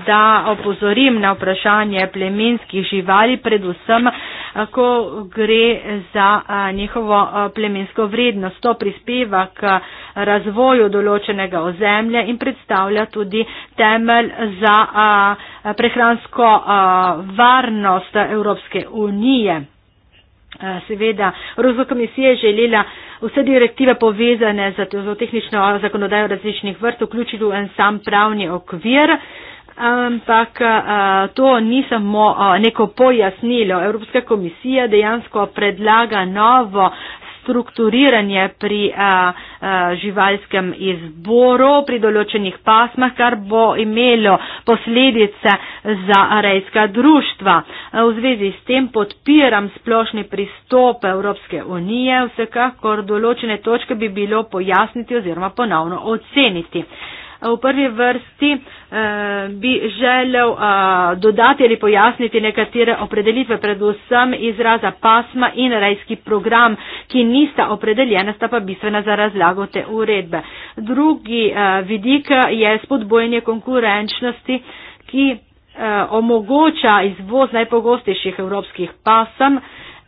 da opozorim na vprašanje plemenskih živali, predvsem, eh, ko gre za uh, njihovo plemensko vrednost. To prispeva k razvoju določenega ozemlja in predstavlja tudi temelj za uh, prehransko uh, varnost Evropske unije. Eh, seveda Evropska komisija je želela vse direktive povezane z tehnično zakonodajo različnih vrst vključiti v en sam pravni okvir. Ampak eh, to ni samo eh, neko pojasnilo. Evropska komisija dejansko predlaga novo strukturiranje pri uh, uh, živalskem izboru, pri določenih pasmah, kar bo imelo posledice za rejska društva. Uh, v zvezi s tem podpiram splošni pristop Evropske unije, vsekakor določene točke bi bilo pojasniti oziroma ponovno oceniti. Uh, v prvi vrsti eh, bi želel eh, dodati ali pojasniti nekatere opredelitve, predvsem izraza pasma in rajski program, ki nista opredeljena, sta pa bistvena za razlago te uredbe. Drugi eh, vidik je spodbojanje konkurenčnosti, ki omogoča izvoz najpogostejših evropskih pasem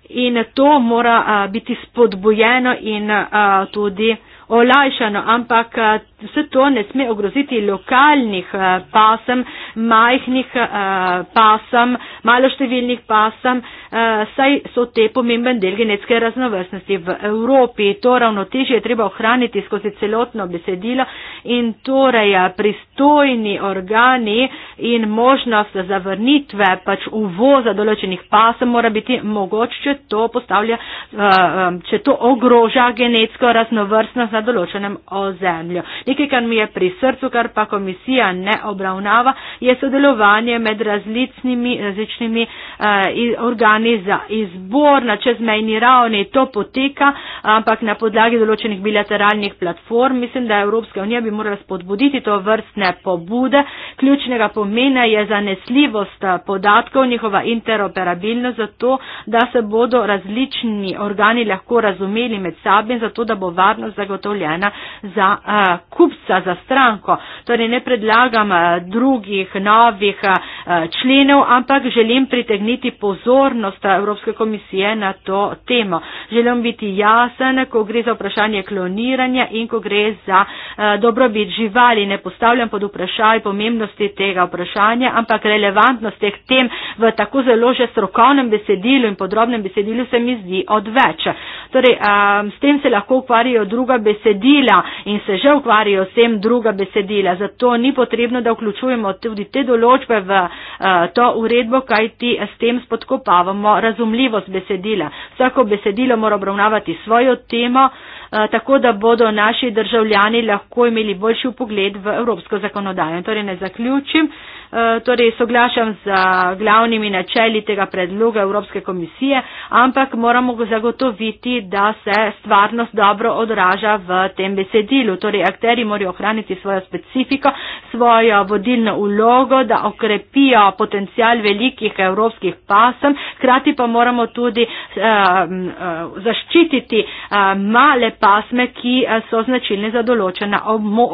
in to mora biti spodbojeno in tudi olajšano, ampak eh, vse to ne sme ogroziti lokalnih eh, pasem, majhnih eh, pasem, maloštevilnih pasem, saj so te pomemben del genetske raznovrstnosti v Evropi. To ravnotežje je treba ohraniti skozi celotno besedilo in torej pristojni organi in možnost zavrnitve pač uvoza določenih pasem mora biti mogoče, če to, postavlja, če to ogroža genetsko raznovrstnost na določenem ozemlju. Nekaj, kar mi je pri srcu, kar pa komisija ne obravnava, je sodelovanje med različnimi, različnimi eh, organi za izbor na čezmejni ravni. To poteka, ampak na podlagi določenih bilateralnih platform. Mislim, da Evropska unija bi morala spodbuditi to vrstne pobude. Ključnega pomena je zanesljivost eh, podatkov, njihova interoperabilnost, zato da se bodo različni organi lahko razumeli med sabo in zato, da bo varnost zagotovljena zagotovljena za uh, kup Levica za stranko. Torej ne predlagam eh, drugih novih eh, členov, ampak želim pritegniti pozornost eh, Evropske komisije na to temo. Želim biti jasen, ko gre za vprašanje kloniranja in ko gre za dobrobit živali. Ne postavljam pod vprašaj pomembnosti tega vprašanja, ampak relevantnost teh tem v tako zelo že strokovnem besedilu in podrobnem besedilu se mi zdi odveč. Torej, s tem se lahko ukvarjajo druga besedila in se že ukvarjajo s povsem druga besedila. Zato ni potrebno, da vključujemo tudi te določbe v eh, to uredbo, kajti s tem spodkopavamo razumljivost besedila. Vsako besedilo mora obravnavati svojo temo. Eh, tako da bodo naši državljani lahko imeli boljši pogled v evropsko zakonodajo. Torej, ne zaključim. Eh, torej, soglašam z glavnimi načeli tega predloga Evropske komisije, ampak moramo zagotoviti, da se stvarnost dobro odraža v tem besedilu. Torej, akteri morajo ohraniti svojo specifiko, svojo vodilno ulogo, da okrepijo potencial velikih evropskih pasem, krati pa moramo tudi uh, uh, zaščititi uh, male pasme, ki eh, so značilne za določena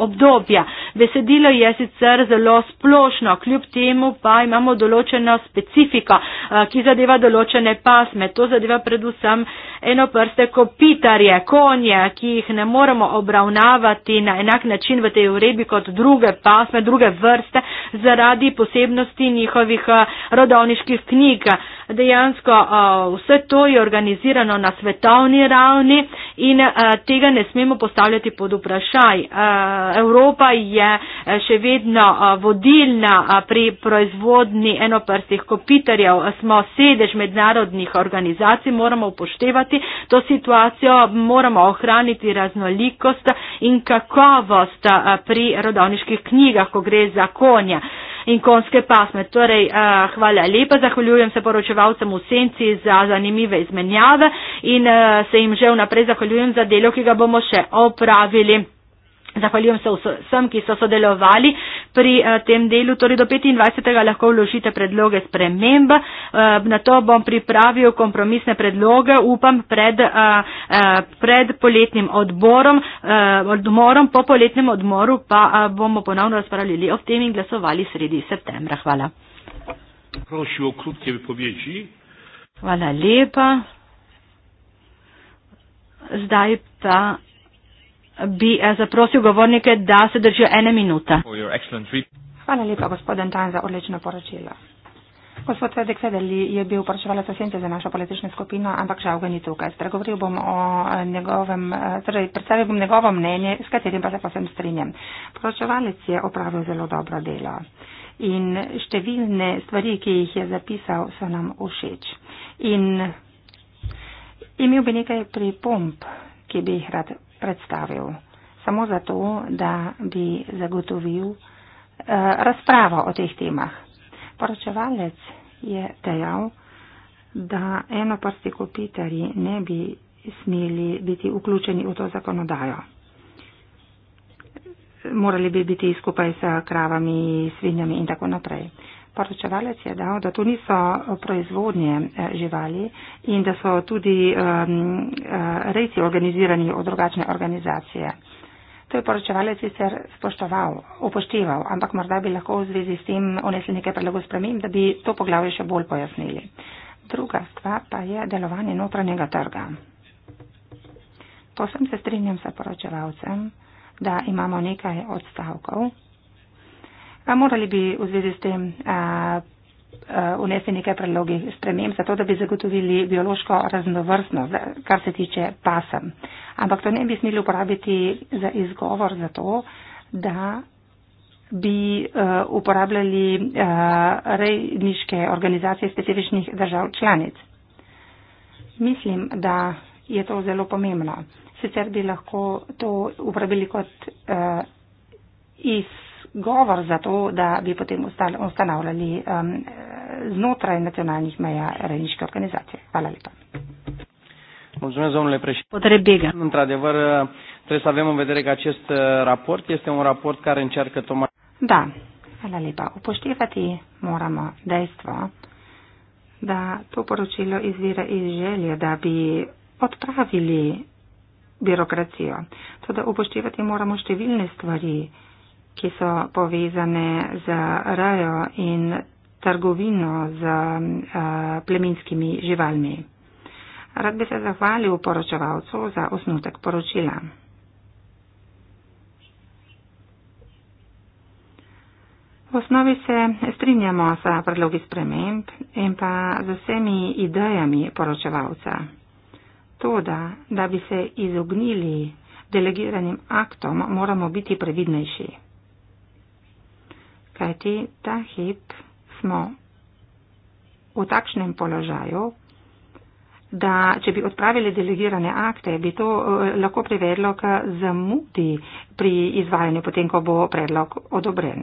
obdobja. Besedilo je sicer zelo splošno, kljub temu pa imamo določeno specifiko, eh, ki zadeva določene pasme. To zadeva predvsem enoprste kopitarje, konje, ki jih ne moremo obravnavati na enak način v tej uredbi kot druge pasme, druge vrste, zaradi posebnosti njihovih eh, rodovniških knjig. Dejansko vse to je organizirano na svetovni ravni in tega ne smemo postavljati pod vprašaj. Eh, Evropa je eh, še vedno eh, vodilna pri proizvodni enoprstih kopitarjev. Smo sedež mednarodnih organizacij, moramo upoštevati to situacijo, moramo ohraniti raznolikost in kakovost pri rodovniških knjigah, ko gre za konja in konjske pasme. Torej, uh, hvala lepa, zahvaljujem se poročevalcem v senci za zanimive izmenjave in uh, se jim že vnaprej zahvaljujem za delo, ki ga bomo še opravili. Zahvaljujem se vsem, ki so sodelovali pri eh, tem delu. Torej do 25. lahko vložite predloge sprememb. Eh, na to bom pripravil kompromisne predloge, upam, pred, eh, pred poletnim odborom, odmorom. Po poletnem odmoru pa bomo ponovno razpravljali o tem in glasovali sredi septembra. Hvala. Prosim o krutke pobeči. Hvala lepa. Zdaj pa bi eh, zaprosil govornike, da se držijo ene minute. Hvala lepa, gospodin Tan, za odlično poročilo. Gospod Fredrik Fedeli je bil poročevalec osente za našo politično skupino, ampak žal ga ni tukaj. Spregovoril bom o eh, njegovem, eh, torej predstavil bom njegovo mnenje, s katerim pa se posem strinjam. Poročevalec je opravil zelo dobro delo in številne stvari, ki jih je zapisal, so nam všeč. In imel bi nekaj pripomp, ki bi jih rad predstavil. Samo zato, da bi zagotovil eh, razpravo o teh temah. Poročevalec je dejal, da enoparsti kopitari ne bi smeli biti vključeni v to zakonodajo. Morali bi biti skupaj s kravami, svinjami in tako naprej. Eh, poročevalec je dal, da to niso eh, proizvodnje eh, živali in da so tudi um, rejci organizirani v drugačne organizacije. To je poročevalec sicer spoštoval, upošteval, ampak morda bi lahko v zvezi s tem onesli nekaj predlogov sprememb, da bi to poglavje še bolj pojasnili. Druga stvar pa je delovanje notranjega trga. Posem se strinjam sa poročevalcem, da imamo nekaj odstavkov pa morali bi v zvezi s tem eh, eh, vnesti nekaj predlogi sprememb, zato da bi zagotovili biološko raznovrstnost, kar se tiče pasem. Ampak to ne bi smeli uporabiti za izgovor za to, da bi uh, uporabljali uh, rejniške organizacije specifičnih držav članic. Mislim, da je to zelo pomembno. Sicer bi lahko to uporabili kot uh, iz, uh, govor za to, da bi potem ustanavljali um, znotraj nacionalnih meja rejniške organizacije. Hvala lepa. Uh, da, hvala lepa. Upoštevati moramo dejstvo, da to poročilo izvira iz želje, da bi odpravili birokracijo. Tudi upoštevati moramo številne stvari ki so povezane z rajo in trgovino z uh, eh, pleminskimi živalmi. Rad bi se zahvalil poročevalcu za osnutek poročila. V osnovi se strinjamo s predlogi sprememb in pa z vsemi idejami poročevalca. To, da bi se izognili delegiranim aktom, moramo biti previdnejši kajti ta hip smo v takšnem položaju, da če bi odpravili delegirane akte, bi to eh, lahko privedlo k zamudi pri izvajanju, potem ko bo predlog odobren.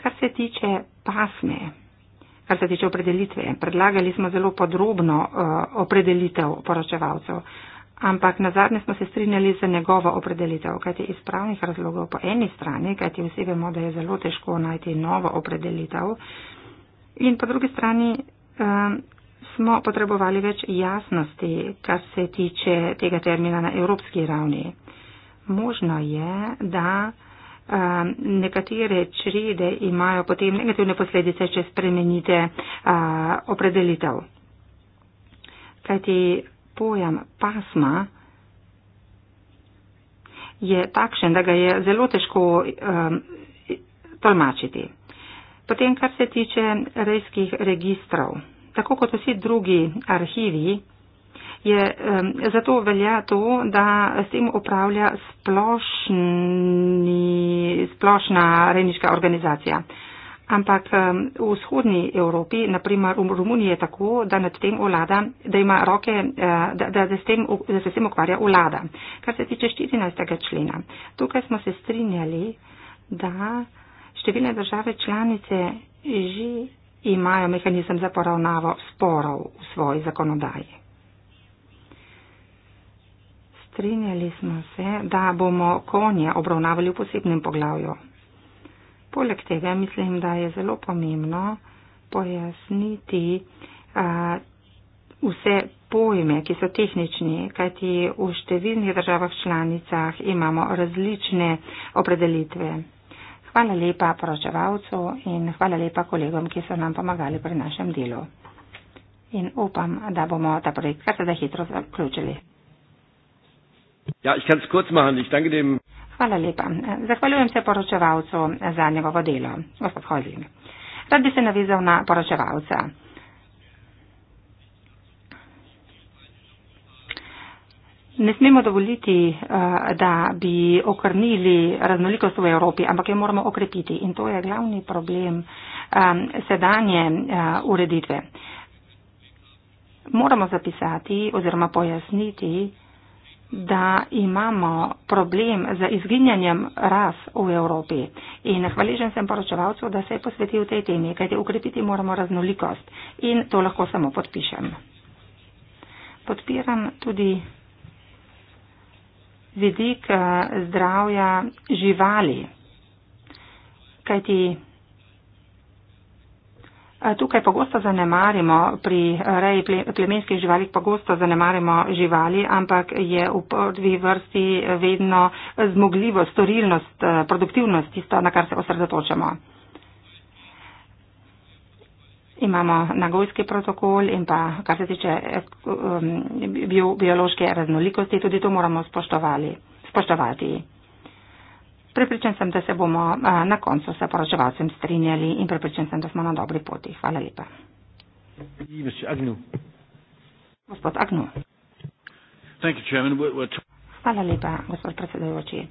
Kar se tiče pasme, kar se tiče opredelitve, predlagali smo zelo podrobno uh, opredelitev poročevalcev ampak na zadnje smo se strinjali za njegovo opredelitev, kajti iz pravnih razlogov po eni strani, kajti vsi vemo, da je zelo težko najti novo opredelitev, in po drugi strani um, smo potrebovali več jasnosti, kar se tiče tega termina na evropski ravni. Možno je, da um, nekatere črede imajo potem negativne posledice, če spremenite uh, opredelitev. Kajti pojem pasma je takšen, da ga je zelo težko um, tolmačiti. Potem, kar se tiče rejskih registrov, tako kot vsi drugi arhivi, je, um, zato velja to, da s tem upravlja splošni, splošna rejniška organizacija. Uh, Ampak v vzhodni Evropi, naprimer v Romuniji, je tako, da, tem vlada, da, ima roke, eh, da, da, da, tem, da se s tem ukvarja vlada. Kar se tiče 14. člena, tukaj smo se strinjali, da številne države članice že imajo mehanizem za poravnavo sporov v svoji zakonodaji. Strinjali smo se, da bomo konje obravnavali v posebnem poglavju. Poleg tega mislim, da je zelo pomembno pojasniti uh, vse pojme, ki so tehnični, kajti v številnih državah članicah imamo različne opredelitve. Hvala lepa poročevalcu in hvala lepa kolegom, ki so nam pomagali pri našem delu. In upam, da bomo ta projekt kar se da hitro zaključili. Ja, ich kann es kurz machen. Ich danke dem Hvala lepa. Zahvaljujem se poročevalcu za njegovo delo, gospod Holding. Rad bi se navezal na poročevalca. Ne smemo dovoliti, eh, da bi okrnili raznolikost v Evropi, ampak jo moramo okrepiti in to je glavni problem eh, sedanje eh, ureditve. Moramo zapisati oziroma pojasniti, da imamo problem z izginjanjem ras v Evropi. In hvaležen sem poročevalcu, da se je posvetil tej temi, kajti ukrepiti moramo raznolikost in to lahko samo podpišem. Podpiram tudi vidik eh, zdravja živali, kajti Eh, tukaj pogosto zanemarimo pri reji plemenskih živalih, pogosto zanemarimo živali, ampak je v prvi vrsti vedno zmogljivost, storilnost, eh, produktivnost tisto, na kar se osredotočamo. Imamo nagojski protokol in pa, kar se tiče eh, biološke raznolikosti, tudi to moramo spoštovati. Prepričan sem, da se bomo na koncu se poročevalcem strinjali in prepričan sem, da smo na dobri poti. Hvala lepa. Gospod Agnu. Hvala lepa, gospod predsedujoči.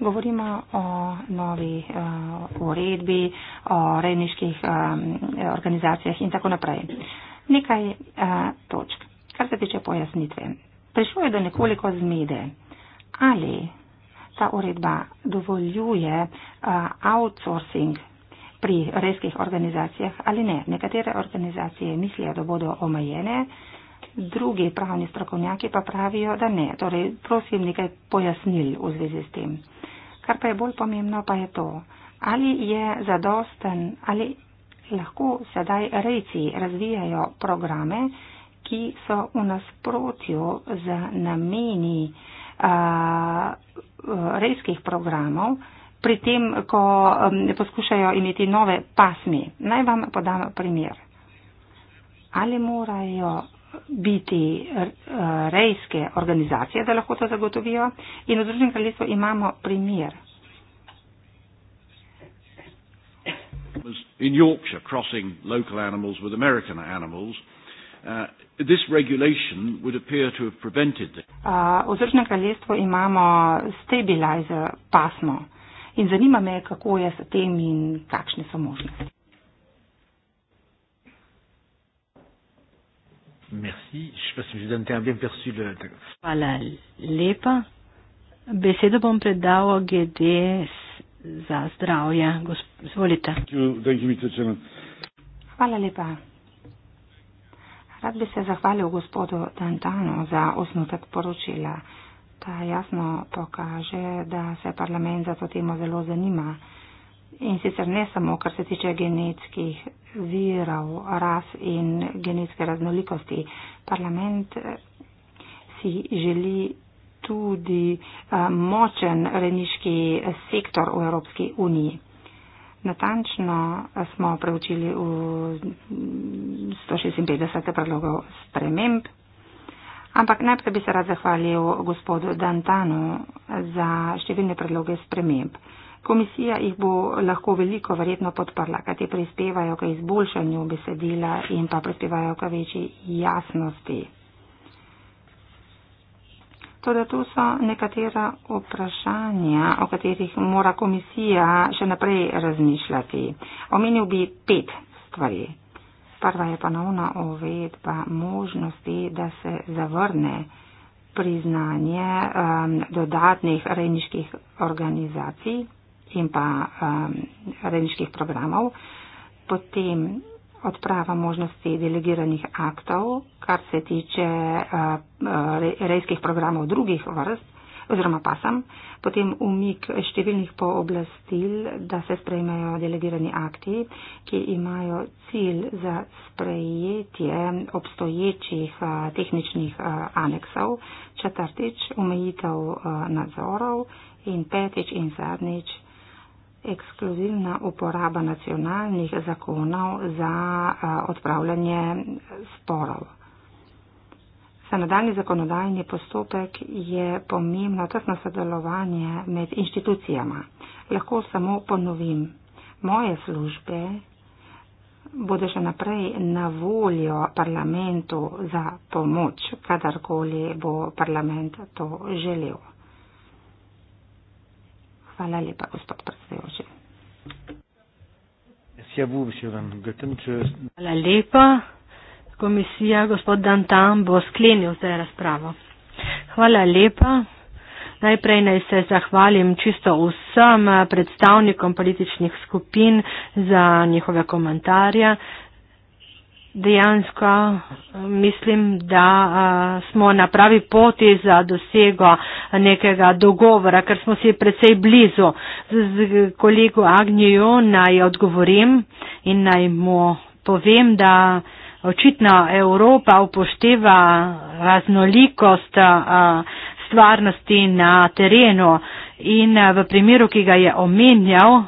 Govorimo o novi uh, uredbi, o redniških um, organizacijah in tako naprej. Nekaj uh, točk, kar se tiče pojasnitve. Prišlo je do nekoliko zmede. Ali ta uredba dovoljuje outsourcing pri reskih organizacijah ali ne. Nekatere organizacije mislijo, da bodo omejene, drugi pravni strokovnjaki pa pravijo, da ne. Torej, prosim, nekaj pojasnil v zvezi s tem. Kar pa je bolj pomembno, pa je to, ali je zadosten, ali lahko sedaj rejci razvijajo programe, ki so v nasprotju z nameni uh, rejskih programov, pri tem, ko um, poskušajo imeti nove pasmi. Naj vam podam primer. Ali morajo biti rejske organizacije, da lahko to zagotovijo? In v Združenem kraljestvu imamo primer. In Yorkshire crossing local animals with American animals. Uh, uh, v Združenem kraljestvu imamo stabilizer pasmo in zanima me, kako je s tem in kakšne so možnosti. Hvala lepa. Besedo bom predal GD za zdravje. Gosp Zvolite. Thank you. Thank you, Hvala lepa. Rad bi se zahvalil gospodu Dantanu za osnutek poročila. Ta jasno pokaže, da se parlament za to temo zelo zanima. In sicer ne samo, kar se tiče genetskih virov, ras in genetske raznolikosti. Parlament eh, si želi tudi eh, močen reniški sektor v Evropski uniji natančno smo preučili v 156 predlogov sprememb. Ampak najprej bi se rad zahvalil gospodu Dantanu za številne predloge sprememb. Komisija jih bo lahko veliko verjetno podprla, kaj te prispevajo k izboljšanju besedila in pa prispevajo k večji jasnosti. Torej, to so nekatera vprašanja, o katerih mora komisija še naprej razmišljati. Omenil bi pet stvari. Prva je ponovna uvedba možnosti, da se zavrne priznanje um, dodatnih rejniških organizacij in pa um, rejniških programov. Potem odprava možnosti delegiranih aktov, kar se tiče eh, eh, rejskih programov drugih vrst oziroma pasem, potem umik številnih pooblastil, da se sprejmejo delegirani akti, ki imajo cilj za sprejetje obstoječih eh, tehničnih aneksov, četrtič, omejitev nadzorov in petič in zadnjič ekskluzivna uporaba nacionalnih zakonov za odpravljanje sporov. Za nadaljni zakonodajni postopek je pomembno tesno sodelovanje med inštitucijama. Lahko samo ponovim, moje službe bodo še naprej na voljo parlamentu za pomoč, kadarkoli bo parlament to želel. Hvala lepa, gospod predsedujoči. Hvala lepa. Komisija, gospod Dantan, bo sklenil zdaj razpravo. Hvala lepa. Najprej naj se zahvalim čisto vsem predstavnikom političnih skupin za njihove komentarje, dejansko mislim, da smo na pravi poti za dosego nekega dogovora, ker smo si predvsej blizu. Z kolego Agnijo naj odgovorim in naj mu povem, da očitno Evropa upošteva raznolikost stvarnosti na terenu. In v primeru, ki ga je omenjal,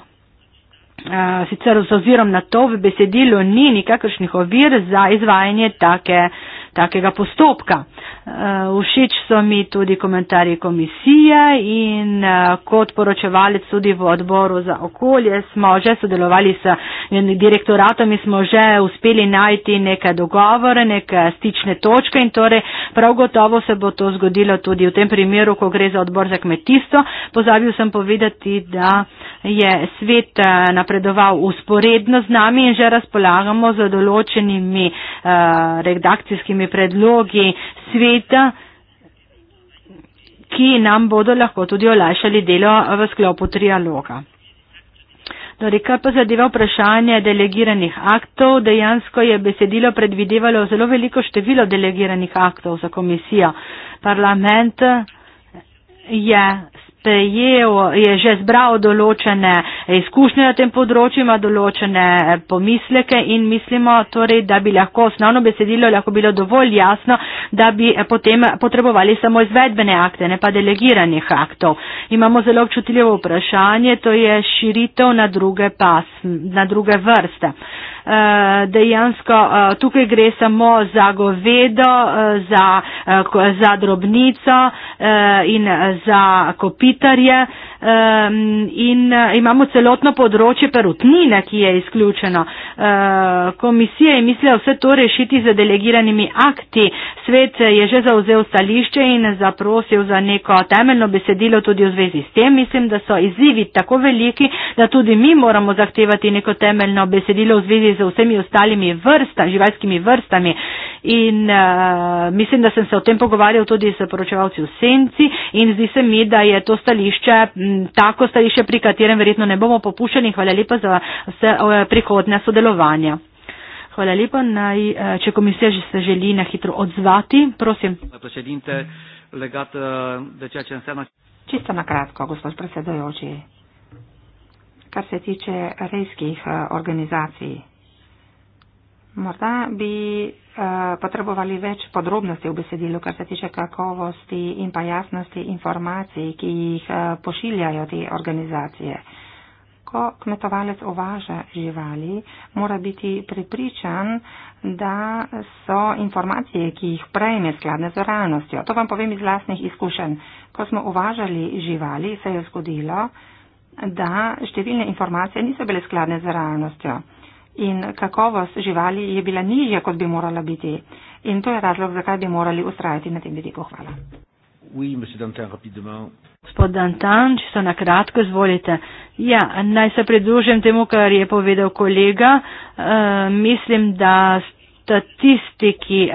uh, sicer z ozirom na to v besedilu ni nikakršnih ovir za izvajanje take, takega postopka. Uh, všeč so mi tudi komentarji komisije in uh, kot poročevalec tudi v odboru za okolje smo že sodelovali s eh, direktoratom in smo že uspeli najti neke dogovore, neke stične točke in torej prav gotovo se bo to zgodilo tudi v tem primeru, ko gre za odbor za kmetijstvo. Pozabil sem povedati, da je svet uh, napredoval usporedno z nami in že razpolagamo z določenimi uh, redakcijskimi predlogi sveta, ki nam bodo lahko tudi olajšali delo v sklopu trialoga. Torej, kar pa zadeva vprašanje delegiranih aktov, dejansko je besedilo predvidevalo zelo veliko število delegiranih aktov za komisijo. Parlament je sprejel, je že zbral določene izkušnje na tem področju, ima določene eh, pomisleke in mislimo torej, da bi lahko osnovno besedilo lahko bilo dovolj jasno, da bi eh, potem potrebovali samo izvedbene akte, ne pa delegiranih aktov. Imamo zelo občutljivo vprašanje, to je širitev na druge, pas, na druge vrste. Eh, dejansko eh, tukaj gre samo za govedo, eh, za, za drobnico in za kopitarje. In imamo celotno področje perutnine, ki je izključeno. Komisija je mislila vse to rešiti z delegiranimi akti. Svet je že zauzel stališče in zaprosil za neko temeljno besedilo tudi v zvezi s tem. Mislim, da so izzivi tako veliki, da tudi mi moramo zahtevati neko temeljno besedilo v zvezi z vsemi ostalimi vrstami, živalskimi vrstami. In uh, mislim, da sem se o tem pogovarjal tudi s poročevalci v senci in zdi se mi, da je to stališče, m, tako stališče, pri katerem verjetno ne bomo popuščeni. Hvala lepa za vse uh, prihodne sodelovanje. Hvala lepa, naj, uh, če komisija že se želi na hitro odzvati, prosim. Eh, Čisto na kratko, gospod predsedojoči. Kar se tiče rejskih organizacij. Morda bi uh, potrebovali več podrobnosti v besedilu, kar se tiče kakovosti in pa jasnosti informacij, ki jih uh, pošiljajo te organizacije. Ko kmetovalec uvaža živali, mora biti prepričan, da so informacije, ki jih prejme, skladne z realnostjo. To vam povem iz vlastnih izkušenj. Ko smo uvažali živali, se je zgodilo, da številne informacije niso bile skladne z realnostjo in kakovost živali je bila nižja, kot bi morala biti. In to je razlog, zakaj bi morali ustrajati na tem vidiku. Hvala. Gospod Dantan, če so na kratko, izvolite. Ja, naj se pridružim temu, kar je povedal kolega. E, mislim, da statistiki e,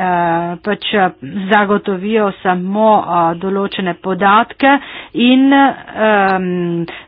pač zagotovijo samo a, eh, določene podatke in e,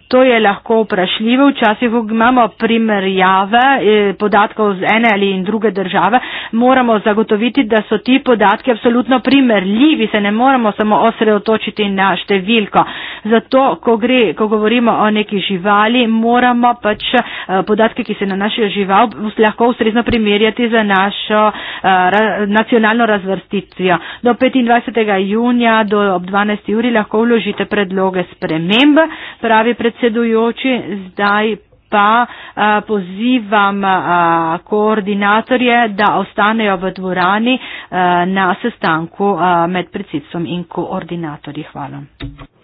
To je lahko vprašljivo, včasih imamo primerjave eh, podatkov z ene ali druge države. Moramo zagotoviti, da so ti podatki absolutno primerljivi, se ne moramo samo osredotočiti na številko. Zato, ko, gre, ko govorimo o neki živali, moramo pač eh, podatke, ki se nanašajo žival, lahko ustrezno primerjati z našo eh, nacionalno razvrstitvijo. Do 25. junija do ob 12. uri lahko vložite predloge sprememb, pravi predsednik predsedujoči, zdaj pa a, pozivam a, koordinatorje, da ostanejo v dvorani a, na sestanku a, med predsedstvom in koordinatorji. Hvala.